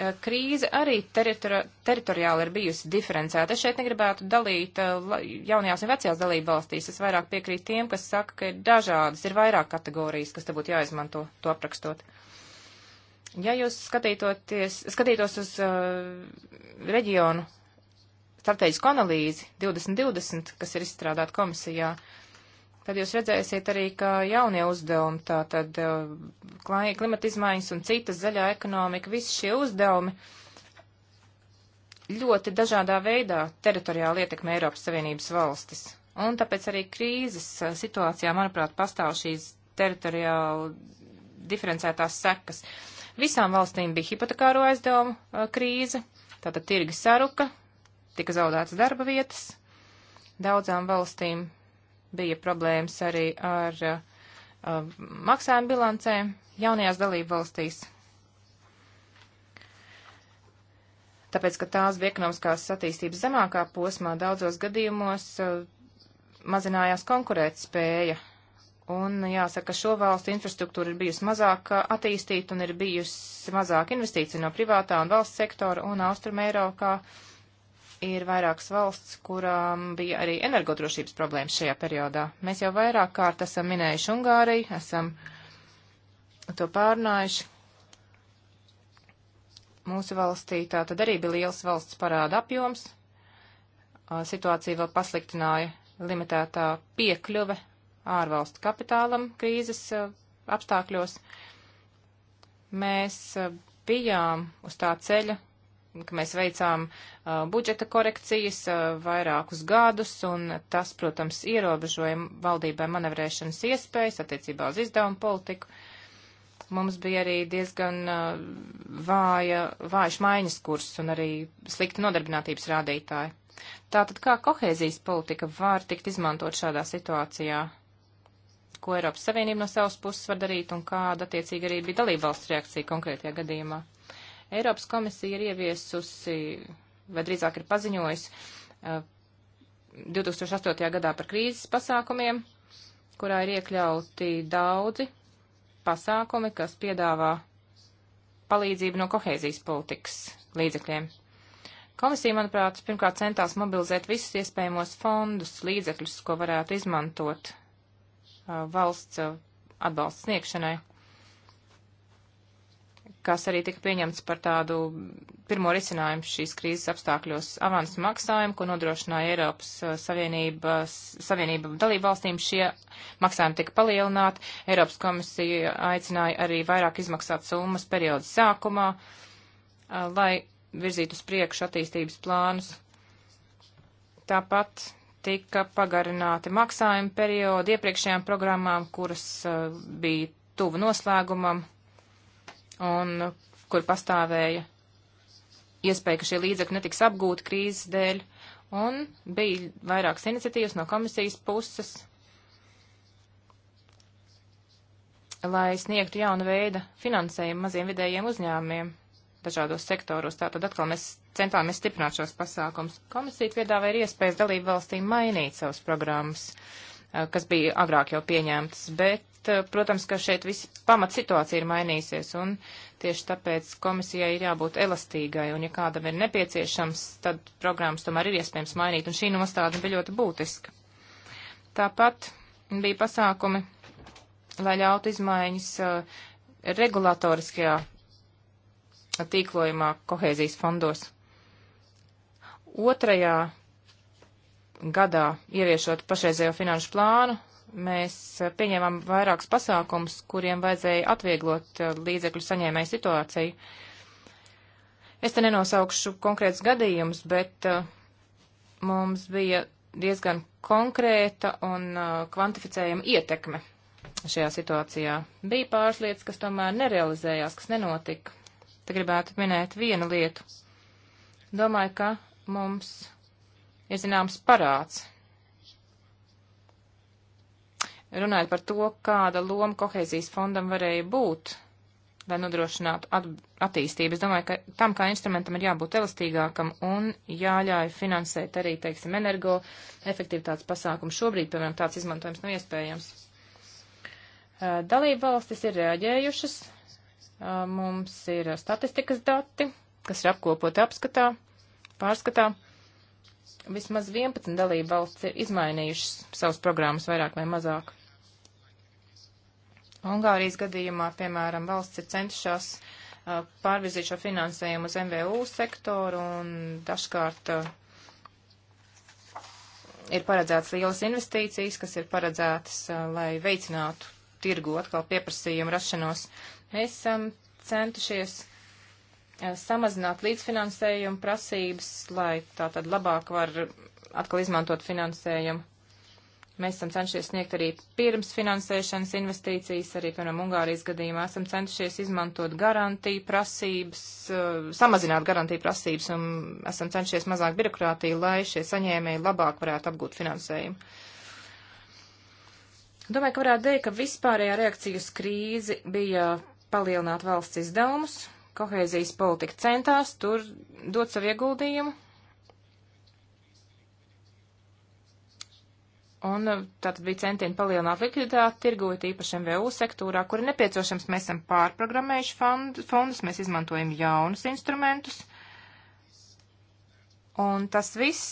Eh, krīze arī teritori teritoriāli ir bijusi diferencēta. Es šeit negribētu dalīt eh, jaunajās un vecajās dalību valstīs. Es vairāk piekrītu tiem, kas saka, ka ir dažādas, ir vairāk kategorijas, kas te būtu jāizmanto to aprakstot. Ja jūs skatītos uz uh, reģionu strateģisku analīzi 2020, kas ir izstrādāta komisijā, uh, tad jūs redzēsiet arī, ka jaunie uzdevumi, tātad uh, klimata izmaiņas un citas zaļā ekonomika, visi šie uzdevumi ļoti dažādā veidā teritoriāli ietekmē Eiropas Savienības valstis. Un tāpēc arī krīzes uh, situācijā, manuprāt, pastāv šīs teritoriāli diferencētās sekas. Visām valstīm bija hipotekāro aizdevumu uh, krīze, tātad tirgi saruka, tika zaudētas darba vietas. Daudzām valstīm bija problēmas arī ar uh, um, maksājumu bilancēm jaunajās dalību valstīs. Tāpēc, ka tās bija ekonomiskās attīstības zemākā posmā, daudzos gadījumos uh, mazinājās konkurētspēja. Un jāsaka, ka šo valstu infrastruktūra ir bijusi mazāk uh, attīstīta un ir bijusi mazāk investīcija no privātā un valsts sektora un Austrum Eiropā. Kā ir vairākas valsts, kurām bija arī energodrošības problēmas šajā periodā. Mēs jau vairāk kārt esam minējuši Ungāriju, esam to pārnājuši. Mūsu valstī tā tad arī bija liels valsts parāda apjoms. Situācija vēl pasliktināja limitētā piekļuve ārvalstu kapitālam krīzes apstākļos. Mēs bijām uz tā ceļa, ka mēs veicām uh, budžeta korekcijas uh, vairākus gadus, un tas, protams, ierobežoja valdībai manevrēšanas iespējas attiecībā uz izdevumu politiku. Mums bija arī diezgan uh, vāja, vājš maiņas kurs un arī slikti nodarbinātības rādītāji. Tātad kā kohēzijas politika var tikt izmantot šādā situācijā? Ko Eiropas Savienība no savas puses var darīt un kāda attiecīgi arī bija dalībvalsts reakcija konkrētajā gadījumā? Eiropas komisija ir ieviesusi, vai drīzāk ir paziņojusi, 2008. Eh, gadā par krīzes pasākumiem, kurā ir iekļauti daudzi pasākumi, kas piedāvā palīdzību no kohēzijas politikas līdzekļiem. Komisija, manuprāt, pirmkārt centās mobilizēt visus iespējamos fondus, līdzekļus, ko varētu izmantot uh, valsts uh, atbalsts sniegšanai kas arī tika pieņemts par tādu pirmo risinājumu šīs krīzes apstākļos avansu maksājumu, ko nodrošināja Eiropas uh, Savienība, Savienība dalību valstīm. Šie maksājumi tika palielināti. Eiropas komisija aicināja arī vairāk izmaksāt summas periodu sākumā, uh, lai virzītu uz priekšu attīstības plānus. Tāpat tika pagarināti maksājumi periodi iepriekšējām programmām, kuras uh, bija tuvu noslēgumam un kur pastāvēja iespēja, ka šie līdzekļi netiks apgūti krīzes dēļ, un bija vairākas iniciatīvas no komisijas puses, lai sniegtu jaunu veidu finansējumu maziem vidējiem uzņēmumiem dažādos sektoros. Tātad atkal mēs centāmies stiprināt šos pasākums. Komisija piedāvāja iespējas dalību valstīm mainīt savas programmas, eh, kas bija agrāk jau pieņemtas, bet kontekst, eh, protams, ka šeit viss pamat situācija ir mainīsies, un tieši tāpēc komisijai ir jābūt elastīgai, un ja kādam ir nepieciešams, tad programmas tomēr ir iespējams mainīt, un šī nostāda bija ļoti būtiska. Tāpat bija pasākumi, lai ļautu izmaiņas uh, regulatoriskajā tīklojumā kohēzijas fondos. Otrajā gadā ieviešot pašreizējo finanšu plānu, Mēs eh, pieņēmām vairākus pasākums, kuriem vajadzēja atvieglot eh, līdzekļu saņēmēju situāciju. Es te nenosaukšu konkrētus gadījumus, bet eh, mums bija diezgan konkrēta un kvantificējama ietekme šajā situācijā. Bija pāris lietas, kas tomēr nerealizējās, kas nenotika. Te gribētu minēt vienu lietu. Domāju, ka mums ir zināms parāds runājot par to, kāda loma kohēzijas fondam varēja būt, lai nodrošinātu at attīstību. Es domāju, ka tam kā instrumentam ir jābūt elastīgākam un jāļauj finansēt arī, teiksim, energo efektivitātes pasākumu. Šobrīd, piemēram, tāds izmantojums nav iespējams. Dalība valstis ir reaģējušas. Mums ir statistikas dati, kas ir apkopoti apskatā, pārskatā vismaz 11 dalība valsts ir izmainījušas savas programmas vairāk vai mazāk. Ungārijas gadījumā, piemēram, valsts ir centušās uh, pārvizīt šo finansējumu uz MVU sektoru un dažkārt uh, ir paredzētas lielas investīcijas, kas ir paredzētas, uh, lai veicinātu tirgu atkal pieprasījumu rašanos. Mēs esam centušies uh, samazināt līdzfinansējumu prasības, lai tā tad labāk var atkal izmantot finansējumu. Mēs esam cenšies sniegt arī pirms finansēšanas investīcijas, arī, piemēram, Ungārijas gadījumā esam cenšies izmantot garantiju prasības, eh, samazināt garantiju prasības un esam cenšies mazāk birokrātiju, lai šie saņēmēji labāk varētu apgūt finansējumu. Domāju, ka varētu teikt, ka vispārējā reakcija uz krīzi bija palielināt valsts izdevumus, kohēzijas politika centās tur dot savu ieguldījumu, Un uh, tātad bija centieni palielināt likviditāti tirgu, it īpaši MVU sektorā, kur ir nepieciešams, mēs esam pārprogrammējuši fondus, mēs izmantojam jaunus instrumentus. Un tas viss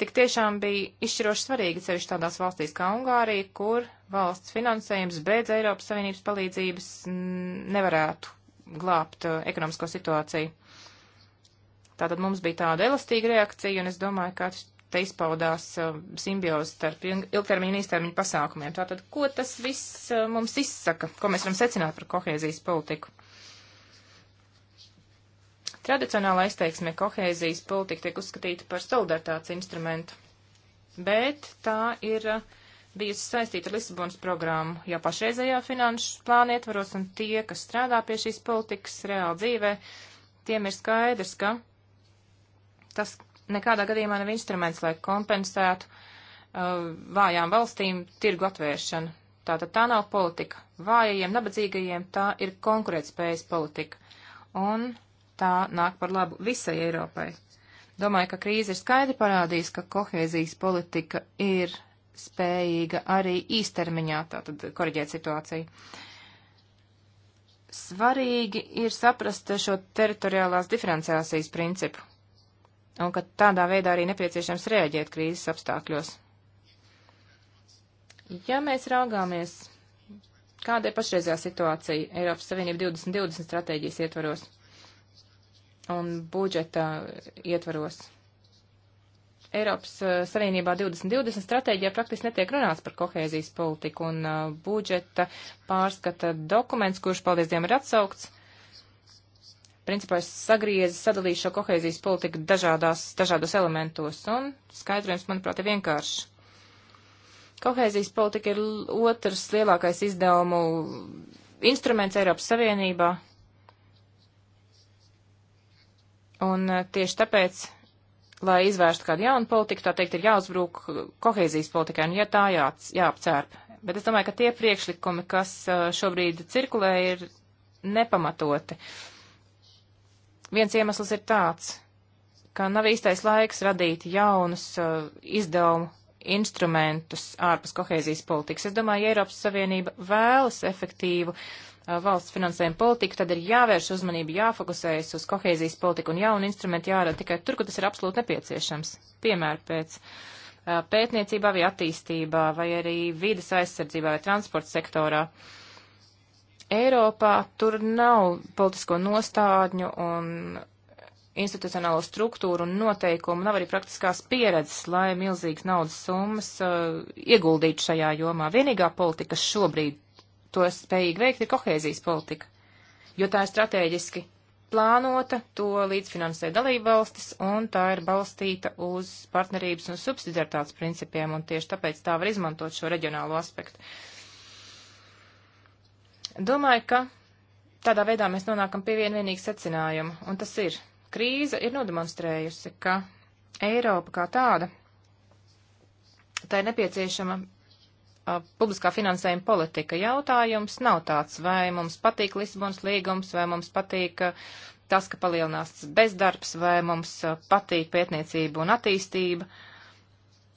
tik tiešām bija izšķiroši svarīgi, ceļš tādās valstīs kā Ungārija, kur valsts finansējums bez Eiropas Savienības palīdzības nevarētu glābt uh, ekonomisko situāciju. Tātad mums bija tāda elastīga reakcija, un es domāju, ka te izpaudās uh, simbioze starp ilgtermiņa un īstermiņa pasākumiem. Tātad, ko tas viss uh, mums izsaka, ko mēs varam secināt par kohēzijas politiku? Tradicionālā izteiksme kohēzijas politika tiek uzskatīta par solidaritātes instrumentu, bet tā ir uh, bijusi saistīta ar Lisabonas programmu jau pašreizējā finanšu plāna ietvaros, un tie, kas strādā pie šīs politikas reāli dzīvē, tiem ir skaidrs, ka tas, nekādā gadījumā nav instruments, lai kompensētu uh, vājām valstīm tirgu atvēršanu. Tātad tā nav politika. Vājajiem, nabadzīgajiem tā ir konkurētspējas politika. Un tā nāk par labu visai Eiropai. Domāju, ka krīze ir skaidri parādījusi, ka kohēzijas politika ir spējīga arī īstermiņā tātad koriģēt situāciju. Svarīgi ir saprast šo teritoriālās diferenciācijas principu, un ka tādā veidā arī nepieciešams rēģēt krīzes apstākļos. Ja mēs raugāmies, kāda ir pašreizējā situācija Eiropas Savienība 2020 stratēģijas ietvaros un budžeta ietvaros, Eiropas uh, Savienībā 2020 stratēģijā praktiski netiek runāts par kohēzijas politiku un uh, budžeta pārskata dokuments, kurš, paldies Dievam, ir atsaukts principā es sagriezu, sadalīju šo kohēzijas politiku dažādās, dažādos elementos, un skaidrojums, manuprāt, ir vienkāršs. Kohēzijas politika ir otrs lielākais izdevumu instruments Eiropas Savienībā, un eh, tieši tāpēc, lai izvērstu kādu jaunu politiku, tā teikt, ir jāuzbrūk kohēzijas politikai, un ja tā jā, jāapcērp. Bet es domāju, ka tie priekšlikumi, kas eh, šobrīd cirkulē, ir nepamatoti. Uh, Viens iemesls ir tāds, ka nav īstais laiks radīt jaunus uh, izdevumu instrumentus ārpus kohēzijas politikas. Es domāju, ja Eiropas Savienība vēlas efektīvu uh, valsts finansējuma politiku, tad ir jāvērš uzmanība, jāfokusējas uz kohēzijas politiku un jaunu instrumentu jārada tikai tur, kur tas ir absolūti nepieciešams. Piemēram, pēc uh, pētniecībā vai attīstībā vai arī vīdes aizsardzībā vai transporta sektorā. Uh, Eiropā tur nav politisko nostādņu un institucionālo struktūru un noteikumu, nav arī praktiskās pieredzes, lai milzīgas naudas summas uh, ieguldītu šajā jomā. Vienīgā politika, kas šobrīd to spējīgi veikt, ir kohēzijas politika, jo tā ir strateģiski plānota, to līdzfinansē dalībvalstis, un tā ir balstīta uz partnerības un subsidiartātes principiem, un tieši tāpēc tā var izmantot šo reģionālo aspektu. Uh, Domāju, ka tādā veidā mēs nonākam pie vienvienīga secinājuma, un tas ir, krīze ir nodemonstrējusi, ka Eiropa kā tāda, tā ir nepieciešama a, publiskā finansējuma politika. Jautājums nav tāds, vai mums patīk Lisabons līgums, vai mums patīk a, tas, ka palielinās bezdarbs, vai mums a, patīk pētniecība un attīstība. Uh,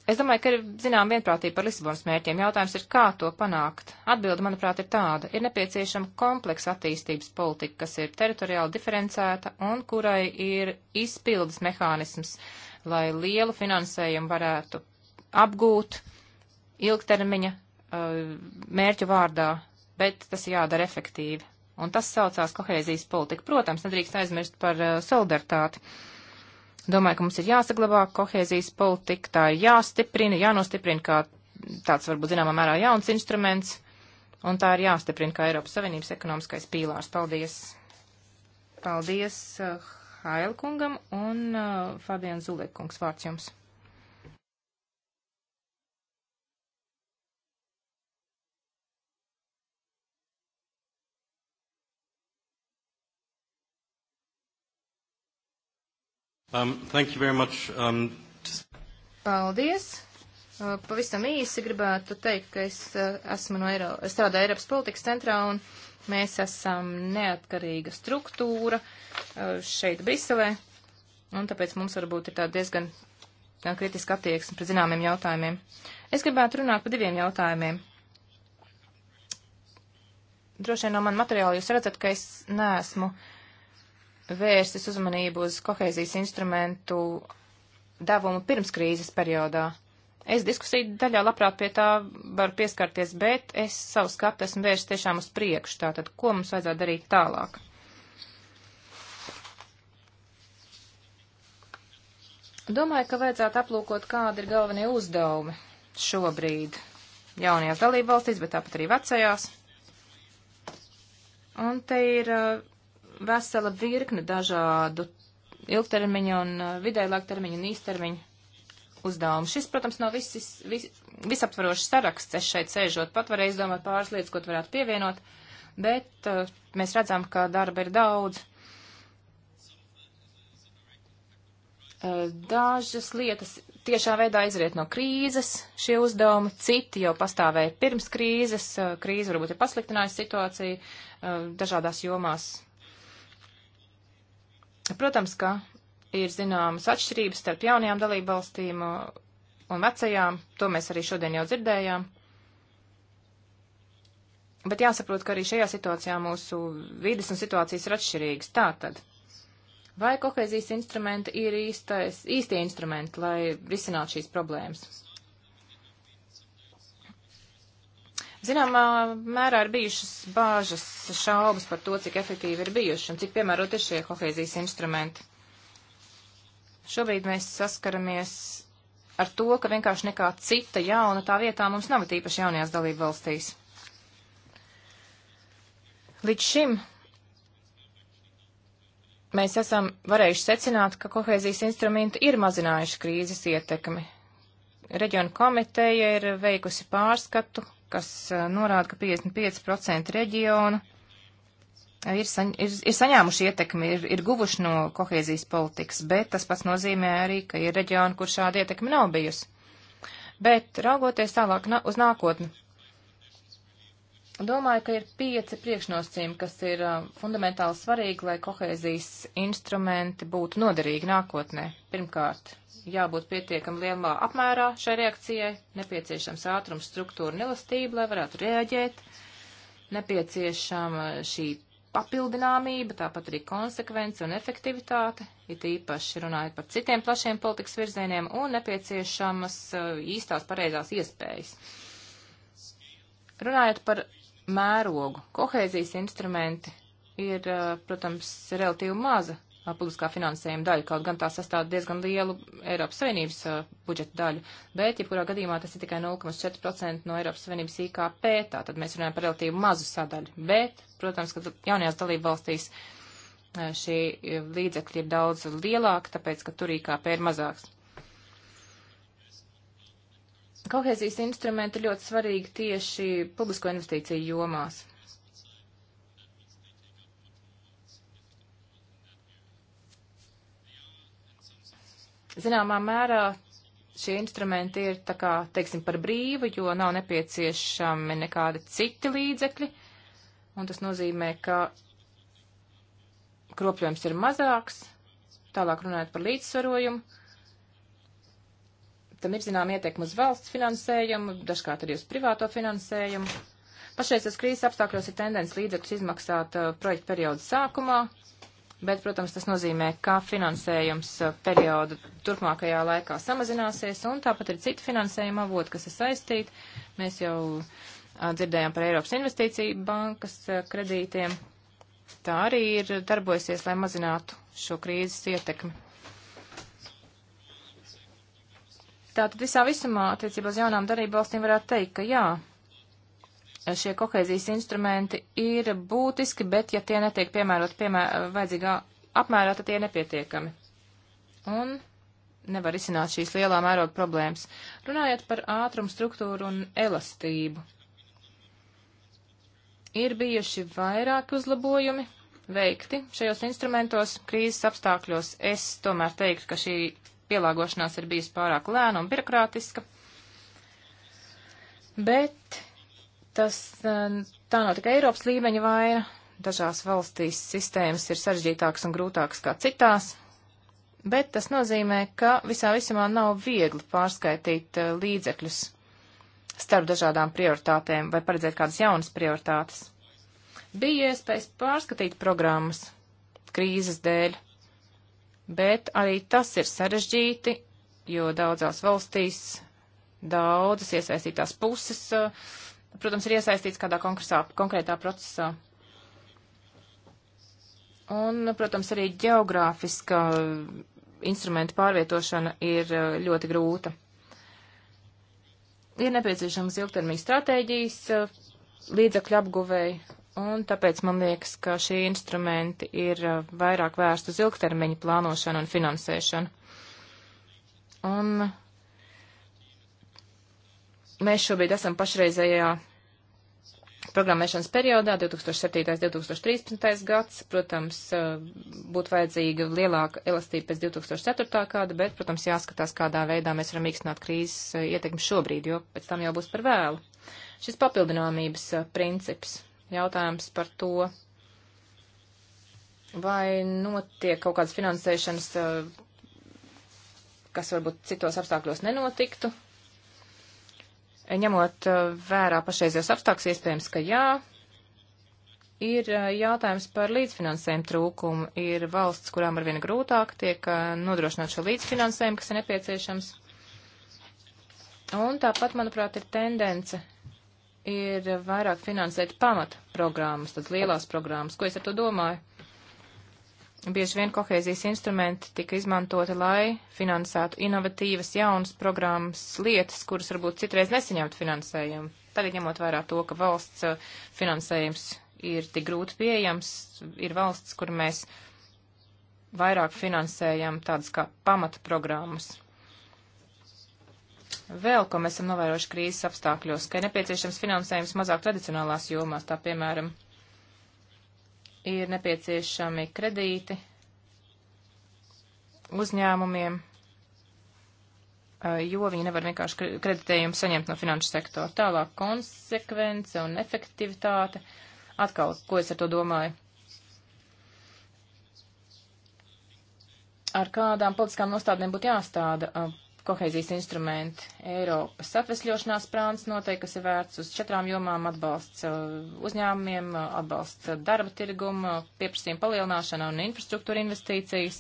Es domāju, ka ir zinām vienprātība par Lisabonas mērķiem. Jautājums ir, kā to panākt. Atbilde, manuprāt, ir tāda. Ir nepieciešama kompleksa attīstības politika, kas ir teritoriāli diferencēta un kurai ir izpildes mehānisms, lai lielu finansējumu varētu apgūt ilgtermiņa uh, mērķu vārdā, bet tas jādara efektīvi. Un tas saucās kohēzijas politika. Protams, nedrīkst aizmirst par uh, solidaritāti. Uh, Domāju, ka mums ir jāsaglabā kohēzijas politika, tā ir jāstiprina, jānostiprina kā tāds varbūt zināmā mērā jauns instruments, un tā ir jāstiprina kā Eiropas Savienības ekonomiskais pīlārs. Paldies! Paldies! Uh, Hailkungam un uh, Fabian Zulekungs vārds jums. Um, thank you very much. Um, just... Paldies. Uh, pavisam īsi gribētu teikt, ka es uh, esmu no Eiro, es strādāju Eiropas politikas centrā un mēs esam neatkarīga struktūra uh, šeit Briselē. Un tāpēc mums varbūt ir tāda diezgan kritiska attieksme pret zināmiem jautājumiem. Es gribētu runāt par diviem jautājumiem. Droši vien no man materiāla jūs redzat, ka es neesmu uh, vērstas uzmanību uz kohēzijas instrumentu devumu pirms krīzes periodā. Es diskusiju daļā labprāt pie tā varu pieskarties, bet es savu skatu esmu vērsts tiešām uz priekšu, tātad ko mums vajadzētu darīt tālāk. Domāju, ka vajadzētu aplūkot, kādi ir galvenie uzdevumi šobrīd jaunajās dalībvalstīs, bet tāpat arī vecajās. Un te ir uh, vesela virkne dažādu ilgtermiņa un uh, vidēlāk termiņa un īstermiņa uzdevumu. Šis, protams, nav visis, vis, visaptvarošs saraksts, es šeit sēžot pat varēju izdomāt pāris lietas, ko varētu pievienot, bet uh, mēs redzam, ka darba ir daudz. Uh, dažas lietas tiešā veidā izriet no krīzes, šie uzdevumi, citi jau pastāvēja pirms krīzes, uh, krīze varbūt ir pasliktinājusi situāciju dažādās jomās. Protams, ka ir zināmas atšķirības starp jaunajām dalībvalstīm uh, un vecajām, to mēs arī šodien jau dzirdējām. Bet jāsaprot, ka arī šajā situācijā mūsu vides un situācijas ir atšķirīgas. Tātad, vai kohēzijas instrumenti ir īstais, īstie instrumenti, lai risinātu šīs problēmas? Zināmā mērā ir bijušas bāžas, šaubas par to, cik efektīvi ir bijuši un cik piemērot ir šie kohēzijas instrumenti. Šobrīd mēs saskaramies ar to, ka vienkārši nekā cita jauna tā vietā mums nav tīpaši jaunajās dalību valstīs. Līdz šim mēs esam varējuši secināt, ka kohēzijas instrumenti ir mazinājuši krīzes ietekmi Reģiona komiteja ir veikusi pārskatu, kas eh, norāda, ka 55% reģionu eh, ir, saņ, ir, ir saņēmuši ietekmi, ir, ir guvuši no kohēzijas politikas, bet tas pats nozīmē arī, ka ir reģioni, kur šāda ietekme nav bijusi. Bet raugoties tālāk na, uz nākotni, Domāju, ka ir pieci priekšnosacījumi, kas ir uh, fundamentāli svarīgi, lai kohēzijas instrumenti būtu noderīgi nākotnē. Pirmkārt, jābūt pietiekam lielā apmērā šai reakcijai, nepieciešams ātrums, struktūra un elastība, lai varētu reaģēt, nepieciešama šī papildināmība, tāpat arī konsekvence un efektivitāte, it īpaši runājot par citiem plašiem politikas virzieniem, un nepieciešamas uh, īstās pareizās iespējas. Runājot par mērogu. Kohēzijas instrumenti ir, eh, protams, relatīvi maza publiskā finansējuma daļa, kaut gan tā sastāv diezgan lielu Eiropas Savienības eh, budžeta daļu, bet, jebkurā gadījumā, tas ir tikai 0,4% no Eiropas Savienības IKP, tā tad mēs runājam par relatīvi mazu sadaļu, bet, protams, ka jaunajās dalību valstīs eh, šī līdzekļi ir daudz lielāka, tāpēc, ka tur IKP ir mazāks. Kohēzijas instrumenti ļoti svarīgi tieši publisko investīciju jomās. Zināmā mērā šie instrumenti ir tā kā, teiksim, par brīvu, jo nav nepieciešami nekādi citi līdzekļi, un tas nozīmē, ka kropļojums ir mazāks, tālāk runājot par līdzsvarojumu tam ir zinām ietekme uz valsts finansējumu, dažkārt arī uz privāto finansējumu. Pašreizes krīzes apstākļos ir tendence līdzekļus izmaksāt uh, projekta perioda sākumā, bet, protams, tas nozīmē, ka finansējums uh, perioda turpmākajā laikā samazināsies, un tāpat ir citi finansējuma avoti, kas ir saistīti. Mēs jau uh, dzirdējām par Eiropas investīciju bankas uh, kredītiem. Tā arī ir darbojusies, lai mazinātu šo krīzes ietekmi. Tātad visā visumā, attiecībā uz jaunām darību valstīm varētu teikt, ka jā, šie kohēzijas instrumenti ir būtiski, bet ja tie netiek piemērot piemēr, vajadzīgā apmērā, tad tie ir nepietiekami. Un nevar izsināt šīs lielā mēroga problēmas. Runājot par ātrumu, struktūru un elastību. Ir bijuši vairāki uzlabojumi veikti šajos instrumentos krīzes apstākļos. Es tomēr teiktu, ka šī pielāgošanās ir bijusi pārāk lēna un birokrātiska, bet tas eh, tā nav tikai Eiropas līmeņa vaina. Dažās valstīs sistēmas ir sarežģītākas un grūtākas kā citās, bet tas nozīmē, ka visā visumā nav viegli pārskaitīt eh, līdzekļus starp dažādām prioritātēm vai paredzēt kādas jaunas prioritātes. Bija iespējas pārskatīt programmas krīzes dēļ, bet arī tas ir sarežģīti, jo daudzās valstīs daudzas iesaistītās puses, eh, protams, ir iesaistīts kādā konkursā, konkrētā procesā. Un, protams, arī geogrāfiska instrumenta pārvietošana ir eh, ļoti grūta. Ir nepieciešamas ilgtermiņa stratēģijas, eh, līdzakļu apguvēji Un tāpēc man liekas, ka šie instrumenti ir uh, vairāk vērsti uz ilgtermiņa plānošanu un finansēšanu. Un mēs šobrīd esam pašreizējā programmēšanas periodā 2007.-2013. gads. Protams, uh, būtu vajadzīga lielāka elastība pēc 2004. gada, bet, protams, jāskatās, kādā veidā mēs varam mīkstināt krīzes uh, ietekmi šobrīd, jo pēc tam jau būs par vēlu. Šis papildināmības princips jautājums par to, vai notiek kaut kādas finansēšanas, eh, kas varbūt citos apstākļos nenotiktu. Ņemot eh, vērā pašreizējos apstākļus, iespējams, ka jā. Ir eh, jautājums par līdzfinansējumu trūkumu. Ir valsts, kurām arvien grūtāk tiek nodrošināt šo līdzfinansējumu, kas ir nepieciešams. Un tāpat, manuprāt, ir tendence ir vairāk finansēt pamata programmas, tad lielās programmas. Ko es ar to domāju? Bieži vien kohēzijas instrumenti tika izmantoti, lai finansētu inovatīvas jaunas programmas lietas, kuras varbūt citreiz nesaņemtu finansējumu. Tagad ņemot vairāk to, ka valsts uh, finansējums ir tik grūti pieejams, ir valsts, kur mēs vairāk finansējam tādas kā pamata programmas, vēl, ko mēs esam novērojuši krīzes apstākļos, ka ir nepieciešams finansējums mazāk tradicionālās jomās, tā piemēram, ir nepieciešami kredīti uzņēmumiem, eh, jo viņi nevar vienkārši kreditējumu saņemt no finanšu sektora. Tālāk konsekvence un efektivitāte. Atkal, ko es ar to domāju? Ar kādām politiskām nostādnēm būtu jāstāda eh, kohēzijas instrumenti. Eiropas atvesļošanās plāns noteikti, kas ir vērts uz četrām jomām - atbalsts uh, uzņēmumiem, uh, atbalsts uh, darba tirgumu, pieprasījuma palielināšana un infrastruktūra investīcijas.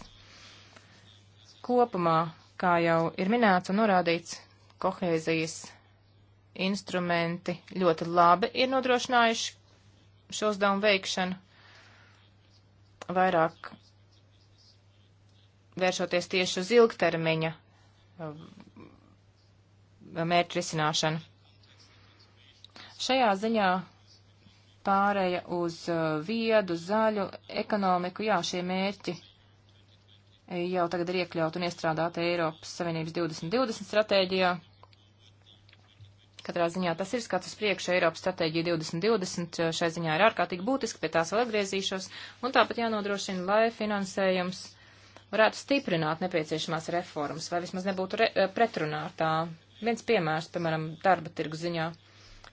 Kopumā, kā jau ir minēts un norādīts, kohēzijas instrumenti ļoti labi ir nodrošinājuši šo uzdevumu veikšanu. Vairāk vēršoties tieši uz ilgtermiņa mērķu risināšanu. Šajā ziņā pārēja uz uh, viedu, zaļu ekonomiku, jā, šie mērķi jau tagad ir iekļaut un iestrādāt Eiropas Savienības 2020 stratēģijā. Katrā ziņā tas ir skats uz priekšu Eiropas stratēģija 2020, uh, šai ziņā ir ārkārtīgi būtiski, pie tās vēl atgriezīšos, un tāpat jānodrošina, lai finansējums varētu stiprināt nepieciešamās reformas, vai vismaz nebūtu re eh, pretrunā tām. Viens piemērs, piemēram, darba tirgu ziņā.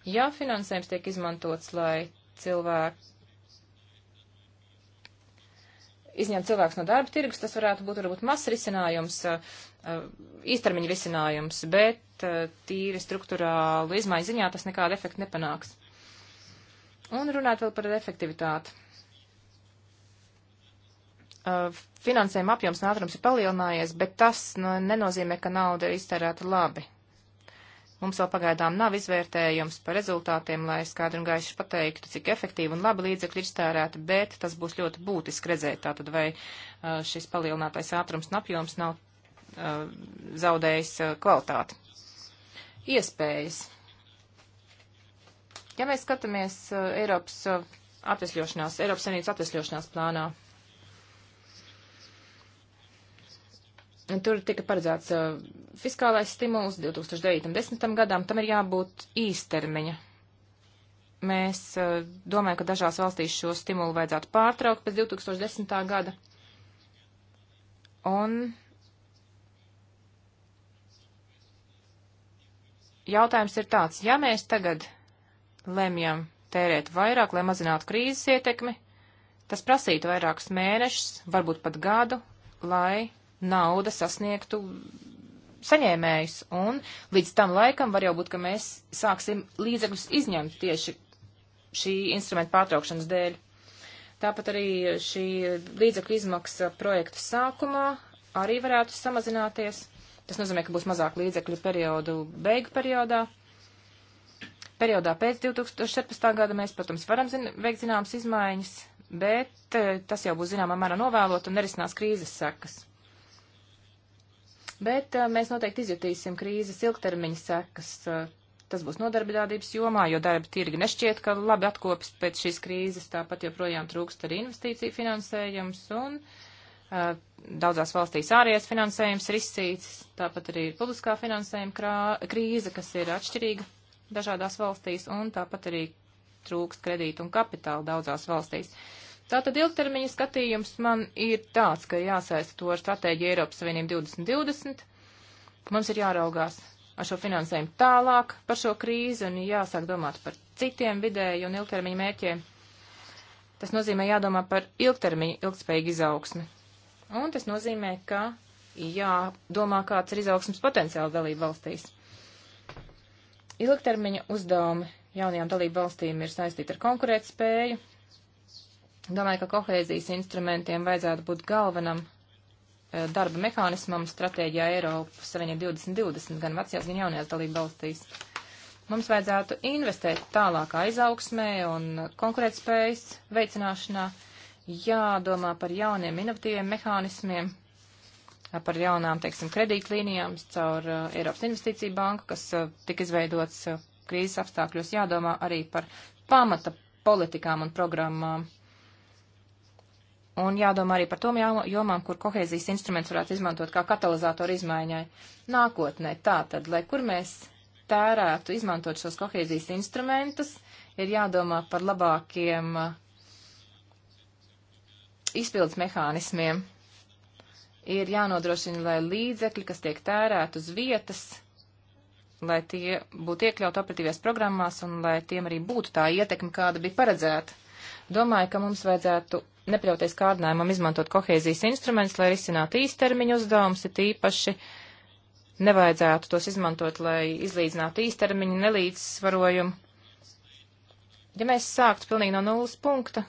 Ja finansējums tiek izmantots, lai cilvēki izņemt cilvēkus no darba tirgus, tas varētu būt varbūt mazs risinājums, eh, eh, īstermiņa risinājums, bet tīri struktūrālu izmaiņu ziņā tas nekāda efekta nepanāks. Un runāt vēl par efektivitāti. Uh, finansējuma apjoms un ātrums ir palielinājies, bet tas nu, nenozīmē, ka nauda ir iztērēta labi. Mums vēl pagaidām nav izvērtējums par rezultātiem, lai skaidri un gaiši pateiktu, cik efektīvi un labi līdzekļi ir iztērēti, bet tas būs ļoti būtiski redzēt, tātad vai uh, šis palielinātais ātrums un apjoms nav uh, zaudējis uh, kvalitāti. Iespējas. Ja mēs skatāmies Eiropas atvesļošanās, Eiropas Savienības atvesļošanās plānā, Un tur tika paredzēts uh, fiskālais stimuls 2009.10. gadam, tam ir jābūt īstermiņa. Mēs uh, domājam, ka dažās valstīs šo stimulu vajadzētu pārtraukt pēc 2010. gada. Un jautājums ir tāds, ja mēs tagad lemjam tērēt vairāk, lai mazinātu krīzes ietekmi, tas prasītu vairākus mēnešus, varbūt pat gadu, lai nauda sasniegtu saņēmējus. Un līdz tam laikam var jau būt, ka mēs sāksim līdzekļus izņemt tieši šī instrumenta pārtraukšanas dēļ. Tāpat arī šī līdzekļu izmaksa projekta sākumā arī varētu samazināties. Tas nozīmē, ka būs mazāk līdzekļu periodu beigu periodā. Periodā pēc 2014. gada mēs, protams, varam zin veikt zināmas izmaiņas, bet eh, tas jau būs zināmā mērā novēlot un nerisinās krīzes sekas bet eh, mēs noteikti izjutīsim krīzes ilgtermiņa sekas. Eh, tas būs nodarbinātības jomā, jo darba tirgi nešķiet, ka labi atkopjas pēc šīs krīzes, tāpat joprojām trūkst arī investīciju finansējums un uh, daudzās valstīs ārējais finansējums ir izcīts, tāpat arī ir publiskā finansējuma krā, krīze, kas ir atšķirīga dažādās valstīs un tāpat arī trūkst kredītu un kapitāla daudzās valstīs. Uh, Tātad ilgtermiņa skatījums man ir tāds, ka jāsaista to ar stratēģiju Eiropas Savienību 2020. Mums ir jāraugās ar šo finansējumu tālāk par šo krīzi un jāsāk domāt par citiem vidēju un ilgtermiņa mērķiem. Tas nozīmē jādomā par ilgtermiņa ilgspējīgu izaugsmi. Un tas nozīmē, ka jādomā, kāds ir izaugsmas potenciāli dalību valstīs. Ilgtermiņa uzdevumi jaunajām dalību valstīm ir saistīti ar konkurētspēju, Domāju, ka kohēzijas instrumentiem vajadzētu būt galvenam e, darba mehānismam stratēģijā Eiropas Savienība 2020, gan vecajās, gan jaunajās dalība valstīs. Mums vajadzētu investēt tālākā izaugsmē un konkurētspējas veicināšanā, jādomā par jauniem inovatīviem mehānismiem, par jaunām, teiksim, kredītlīnijām caur uh, Eiropas investīciju banku, kas uh, tika izveidots uh, krīzes apstākļos, jādomā arī par pamata politikām un programmām. Un jādomā arī par tom jomām, kur kohēzijas instruments varētu izmantot kā katalizātoru izmaiņai nākotnē. Tātad, lai kur mēs tērētu izmantot šos kohēzijas instrumentus, ir jādomā par labākiem uh, izpildes mehānismiem. Ir jānodrošina, lai līdzekļi, kas tiek tērēti uz vietas, lai tie būtu iekļauti operatīvajās programmās un lai tiem arī būtu tā ietekme, kāda bija paredzēta. Domāju, ka mums vajadzētu nepļauties kārdinājumam izmantot kohēzijas instrumentus, lai risinātu īstermiņu uzdevumus, ir īpaši nevajadzētu tos izmantot, lai izlīdzinātu īstermiņu nelīdzsvarojumu. Ja mēs sāktu pilnīgi no nulles punkta,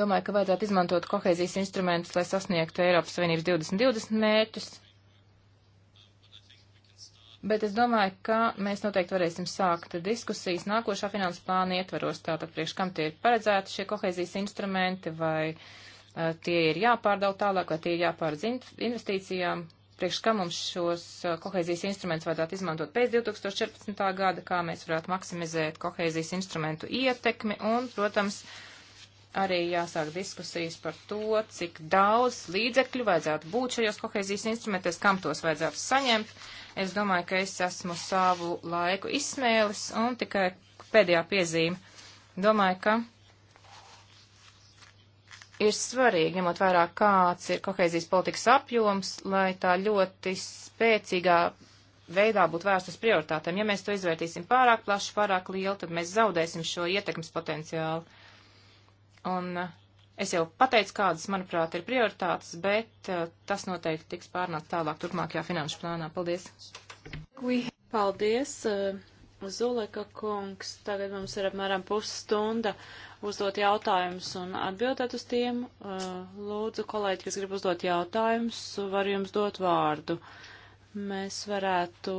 domāju, ka vajadzētu izmantot kohēzijas instrumentus, lai sasniegtu Eiropas Savienības 2020 mērķus. Bet es domāju, ka mēs noteikti varēsim sākt diskusijas nākošā finanses plāna ietveros, tātad priekš kam tie ir paredzēti šie kohēzijas instrumenti, vai uh, tie ir jāpārdau tālāk, vai tie ir jāpārdz investīcijām, priekš kam mums šos uh, kohēzijas instrumentus vajadzētu izmantot pēc 2014. gada, kā mēs varētu maksimizēt kohēzijas instrumentu ietekmi un, protams, arī jāsāk diskusijas par to, cik daudz līdzekļu vajadzētu būt šajos kohēzijas instrumentos, kam tos vajadzētu saņemt. Uh, Es domāju, ka es esmu savu laiku izsmēlis un tikai pēdējā piezīme. Domāju, ka ir svarīgi, ņemot vērā, kāds ir kohēzijas politikas apjoms, lai tā ļoti spēcīgā veidā būtu vērst uz prioritātēm. Ja mēs to izvērtīsim pārāk plaši, pārāk lielu, tad mēs zaudēsim šo ietekmes potenciālu. Un uh, Es jau pateicu, kādas, manuprāt, ir prioritātes, bet uh, tas noteikti tiks pārnāts tālāk turpmākajā finanšu plānā. Paldies! Paldies! Uh, Zuleka kungs, tagad mums ir apmēram pusstunda uzdot jautājumus un atbildēt uz tiem. Uh, lūdzu, kolēģi, kas grib uzdot jautājumus, var jums dot vārdu. Mēs varētu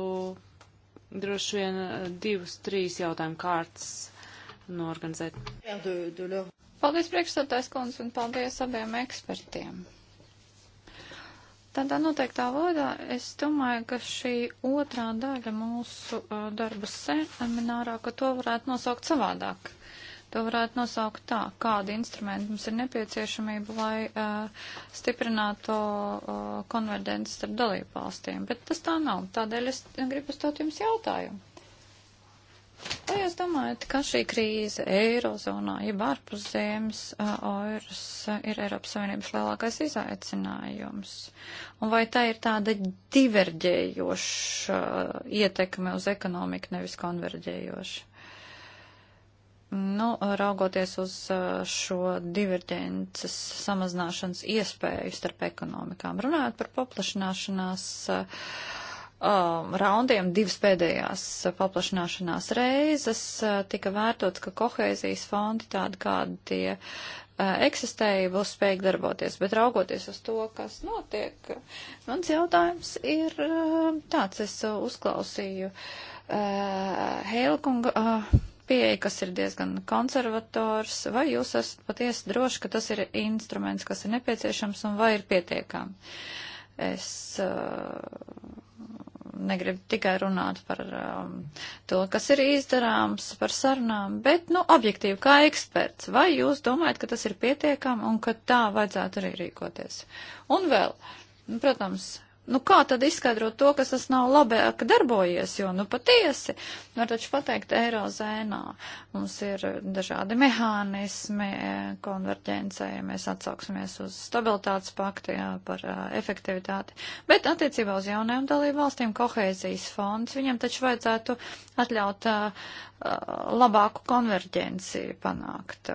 droši vien divus, trīs jautājumu kārtas norganizēt. Paldies priekšstādājs kundze un paldies abiem ekspertiem. Tādā noteiktā vārdā es domāju, ka šī otrā daļa mūsu uh, darba seminārā, ka to varētu nosaukt savādāk. To varētu nosaukt tā, kādi instrumenti mums ir nepieciešamība, lai uh, stiprinātu uh, konverģences starp dalību valstīm. Bet tas tā nav. Tādēļ es gribu uzdot jums jautājumu. Vai jūs domājat, ka šī krīze Eirozonā, jeb ārpus zemes oiras, ir Eiropas Savienības lielākais izaicinājums? Un vai tā ir tāda diverģējoša ietekme uz ekonomiku, nevis konverģējoša? Nu, raugoties uz šo diverģences samazināšanas iespēju starp ekonomikām, runājot par paplašināšanās uh, um, raundiem, divas pēdējās paplašināšanās reizes, uh, tika vērtots, ka kohēzijas fondi tādi, kādi tie uh, eksistēja, būs spējīgi darboties. Bet raugoties uz to, kas notiek, mans jautājums ir uh, tāds, es uh, uzklausīju uh, Heilkunga. Uh, pieeja, kas ir diezgan konservators, vai jūs esat patiesi droši, ka tas ir instruments, kas ir nepieciešams un vai ir pietiekami? Es uh, negribu tikai runāt par um, to, kas ir izdarāms, par sarunām, bet, nu, objektīvi kā eksperts, vai jūs domājat, ka tas ir pietiekami un ka tā vajadzētu arī rīkoties? Un vēl, nu, protams, Nu, kā tad izskaidrot to, kas tas nav labāk eh, darbojies, jo, nu, patiesi, var taču pateikt, eirozēnā mums ir dažādi mehānismi eh, konverģencē, ja mēs atsauksimies uz stabilitātes paktu, jā, par uh, efektivitāti. Bet attiecībā uz jaunajām dalību valstīm kohēzijas fonds, viņam taču vajadzētu atļaut uh, labāku konverģenci panākt.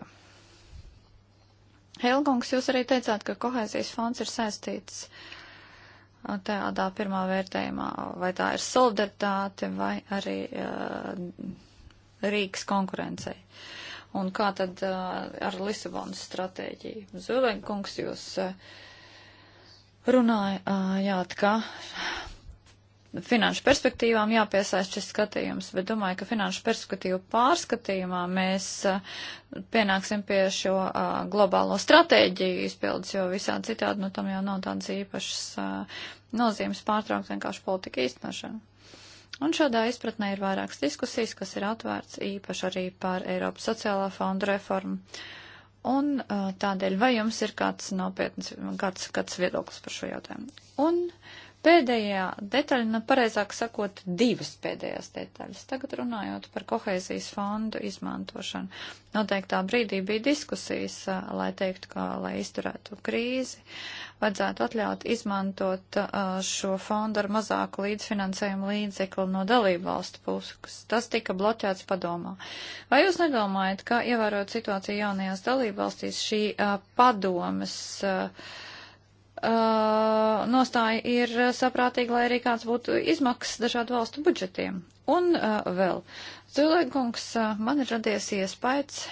Helgungs, jūs arī teicāt, ka kohēzijas fonds ir saistīts tādā pirmā vērtējumā, vai tā ir solidaritāte, vai arī uh, eh, Rīgas konkurencei. Un kā tad uh, ar Lisabonas stratēģiju? Zulenkungs, jūs uh, eh, runājāt, ka finanšu perspektīvām jāpiesaist šis skatījums, bet domāju, ka finanšu perspektīvu pārskatījumā mēs eh, pienāksim pie šo eh, globālo stratēģiju izpildes, jo visādi citādi, nu, tam jau nav tādas īpašas eh, nozīmes pārtraukt vienkārši politika īstenošanu. Un šādā izpratnē ir vairākas diskusijas, kas ir atvērts īpaši arī par Eiropas sociālā fonda reformu. Un tādēļ, vai jums ir kāds nopietns, kāds, kāds viedoklis par šo jautājumu? Un uh, Pēdējā detaļa, nu pareizāk sakot, divas pēdējās detaļas. Tagad runājot par kohēzijas fondu izmantošanu. Noteiktā brīdī bija diskusijas, lai teiktu, ka, lai izturētu krīzi, vajadzētu atļaut izmantot šo fondu ar mazāku līdzfinansējumu līdzekli no dalību valstu puses. Tas tika bloķēts padomā. Vai jūs nedomājat, ka ievērot situāciju jaunajās dalību valstīs šī padomas. Uh, uh, nostāja ir saprātīga, lai arī kāds būtu izmaksas dažādu valstu budžetiem. Un uh, vēl, Zilēkungs, uh, man ir radies iespējas,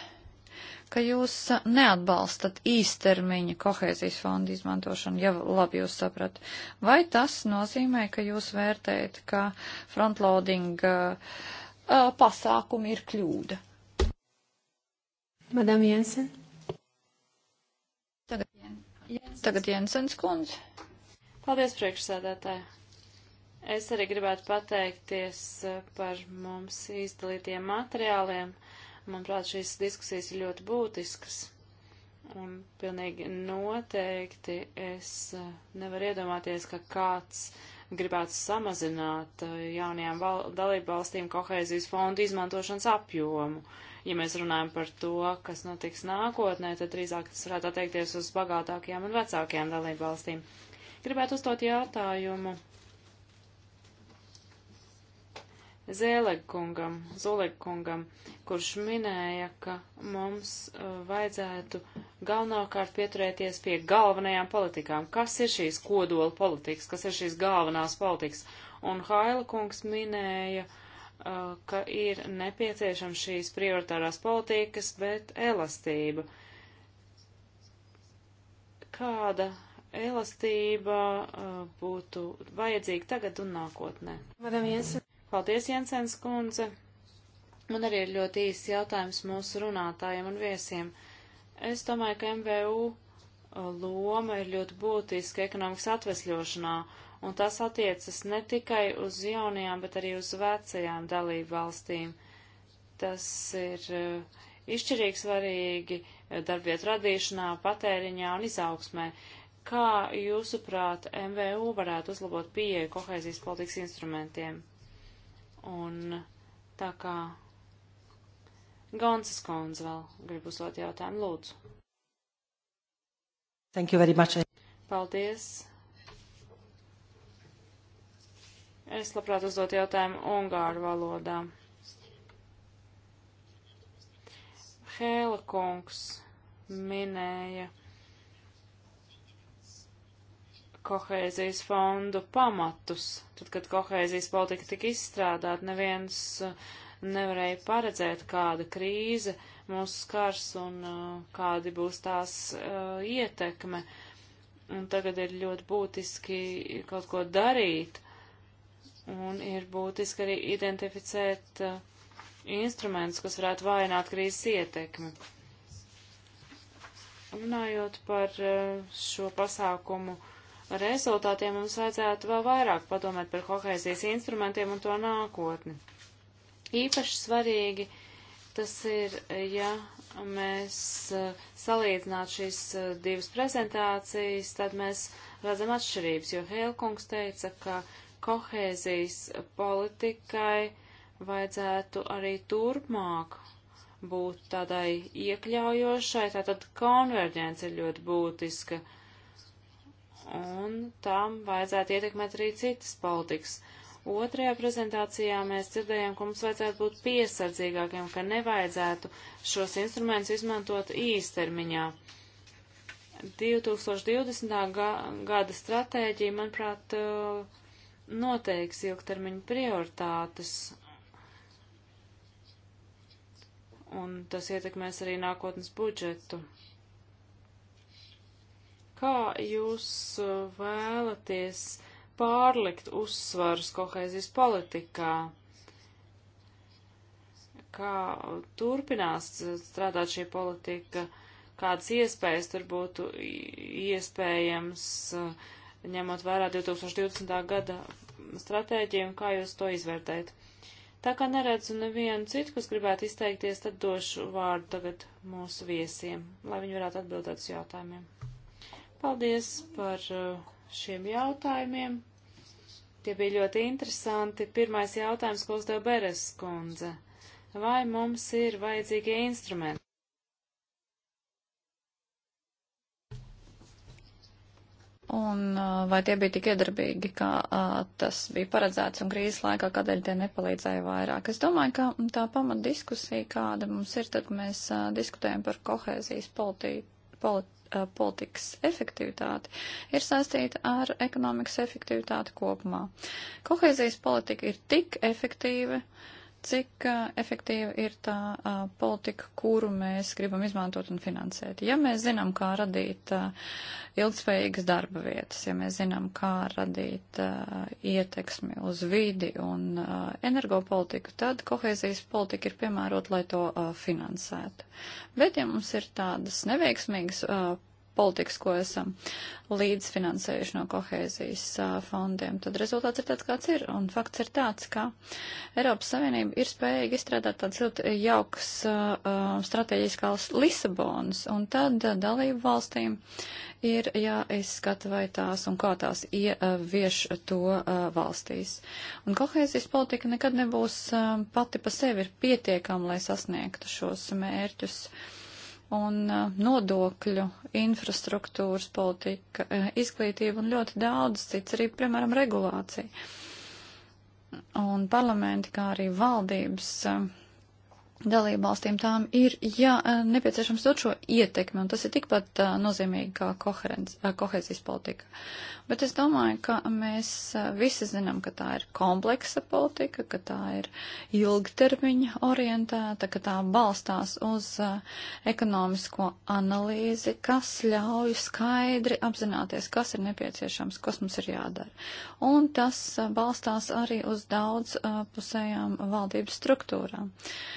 ka jūs uh, neatbalstat īstermiņa kohēzijas fonda izmantošanu, ja labi jūs saprat. Vai tas nozīmē, ka jūs vērtējat, ka frontloading uh, uh pasākumi ir kļūda? Madam Jensen. Tagad Jensens kundze. Paldies, priekšsēdētāji. Es arī gribētu pateikties eh, par mums izdalītiem materiāliem. Manuprāt, šīs diskusijas ir ļoti būtiskas. Un pilnīgi noteikti es eh, nevaru iedomāties, ka kāds gribētu samazināt eh, jaunajām val dalību valstīm kohēzijas fondu izmantošanas apjomu. Uh, ja mēs runājam par to, kas notiks nākotnē, tad drīzāk tas varētu attiekties uz bagātākajām un vecākajām dalību valstīm. Gribētu uzdot jautājumu Zēlegkungam, Zolegkungam, kurš minēja, ka mums uh, vajadzētu galvenokārt pieturēties pie galvenajām politikām. Kas ir šīs kodola politikas, kas ir šīs galvenās politikas? Un Haila kungs minēja uh, Uh, ka ir nepieciešams šīs prioritārās politikas, bet elastība. Kāda elastība uh, būtu vajadzīga tagad un nākotnē? Madam Jensen. Paldies, Jensens kundze. Man arī ir ļoti īsts jautājums mūsu runātājiem un viesiem. Es domāju, ka MVU uh, loma ir ļoti būtiska ekonomikas atvesļošanā un tas attiecas ne tikai uz jaunajām, bet arī uz vecajām dalību valstīm. Tas ir eh, izšķirīgi svarīgi eh, darbvietu radīšanā, patēriņā un izaugsmē. Kā jūsuprāt, MVU varētu uzlabot pieeju kohēzijas politikas instrumentiem? Un tā kā Gonsas kundze vēl grib uzdot jautājumu, lūdzu. Thank you very much. Paldies. Es labprāt uzdot jautājumu ungāru valodā. Hēla kungs minēja kohēzijas fondu pamatus. Tad, kad kohēzijas politika tika izstrādāta, neviens uh, nevarēja paredzēt, kāda krīze mūs skars un uh, kādi būs tās uh, ietekme. Un tagad ir ļoti būtiski kaut ko darīt Un ir būtiski arī identificēt uh, instrumentus, kas varētu vājināt krīzes ietekmi. Runājot par uh, šo pasākumu rezultātiem, mums vajadzētu vēl vairāk padomāt par kohēzijas instrumentiem un to nākotni. Īpaši svarīgi tas ir, ja mēs uh, salīdzinātu šīs uh, divas prezentācijas, tad mēs redzam atšķirības, jo Hēlkungs teica, ka uh, kohēzijas politikai vajadzētu arī turpmāk būt tādai iekļaujošai, tātad konverģence ir ļoti būtiska, un tam vajadzētu ietekmēt arī citas politikas. Otrajā prezentācijā mēs dzirdējām, ka mums vajadzētu būt piesardzīgākiem, ka nevajadzētu šos instrumentus izmantot īstermiņā. 2020. gada stratēģija, manuprāt, uh, noteiks ilgtermiņa prioritātes, un tas ietekmēs arī nākotnes budžetu. Kā jūs uh, vēlaties pārlikt uzsvarus kohēzijas politikā? Kā turpinās strādāt šī politika? Kādas iespējas tur būtu iespējams? Uh, ņemot vērā 2020. gada stratēģiju un kā jūs to izvērtējat. Tā kā neredzu nevienu citu, kas gribētu izteikties, tad došu vārdu tagad mūsu viesiem, lai viņi varētu atbildēt uz jautājumiem. Paldies par uh, šiem jautājumiem. Tie bija ļoti interesanti. Pirmais jautājums, ko uzdeva Beres kundze. Vai mums ir vajadzīgie instrumenti? Un vai tie bija tik iedarbīgi, kā tas bija paredzēts un krīzes laikā, kādēļ tie nepalīdzēja vairāk? Es domāju, ka tā pamat diskusija, kāda mums ir, tad mēs diskutējam par kohēzijas politi politi politikas efektivitāti ir saistīta ar ekonomikas efektivitāti kopumā. Kohēzijas politika ir tik efektīva, uh, cik uh, efektīva ir tā uh, politika, kuru mēs gribam izmantot un finansēt. Ja mēs zinām, kā radīt uh, ilgspējīgas darba vietas, ja mēs zinām, kā radīt uh, ieteksmi uz vidi un uh, energopolitiku, tad kohēzijas politika ir piemērota, lai to uh, finansētu. Bet ja mums ir tādas neveiksmīgas uh, politikas, ko esam līdzfinansējuši no kohēzijas uh, fondiem, tad rezultāts ir tāds, kāds ir. Un fakts ir tāds, ka Eiropas Savienība ir spējīga izstrādāt tāds ļoti jauks uh, strateģiskās Lisabonas, un tad uh, dalību valstīm ir jāizskata, vai tās un kā tās ievieš to uh, valstīs. Un kohēzijas politika nekad nebūs uh, pati pa sevi ir pietiekama, lai sasniegtu šos mērķus. Uh, un uh, nodokļu, infrastruktūras politika, uh, izglītība un ļoti daudz cits, arī, piemēram, regulācija. Un parlamenti, kā arī valdības uh, dalībvalstīm tām ir jā, eh, nepieciešams dot šo ietekmi, un tas ir tikpat uh, nozīmīgi kā koherens, uh, eh, kohēzijas politika. Bet es domāju, ka mēs visi zinām, ka tā ir kompleksa politika, ka tā ir ilgtermiņa orientēta, ka tā balstās uz uh, ekonomisko analīzi, kas ļauj skaidri apzināties, kas ir nepieciešams, kas mums ir jādara. Un tas balstās arī uz daudz pusējām valdības struktūrām. Uh,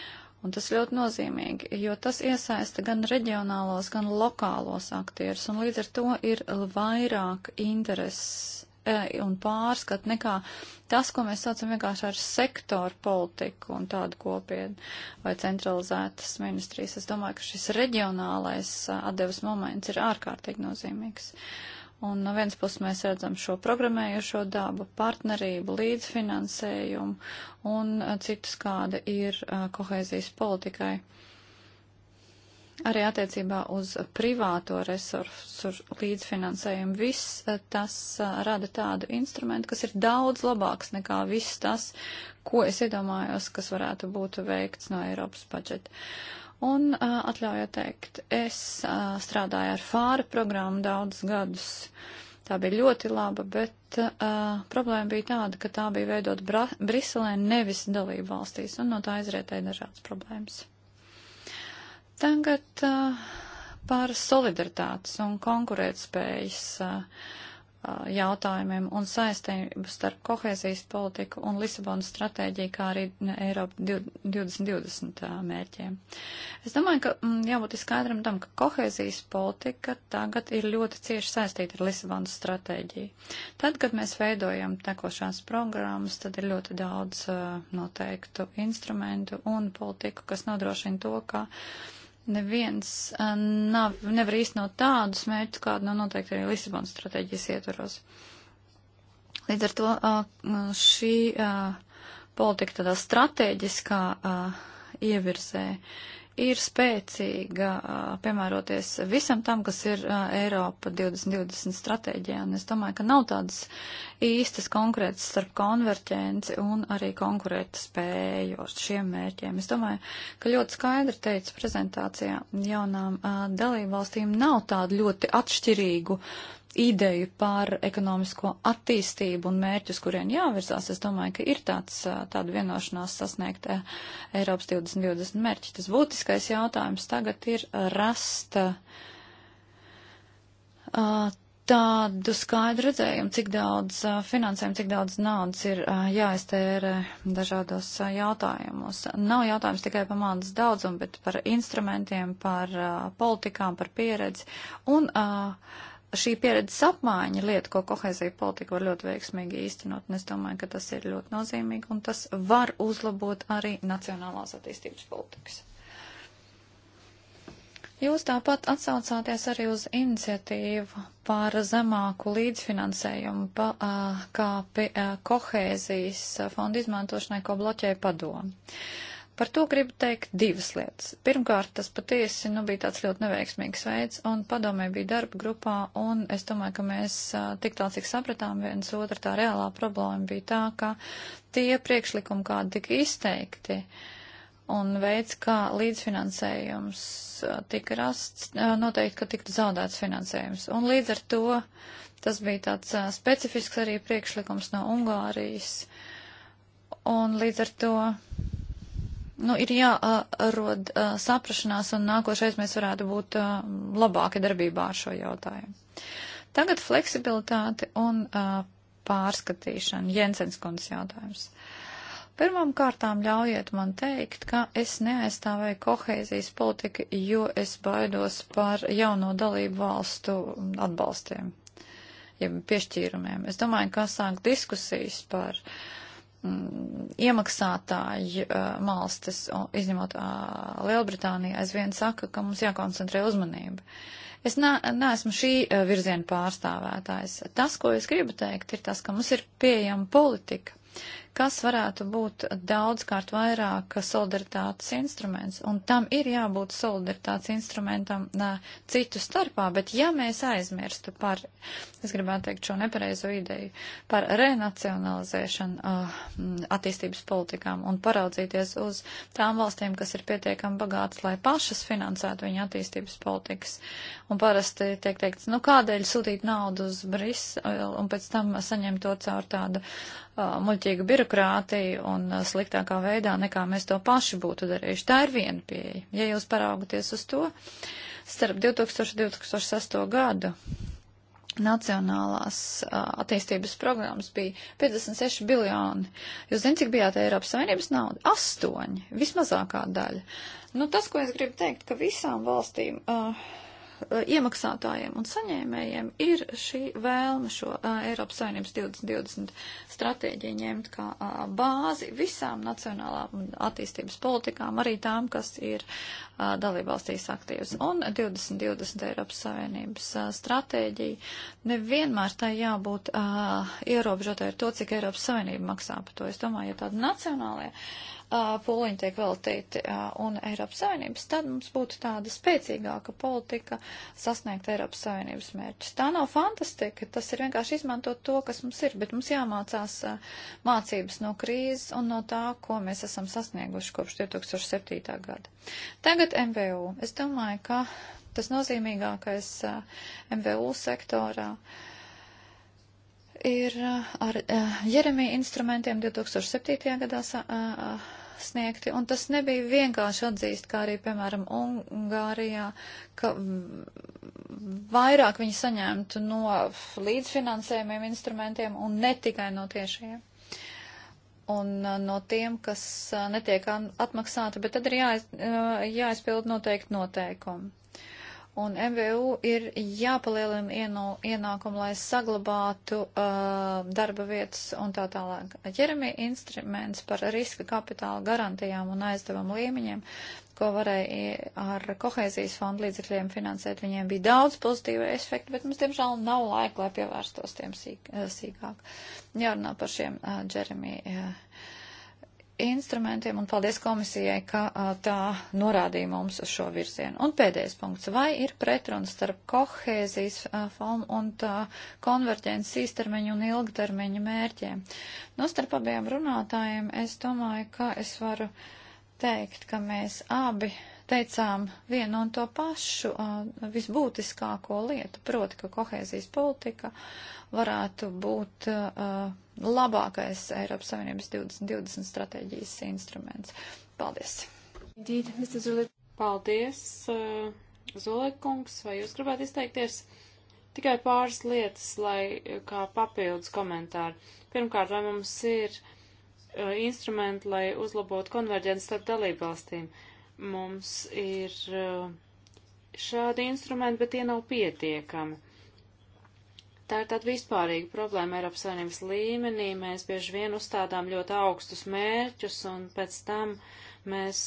Un tas ļoti nozīmīgi, jo tas iesaista gan reģionālos, gan lokālos aktierus, un līdz ar to ir vairāk intereses e, un pārskat nekā tas, ko mēs saucam vienkārši ar sektoru politiku un tādu kopienu vai centralizētas ministrijas. Es domāju, ka šis reģionālais atdevis moments ir ārkārtīgi nozīmīgs. Uh, Un no vienas puses mēs redzam šo programmējušo dabu, partnerību, līdzfinansējumu un citus, kāda ir kohēzijas politikai. Arī attiecībā uz privāto resursu līdzfinansējumu viss tas rada tādu instrumentu, kas ir daudz labāks nekā viss tas, ko es iedomājos, kas varētu būt veikts no Eiropas budžeta. Un uh, atļauju teikt, es uh, strādāju ar fāra programmu daudzus gadus. Tā bija ļoti laba, bet uh, problēma bija tāda, ka tā bija veidot Bra Briselē, nevis dalību valstīs, un no tā izrietēja dažādas problēmas. Tagad uh, par solidaritātes un konkurētspējas. Uh, jautājumiem un saistību starp kohēzijas politiku un Lisabonas stratēģiju, kā arī Eiropa 2020 mērķiem. Es domāju, ka mm, jābūt skaidram tam, ka kohēzijas politika tagad ir ļoti cieši saistīta ar Lisabonas stratēģiju. Tad, kad mēs veidojam tekošās programmas, tad ir ļoti daudz noteiktu instrumentu un politiku, kas nodrošina to, ka neviens eh, nav, nevar īstenot tādus mērķus, kādu nav noteikti arī Lisabonas stratēģijas ietvaros. Līdz ar to eh, šī eh, politika tādā strateģiskā ievirzē ir spēcīga piemēroties visam tam, kas ir Eiropa 2020 stratēģijā. Un es domāju, ka nav tādas īstas konkrētas starp konverģenci un arī konkurēta spēju ar šiem mērķiem. Es domāju, ka ļoti skaidri teica prezentācijā, jaunām dalībvalstīm nav tādu ļoti atšķirīgu ideju par ekonomisko attīstību un mērķus, kurien jāvirzās, es domāju, ka ir tāds, tāda vienošanās sasniegt Eiropas 2020 mērķi. Tas būtiskais jautājums tagad ir rast tādu skaidru redzējumu, cik daudz finansējumu, cik daudz naudas ir jāiztērē dažādos jautājumos. Nav jautājums tikai par mādas daudzumu, bet par instrumentiem, par politikām, par pieredzi. Un, uh, šī pieredzes apmaiņa lieta, ko kohēzija politika var ļoti veiksmīgi īstenot, un es domāju, ka tas ir ļoti nozīmīgi, un tas var uzlabot arī nacionālās attīstības politikas. Jūs tāpat atsaucāties arī uz iniciatīvu par zemāku līdzfinansējumu, pa, kā pie, kohēzijas fonda izmantošanai, ko bloķēja padomu. Par to gribu teikt divas lietas. Pirmkārt, tas patiesi nu, bija tāds ļoti neveiksmīgs veids, un padomē bija darba grupā, un es domāju, ka mēs tik tālu, cik sapratām viens otru, tā reālā problēma bija tā, ka tie priekšlikumi, kādi tika izteikti, un veids, kā līdzfinansējums tika rasts, noteikti, ka tiktu zaudēts finansējums. Un līdz ar to tas bija tāds specifisks arī priekšlikums no Ungārijas, un līdz ar to Nu, ir jārod saprašanās, un nākošais mēs varētu būt labāki darbībā ar šo jautājumu. Tagad fleksibilitāte un pārskatīšana. Jensens kundze jautājums. Pirmām kārtām ļaujiet man teikt, ka es neaizstāvēju kohēzijas politiku, jo es baidos par jauno dalību valstu atbalstiem, ja piešķīrumiem. Es domāju, kā sākt diskusijas par uh, Mm, iemaksātāji uh, malstis, izņemot uh, Lielbritāniju, aizvien saka, ka mums jākoncentrē uzmanība. Es ne, neesmu šī uh, virziena pārstāvētājs. Tas, ko es gribu teikt, ir tas, ka mums ir pieejama politika, kas varētu būt daudzkārt vairāk solidaritātes instruments. Un tam ir jābūt solidaritātes instrumentam nā, citu starpā, bet ja mēs aizmirstu par, es gribētu teikt šo nepareizo ideju, par renacionalizēšanu uh, attīstības politikām un paraudzīties uz tām valstīm, kas ir pietiekami bagātas, lai pašas finansētu viņa attīstības politikas. Un parasti tiek teikts, nu kādēļ sūtīt naudu uz Briselu un pēc tam saņemt to caur tādu uh, muļķīgu birokrātiju un sliktākā veidā, nekā mēs to paši būtu darījuši. Tā ir viena pieeja. Ja jūs paraugaties uz to, starp 2000 un 2008 gadu Nacionālās attīstības programmas bija 56 biljoni. Jūs zināt, cik bijāt Eiropas Savienības nauda? Astoņi, vismazākā daļa. Nu, tas, ko es gribu teikt, ka visām valstīm uh, Uh, iemaksātājiem un saņēmējiem ir šī vēlme šo uh, Eiropas Savienības 2020 stratēģiju ņemt kā uh, bāzi visām nacionālām attīstības politikām, arī tām, kas ir dalībvalstīs aktīvas. Un 2020 Eiropas Savienības stratēģija nevienmēr tai jābūt ierobežotai ar to, cik Eiropas Savienība maksā par to. Es domāju, ja tāda nacionālajā pūliņi tiek veltīti un Eiropas Savienības, tad mums būtu tāda spēcīgāka politika sasniegt Eiropas Savienības mērķus. Tā nav fantastika, tas ir vienkārši izmantot to, kas mums ir, bet mums jāmācās mācības no krīzes un no tā, ko mēs esam sasnieguši kopš 2007. gada. Tagad MVU. Es domāju, ka tas nozīmīgākais MVU sektorā. Uh, ir uh, ar uh, Jeremija instrumentiem 2007. gadā uh, sniegti, un tas nebija vienkārši atzīst, kā arī, piemēram, Ungārijā, ka vairāk viņi saņemtu no līdzfinansējumiem instrumentiem un ne tikai no tiešajiem. Un no tiem, kas netiek atmaksāti, bet tad ir jāiz, jāizpild noteikti noteikumi. Un MVU ir jāpalielina ienākumu, lai saglabātu uh, darba vietas un tā tālāk. Ķeramie instruments par riska kapitāla garantijām un aizdevumu līmeņiem, ko varēja ar kohēzijas fondu līdzekļiem finansēt, viņiem bija daudz pozitīva efekta, bet mums, diemžēl, nav laika, lai pievērstos tiem sīk, uh, sīkāk. Jārunā par šiem uh, Jeremy uh, instrumentiem, un paldies komisijai, ka a, tā norādīja mums uz šo virzienu. Un pēdējais punkts. Vai ir pretruns starp kohēzijas fondu un tā konverģences īstermeņu un ilgtermeņu mērķiem? No nu, starp abiem runātājiem es domāju, ka es varu teikt, ka mēs abi teicām vienu un to pašu a, visbūtiskāko lietu, proti, ka kohēzijas politika varētu būt. A, labākais Eiropas Savienības 2020 stratēģijas instruments. Paldies! Indeed, Mr. Zulik. Paldies, uh, eh, Zulikungs, vai jūs gribētu izteikties? Tikai pāris lietas, lai eh, kā papildus komentāri. Pirmkārt, vai mums ir uh, instrumenti, lai uzlabotu konverģenci starp dalībvalstīm? Mums ir uh, šādi instrumenti, bet tie nav pietiekami. Tā ir tāda vispārīga problēma Eiropas Savienības līmenī. Mēs bieži vien uzstādām ļoti augstus mērķus, un pēc tam mēs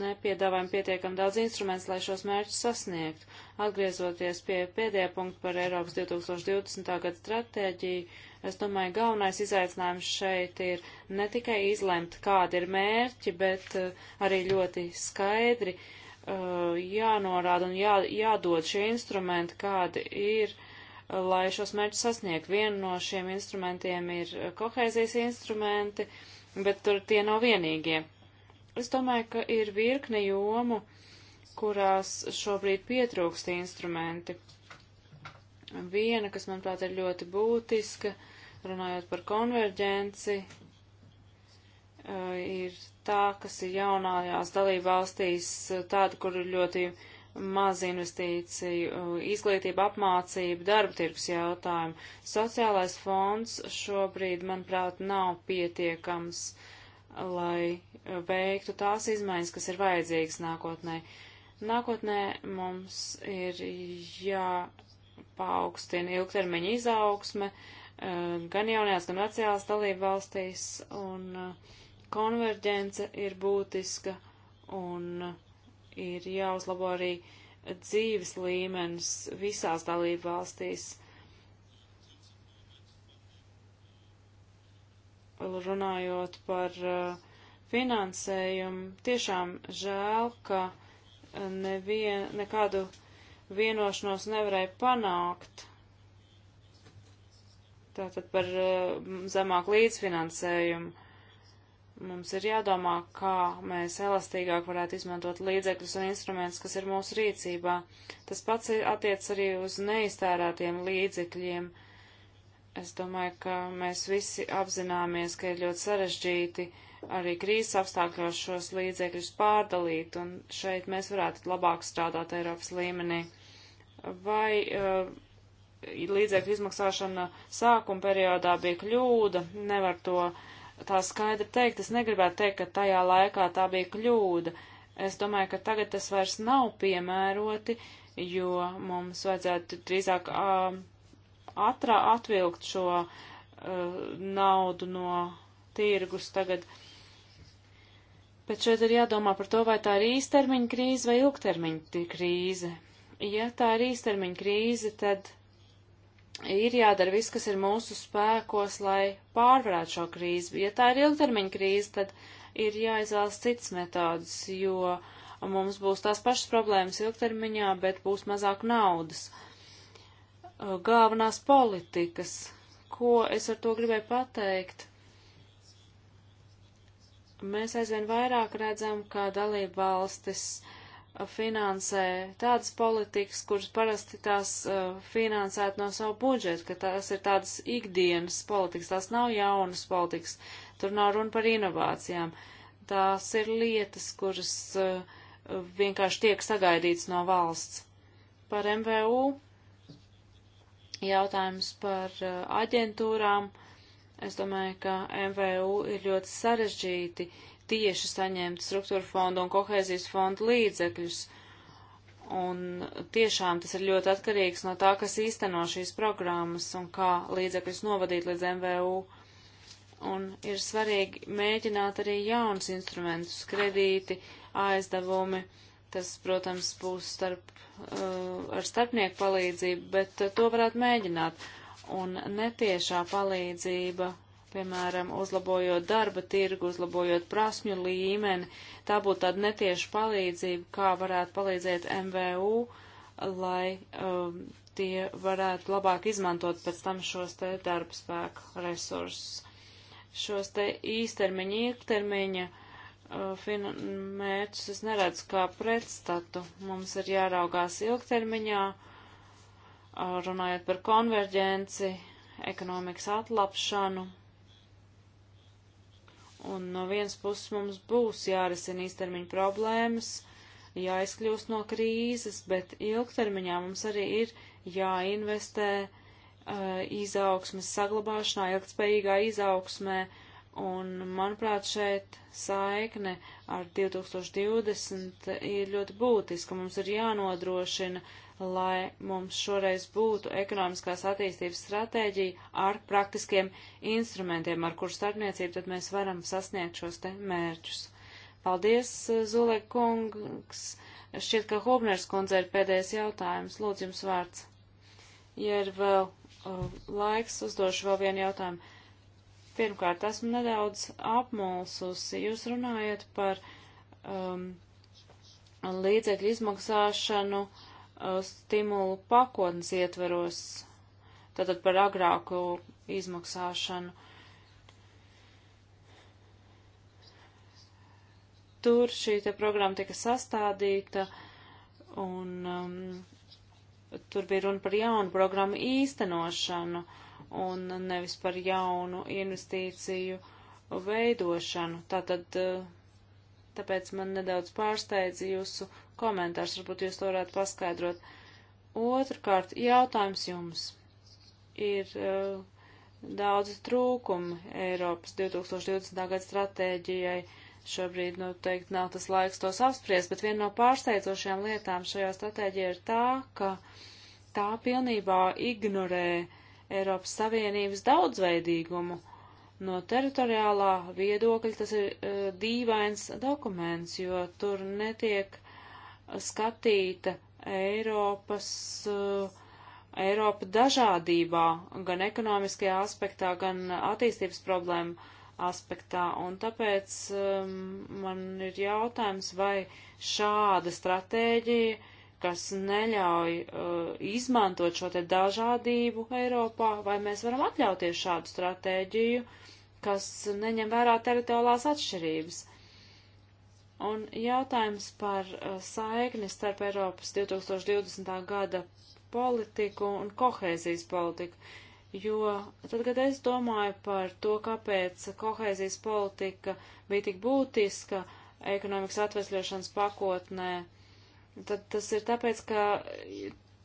nepiedāvājam pietiekam daudz instruments, lai šos mērķus sasniegtu. Atgriezoties pie pēdējā punkta par Eiropas 2020. gada stratēģiju, es domāju, galvenais izaicinājums šeit ir ne tikai izlemt, kādi ir mērķi, bet eh, arī ļoti skaidri eh, jānorāda un jā, jādod šie instrumenti, kādi ir lai šos mērķus sasniegtu. Viena no šiem instrumentiem ir kohēzijas instrumenti, bet tur tie nav vienīgie. Es domāju, ka ir virkne jomu, kurās šobrīd pietrūkst instrumenti. Viena, kas, manuprāt, ir ļoti būtiska, runājot par konverģenci, ir tā, kas ir jaunājās dalībvalstīs, tāda, kur ir ļoti uh, mazinvestīciju, uh, izglītība, apmācība, darba tirgus jautājumu. Sociālais fonds šobrīd, manuprāt, nav pietiekams, lai uh, veiktu tās izmaiņas, kas ir vajadzīgas nākotnē. Nākotnē mums ir jāpaukstina ilgtermiņa izaugsme uh, gan jaunajās, gan vecajās dalību valstīs, un konverģence ir būtiska, un uh, ir jāuzlabo arī dzīves līmenis visās dalību valstīs. Runājot par uh, finansējumu, tiešām žēl, ka uh, nevien, nekādu vienošanos nevarēja panākt. Tātad par uh, zemāku līdzfinansējumu Mums ir jādomā, kā mēs elastīgāk varētu izmantot līdzekļus un instrumentus, kas ir mūsu rīcībā. Tas pats attiec arī uz neiztērētiem līdzekļiem. Es domāju, ka mēs visi apzināmies, ka ir ļoti sarežģīti arī krīzes apstākļos šos līdzekļus pārdalīt, un šeit mēs varētu labāk strādāt Eiropas līmenī. Vai uh, līdzekļu izmaksāšana sākuma periodā bija kļūda? Nevar to uh, tā skaidri teikt. Es negribētu teikt, ka tajā laikā tā bija kļūda. Es domāju, ka tagad tas vairs nav piemēroti, jo mums vajadzētu drīzāk atrā atvilkt šo a, naudu no tirgus tagad. Bet šeit ir jādomā par to, vai tā ir īstermiņa krīze vai ilgtermiņa krīze. Ja tā ir īstermiņa krīze, tad ir jādara viss, kas ir mūsu spēkos, lai pārvarētu šo krīzi. Ja tā ir ilgtermiņa krīze, tad ir jāizvēlas citas metodas, jo mums būs tās pašas problēmas ilgtermiņā, bet būs mazāk naudas. Galvenās politikas. Ko es ar to gribēju pateikt? Mēs aizvien vairāk redzam, kā dalība valstis uh, finansē tādas politikas, kuras parasti tās uh, finansētu no savu budžetu, ka tās ir tādas ikdienas politikas, tās nav jaunas politikas, tur nav runa par inovācijām. Tās ir lietas, kuras uh, vienkārši tiek sagaidīts no valsts. Par MVU jautājums par uh, aģentūrām. Es domāju, ka MVU ir ļoti sarežģīti tieši saņemt struktūra fondu un kohēzijas fondu līdzekļus. Un tiešām tas ir ļoti atkarīgs no tā, kas īsteno šīs programmas un kā līdzekļus novadīt līdz MVU. Un ir svarīgi mēģināt arī jaunus instrumentus, kredīti, aizdevumi. Tas, protams, būs starp, uh, ar starpnieku palīdzību, bet to varētu mēģināt. Un netiešā palīdzība piemēram, uzlabojot darba tirgu, uzlabojot prasmju līmeni. Tā būtu tāda netieša palīdzība, kā varētu palīdzēt MVU, lai um, tie varētu labāk izmantot pēc tam šos te darba spēku resursus. Šos te īstermiņa, ilgtermiņa uh, mērķus es neredzu kā pretstatu. Mums ir jāraugās ilgtermiņā, uh, runājot par konverģenci, ekonomikas atlapšanu, Un no vienas puses mums būs jārisina īstermiņa problēmas, jāizkļūst no krīzes, bet ilgtermiņā mums arī ir jāinvestē uh, izaugsmes saglabāšanā, ilgtspējīgā izaugsmē. Un, manuprāt, šeit saikne ar 2020 ir ļoti būtiska. Mums ir jānodrošina uh, lai mums šoreiz būtu ekonomiskās attīstības stratēģija ar praktiskiem instrumentiem, ar kuru starpniecību tad mēs varam sasniegt šos te mērķus. Paldies, Zulek kungs. Šķiet, ka Hubners kundze ir pēdējais jautājums. Lūdzu, jums vārds. Ja ir vēl uh, laiks, uzdošu vēl vienu jautājumu. Pirmkārt, esmu nedaudz apmulsusi. Jūs runājat par um, līdzekļu izmaksāšanu uh, Uh, stimulu pakotnes ietveros, tātad par agrāku izmaksāšanu. Tur šī te programma tika sastādīta un um, tur bija runa par jaunu programmu īstenošanu un nevis par jaunu investīciju veidošanu. Tātad, uh, tāpēc man nedaudz pārsteidz jūsu komentārs, varbūt jūs to varētu paskaidrot. Otrkārt, jautājums jums. Ir uh, daudz trūkumu Eiropas 2020. gada stratēģijai. Šobrīd, nu, teikt, nav tas laiks tos apspriest, bet viena no pārsteidzošajām lietām šajā stratēģijā ir tā, ka tā pilnībā ignorē Eiropas Savienības daudzveidīgumu. No teritoriālā viedokļa tas ir uh, dīvains dokuments, jo tur netiek skatīta Eiropas, eh, Eiropa dažādībā, gan ekonomiskajā aspektā, gan attīstības problēma aspektā. Un tāpēc um, man ir jautājums, vai šāda stratēģija, kas neļauj uh, izmantot šo te dažādību Eiropā, vai mēs varam atļauties šādu stratēģiju, kas neņem vērā teritoriālās atšķirības. Uh, Un jautājums par uh, saikni starp Eiropas 2020. gada politiku un kohēzijas politiku. Jo tad, kad es domāju par to, kāpēc kohēzijas politika bija tik būtiska ekonomikas atvesļošanas pakotnē, tad tas ir tāpēc, ka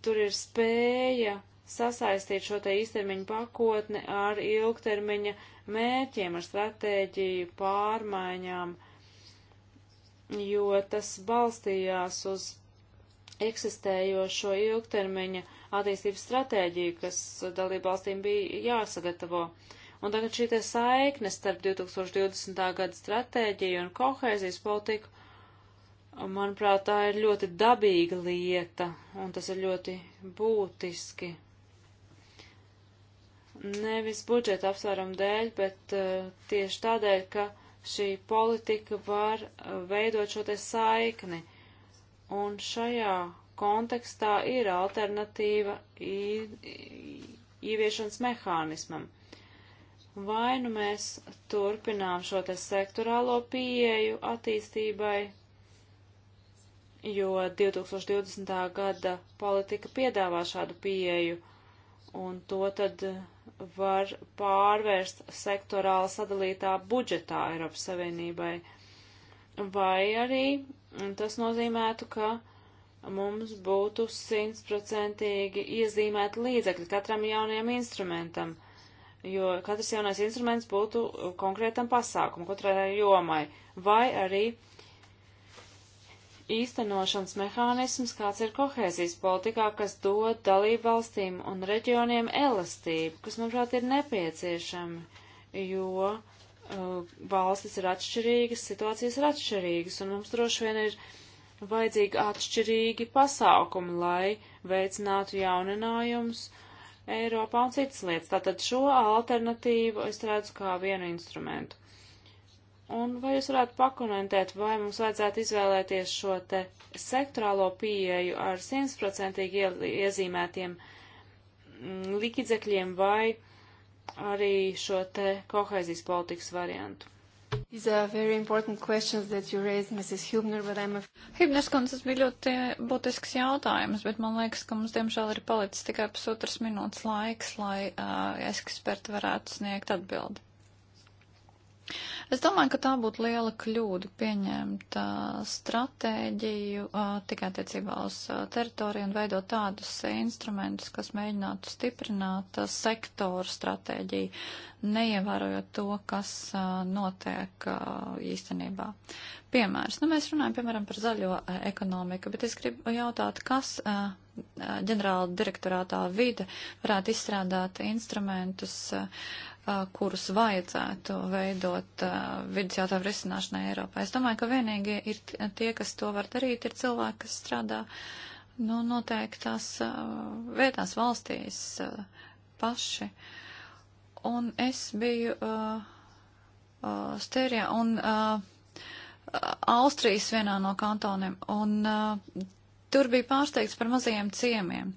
tur ir spēja sasaistīt šo te īstermiņu pakotni ar ilgtermiņa mērķiem, ar stratēģiju, pārmaiņām. Uh, jo tas balstījās uz eksistējošo ilgtermiņa attīstības stratēģiju, kas dalību valstīm bija jāsagatavo. Un tagad šī te saikne starp 2020. gada stratēģiju un kohēzijas politiku, manuprāt, tā ir ļoti dabīga lieta, un tas ir ļoti būtiski. Nevis budžeta apsvērumu dēļ, bet uh, tieši tādēļ, ka uh, šī politika var uh, veidot šo te saikni. Un šajā kontekstā ir alternatīva ieviešanas mehānismam. Vai nu mēs turpinām šo te sektorālo pieeju attīstībai, jo 2020. gada politika piedāvā šādu pieeju, un to tad uh, var pārvērst sektorāli sadalītā budžetā Eiropas Savienībai. Vai arī tas nozīmētu, ka mums būtu simtprocentīgi iezīmēti līdzekļi katram jaunajam instrumentam, jo katrs jaunais instruments būtu konkrētam pasākumu, katrai jomai, vai arī uh, īstenošanas mehānisms, kāds ir kohēzijas politikā, kas dod dalību valstīm un reģioniem elastību, kas, manuprāt, ir nepieciešama, jo uh, valstis ir atšķirīgas, situācijas ir atšķirīgas, un mums droši vien ir vajadzīgi atšķirīgi pasākumi, lai veicinātu jauninājumus Eiropā un citas lietas. Tātad šo alternatīvu es redzu kā vienu instrumentu. Un vai jūs varētu pakomentēt, vai mums vajadzētu izvēlēties šo te sektorālo pieeju ar 100% iezīmētiem mm, likidzekļiem vai arī šo te kohēzijas politikas variantu? These are very important questions that you raised, Mrs. Hubner, but I'm afraid... Hubners, kundze, tas bija ļoti būtisks jautājums, bet man liekas, ka mums, diemžēl, ir palicis tikai pusotras minūtes laiks, lai uh, eksperti varētu sniegt atbildi. Es domāju, ka tā būtu liela kļūda pieņemt uh, stratēģiju uh, tikai attiecībā uz uh, teritoriju un veidot tādus instrumentus, kas mēģinātu stiprināt uh, sektoru stratēģiju, neievērojot to, kas uh, notiek uh, īstenībā. Piemērs, nu mēs runājam piemēram par zaļo uh, ekonomiku, bet es gribu jautāt, kas uh, ģenerāla direktorātā vide varētu izstrādāt instrumentus, kurus vajadzētu veidot vidas jautājumu risināšanai Eiropā. Es domāju, ka vienīgie ir tie, kas to var darīt, ir cilvēki, kas strādā nu, noteiktās vietās valstīs paši. Un es biju uh, uh, Stērijā un uh, Austrijas vienā no kantoniem, un uh, tur bija pārsteigts par mazajiem ciemiem,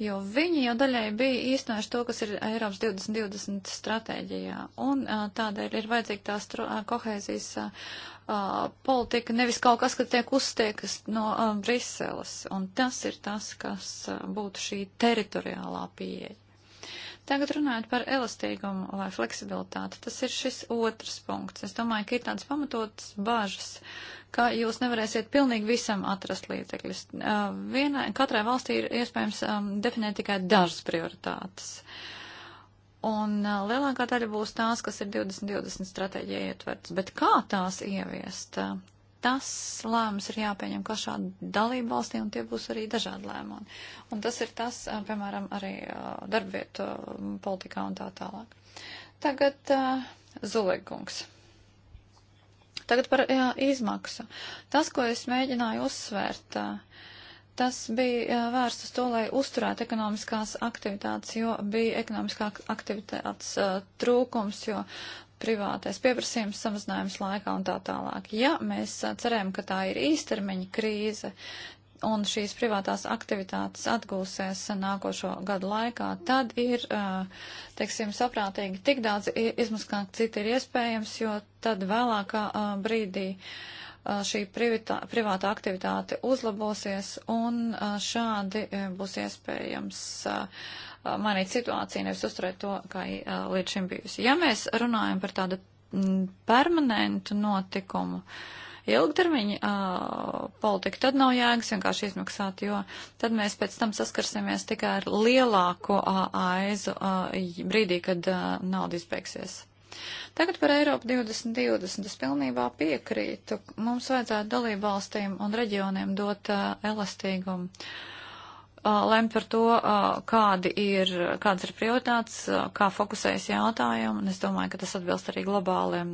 jo viņi jau daļai bija īstenojuši to, kas ir Eiropas 2020 stratēģijā. Un uh, tādēļ ir vajadzīga tā stru, uh, kohēzijas uh, politika, nevis kaut kas, kas tiek uzstiekas no uh, Briseles. Un tas ir tas, kas uh, būtu šī teritoriālā pieeja. Tagad runājot par elastīgumu vai fleksibilitāti, tas ir šis otrs punkts. Es domāju, ka ir tāds pamatots bažas, ka jūs nevarēsiet pilnīgi visam atrast līdzekļus. Vienai, katrai valstī ir iespējams um, definēt tikai dažas prioritātes. Un uh, lielākā daļa būs tās, kas ir 2020 stratēģija ietverts. Bet kā tās ieviest? Tas lēmums ir jāpieņem kašā dalību valstī, un tie būs arī dažādi lēmumi. Un tas ir tas, uh, piemēram, arī uh, darbvietu politikā un tā tālāk. Tagad uh, Zulegungs. Tagad par jā, izmaksu. Tas, ko es mēģināju uzsvērt, tas bija vērsts uz to, lai uzturētu ekonomiskās aktivitātes, jo bija ekonomiskā aktivitātes uh, trūkums, jo privātais pieprasījums samazinājums laikā un tā tālāk. Ja mēs cerējam, ka tā ir īstermiņa krīze, un šīs privātās aktivitātes atgūsies nākošo gadu laikā, tad ir, teiksim, saprātīgi tik daudz izmaskāt citi ir iespējams, jo tad vēlākā brīdī šī privitā, privāta aktivitāte uzlabosies un šādi būs iespējams mainīt situāciju, nevis uzturēt to, kā līdz šim bijusi. Ja mēs runājam par tādu permanentu notikumu, uh, ilgtermiņa uh, politiku, tad nav jēgas vienkārši izmaksāt, jo tad mēs pēc tam saskarsimies tikai ar lielāko uh, aizu uh, brīdī, kad uh, nauda izbeigsies. Tagad par Eiropu 2020 es pilnībā piekrītu. Mums vajadzētu dalībvalstīm un reģioniem dot uh, elastīgumu. Uh, lemt par to, kādi ir, kādas ir prioritātes, kā fokusējas jautājumi, un es domāju, ka tas atbilst arī globāliem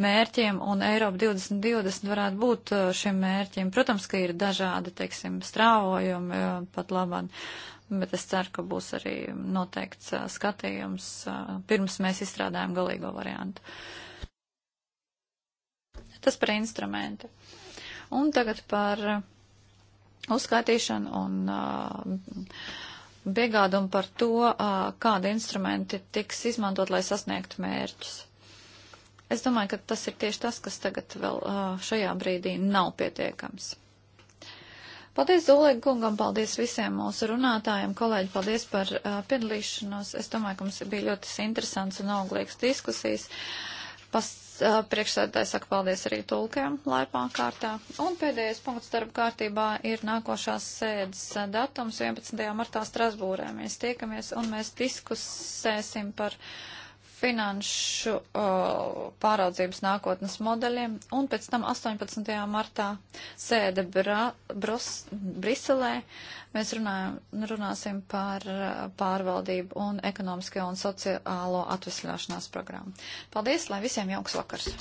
mērķiem, un Eiropa 2020 varētu būt šiem mērķiem. Protams, ka ir dažādi, teiksim, strāvojumi pat labāk, bet es ceru, ka būs arī noteikts skatījums, pirms mēs izstrādājam galīgo variantu. Tas par instrumentu. Un tagad par uzskaitīšanu un uh, biegādumu par to, uh, kādi instrumenti tiks izmantot, lai sasniegtu mērķus. Es domāju, ka tas ir tieši tas, kas tagad vēl uh, šajā brīdī nav pietiekams. Paldies Olegu kungam, paldies visiem mūsu runātājiem, kolēģi, paldies par uh, piedalīšanos. Es domāju, ka mums bija ļoti interesants un auglīgs diskusijas. Pas, priekšsēdētāji saka paldies arī tulkiem laipā kārtā. Un pēdējais punkts darba kārtībā ir nākošās sēdes datums 11. martā Strasbūrē. Mēs tiekamies un mēs diskusēsim par. Uh, finanšu uh, pāraudzības nākotnes modeļiem, un pēc tam 18. martā sēde Bra Bros Briselē. Mēs runājam, runāsim par uh, pārvaldību un ekonomisko un sociālo atvesļošanās programmu. Paldies, lai visiem jauks vakars!